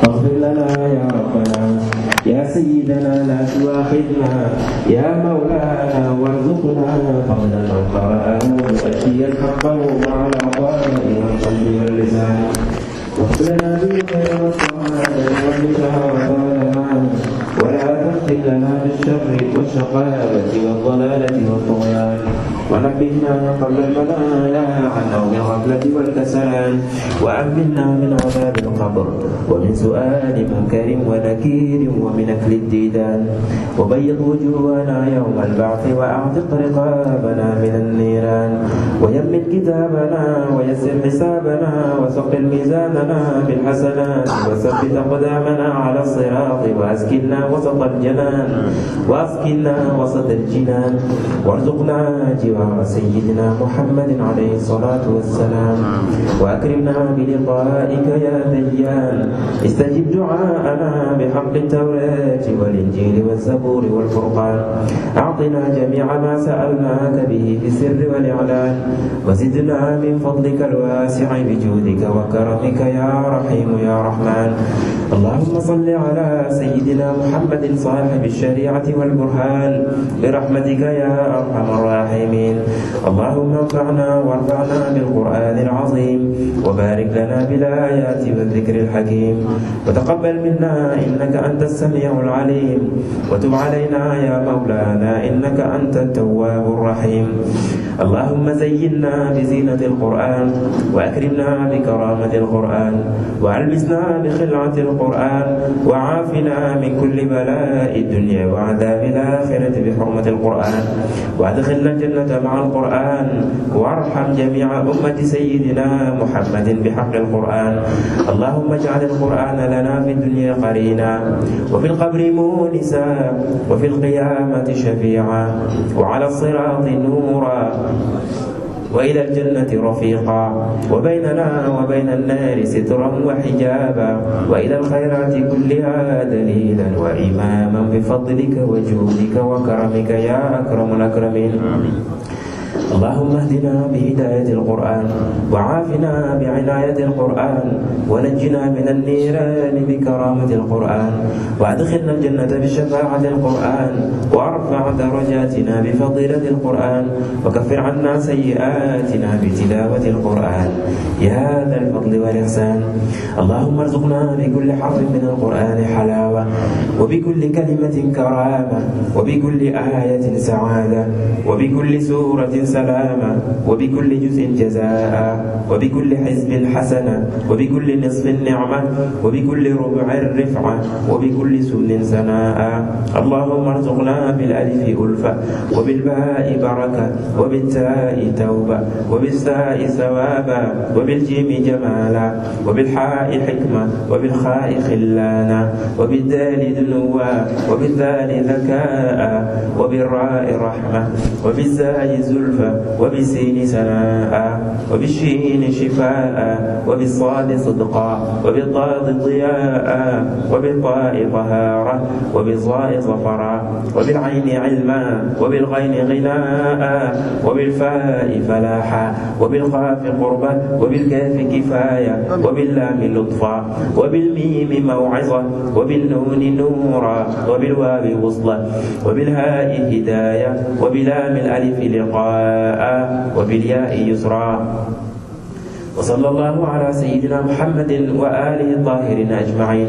فاغفر لنا يا ربنا يا سيدنا لا تؤاخذنا يا مولانا وارزقنا فضل من قرأنا وأتي الحق مع العطاء والقلب واللسان ولا تخذ لنا بالشر والشقاوة والضلالة والطغيان ونبهنا قبل الملالة عن نوم الغفلة والكسل وأمنا من عذاب القبر ومن سؤال منكر ونكير ومن أكل الديدان وبيض وجوهنا يوم البعث وأعتق رقابنا من النيران ويمن كتابنا ويسر حسابنا وثقل ميزاننا بالحسنات وثبت أقدامنا على الصراط وأسكننا وسط الجنان وأسكننا وسط الجنان وارزقنا جوار على سيدنا محمد عليه الصلاة والسلام وأكرمنا بلقائك يا ديان استجب دعاءنا بحق التوراة والإنجيل والزبور والفرقان أعطنا جميع ما سألناك به في السر والإعلان وزدنا من فضلك الواسع بجودك وكرمك يا رحيم يا رحمن اللهم صل على سيدنا محمد صاحب الشريعة والبرهان برحمتك يا أرحم الراحمين العالمين اللهم انفعنا وارفعنا بالقرآن العظيم وبارك لنا بالآيات والذكر الحكيم وتقبل منا إنك أنت السميع العليم وتب علينا يا مولانا إنك أنت التواب الرحيم اللهم زينا بزينة القرآن وأكرمنا بكرامة القرآن وألبسنا بخلعة القرآن وعافنا من كل بلاء الدنيا وعذاب الآخرة بحرمة القرآن وأدخلنا الجنة جمع القرآن وارحم جميع أمة سيدنا محمد بحق القرآن اللهم اجعل القرآن لنا في الدنيا قرينا وفي القبر مونسا وفي القيامة شفيعا وعلى الصراط نورا وإلى الجنة رفيقا وبيننا وبين النار سترا وحجابا وإلى الخيرات كلها دليلا وإماما بفضلك وجودك وكرمك يا أكرم الأكرمين آمين اللهم اهدنا بهداية القرآن وعافنا بعناية القرآن ونجنا من النيران بكرامة القرآن وأدخلنا الجنة بشفاعة القرآن وارفع درجاتنا بفضيلة القرآن وكفر عنا سيئاتنا بتلاوة القرآن يا ذا الفضل والإحسان اللهم ارزقنا بكل حرف من القرآن حلاوة وبكل كلمة كرامة وبكل آية سعادة وبكل سورة سعادة سلاما وبكل جزء جزاء وبكل حزب حسنا وبكل نصف نعمة وبكل ربع رفعة وبكل سن سناء اللهم ارزقنا بالألف ألفة وبالباء بركة وبالتاء توبة وبالساء ثوابا وبالجيم جمالا وبالحاء حكمة وبالخاء خلانا وبالدال دنوا وبالذال ذكاء وبالراء رحمة وبالزاي زلفى وبالسين سناء وبالشين شفاء وبالصاد صدقا وبالضاد ضياء وبالطاء طهارة وبالظاء ظفرا وبالعين علما وبالغين غناء وبالفاء فلاحا وبالقاف قربة وبالكاف كفاية وباللام لطفا وبالميم موعظة وبالنون نورا وبالواو وصلة وبالهاء هداية وبلام الألف لقاء بالياء يسرا وصلى الله على سيدنا محمد وآله الطاهرين أجمعين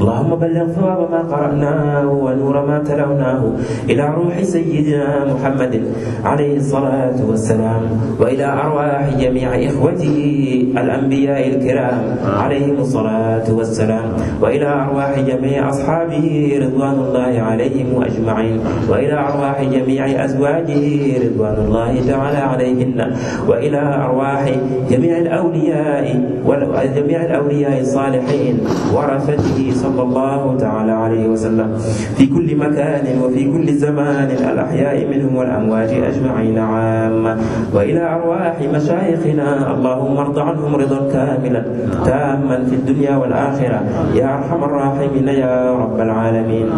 اللهم بلغ ثواب ما قرأناه ونور ما تلوناه إلى روح سيدنا محمد عليه الصلاة والسلام وإلى أرواح جميع إخوته الأنبياء الكرام عليهم الصلاة والسلام وإلى أرواح جميع أصحابه رضوان الله عليهم أجمعين وإلى أرواح جميع أزواجه رضوان الله تعالى عليهن وإلى أرواح جميع الأولياء الأولياء وجميع الأولياء الصالحين ورثته صلى الله تعالى عليه وسلم في كل مكان وفي كل زمان الأحياء منهم والأموات أجمعين عامة وإلى أرواح مشايخنا اللهم ارض عنهم رضا كاملا تاما في الدنيا والآخرة يا أرحم الراحمين يا رب العالمين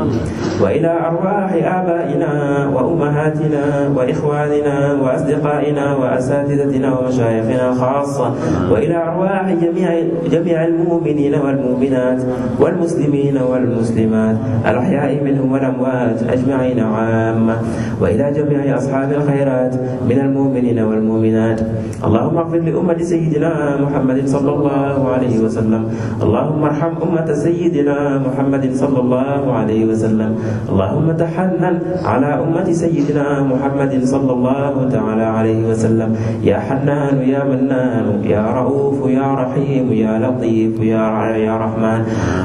وإلى أرواح آبائنا وأمهاتنا وإخواننا وأصدقائنا وأساتذتنا ومشايخنا خاصة وإلى أرواح جميع جميع المؤمنين والمؤمنات والمسلمين والمسلمات الأحياء منهم والأموات أجمعين عامة وإلى جميع أصحاب الخيرات من المؤمنين والمؤمنات اللهم اغفر لأمة سيدنا محمد صلى الله عليه وسلم اللهم ارحم أمة سيدنا محمد صلى الله عليه وسلم اللهم تحنن على أمة سيدنا محمد صلى الله تعالى عليه وسلم يا حنان يا منان يا رؤوف يا رحيم يا لطيف يا يا رحمن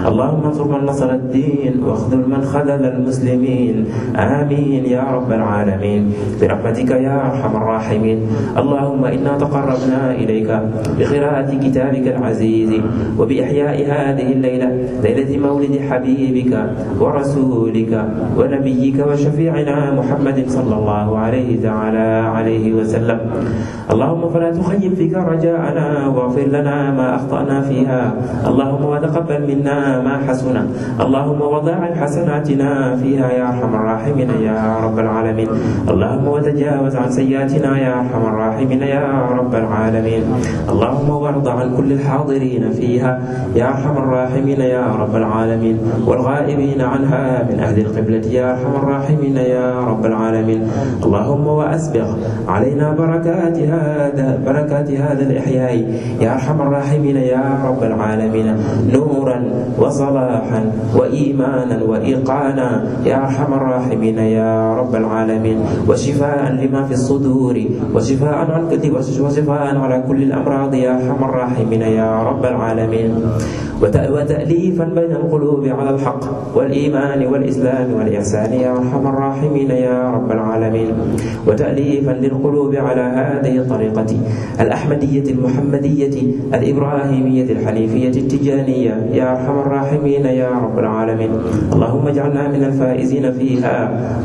اللهم انصر من نصر الدين واخذل من خذل المسلمين آمين يا رب العالمين برحمتك يا أرحم الراحمين اللهم إنا تقربنا إليك بقراءة كتابك العزيز وبإحياء هذه الليلة ليلة مولد حبيبك ورسولك ونبيك وشفيعنا محمد صلى الله عليه تعالى عليه وسلم اللهم فلا تخيب فيك رجاءنا هدانا واغفر لنا ما أخطأنا فيها اللهم وتقبل منا ما حسنا اللهم وضاعف حسناتنا فيها يا أرحم الراحمين يا رب العالمين اللهم وتجاوز عن سيئاتنا يا أرحم الراحمين يا رب العالمين اللهم وارض عن كل الحاضرين فيها يا أرحم الراحمين يا رب العالمين والغائبين عنها من أهل القبلة يا أرحم الراحمين يا رب العالمين اللهم وأسبغ علينا بركات هذا بركات هذا الإحياء الداعي يا أرحم الراحمين يا رب العالمين نورا وصلاحا وإيمانا وإيقانا يا أرحم الراحمين يا رب العالمين وشفاء لما في الصدور وشفاء عن كل وشفاء على كل الأمراض يا أرحم الراحمين يا رب العالمين وتأليفا بين القلوب على الحق والإيمان والإسلام والإحسان يا أرحم الراحمين يا رب العالمين وتأليفا للقلوب على هذه الطريقة الأحمدية المحمدية المحمدية الإبراهيمية الحنيفية التجانية يا أرحم الراحمين يا رب العالمين اللهم اجعلنا من الفائزين فيها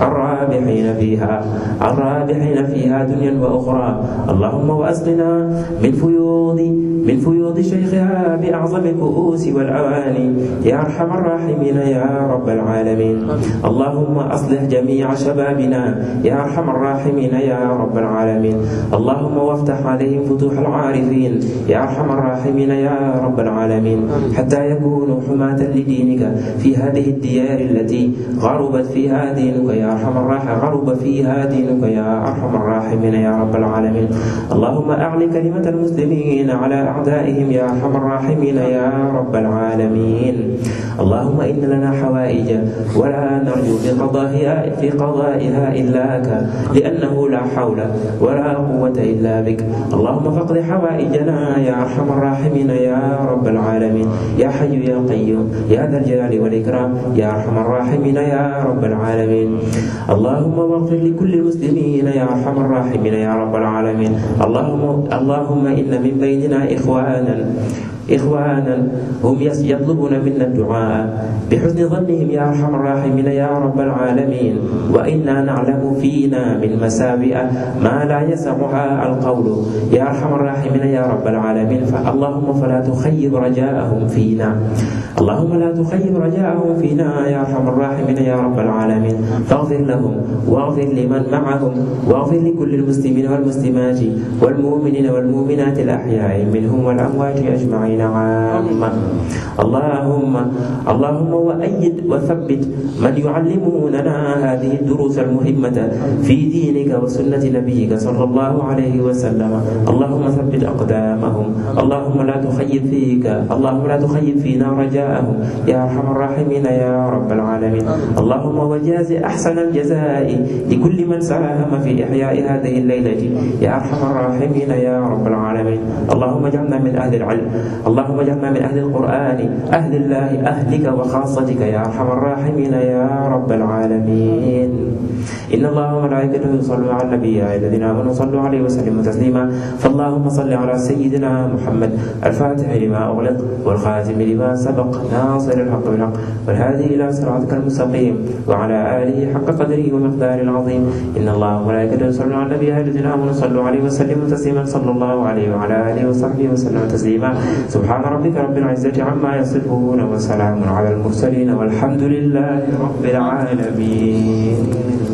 الرابحين فيها الرابحين فيها دنيا وأخرى اللهم وأسقنا من فيوض من فيوض شيخها بأعظم الكؤوس والأواني يا أرحم الراحمين يا رب العالمين اللهم أصلح جميع شبابنا يا أرحم الراحمين يا رب العالمين اللهم وافتح عليهم فتوح العارفين الراحمين يا أرحم الراحمين يا رب العالمين حتى يكونوا حماة لدينك في هذه الديار التي غربت فيها دينك يا أرحم الراحمين غرب فيها دينك يا أرحم الراحمين يا رب العالمين اللهم أعلي كلمة المسلمين على أعدائهم يا أرحم الراحمين يا رب العالمين اللهم إن لنا حوائج ولا نرجو بقضائها في قضائها إلاك لأنه لا حول ولا قوة إلا بك اللهم فاقض حوائجنا يا أرحم الراحمين يا رب العالمين يا حي يا قيوم يا ذا الجلال والإكرام يا أرحم الراحمين يا رب العالمين اللهم واغفر لكل المسلمين يا أرحم الراحمين يا رب العالمين اللهم اللهم إن من بيننا إخوانا إخوانا هم يطلبون منا الدعاء بحسن ظنهم يا أرحم الراحمين يا رب العالمين وإنا نعلم فينا من مساوئ ما لا يسعها القول يا أرحم الراحمين يا رب العالمين فاللهم فلا تخيب رجاءهم فينا اللهم لا تخيب رجاءهم فينا يا أرحم الراحمين يا رب العالمين فاغفر لهم واغفر لمن معهم واغفر لكل المسلمين والمسلمات والمؤمنين والمؤمنات الأحياء منهم والأموات أجمعين أجمعين عامة اللهم اللهم وأيد وثبت من يعلمه لنا هذه الدروس المهمة في دينك وسنة نبيك صلى الله عليه وسلم اللهم ثبت أقدامهم اللهم لا تخيب فيك اللهم لا تخيب فينا رجاءهم يا أرحم الراحمين يا رب العالمين اللهم وجاز أحسن الجزاء لكل من ساهم في إحياء هذه الليلة يا أرحم الراحمين يا رب العالمين اللهم اجعلنا من أهل العلم allahumma ij'alna min ahli al-qur'ani ahli llahi ahlika wa khassatika ya arhamar rahimin ya rabbal alamin إن الله وملائكته يصلون على النبي يا أيها الذين آمنوا صلوا عليه وسلموا تسليما فاللهم صل على سيدنا محمد الفاتح لما أغلق والخاتم لما سبق ناصر الحق بالحق والهادي إلى صراطك المستقيم وعلى آله حق قدره ومقداره العظيم إن الله وملائكته يصلون على النبي يا أيها الذين آمنوا صلوا عليه وسلموا تسليما صلى الله عليه وعلى آله وصحبه وسلم تسليما سبحان ربك رب العزة عما يصفون وسلام على المرسلين والحمد لله رب العالمين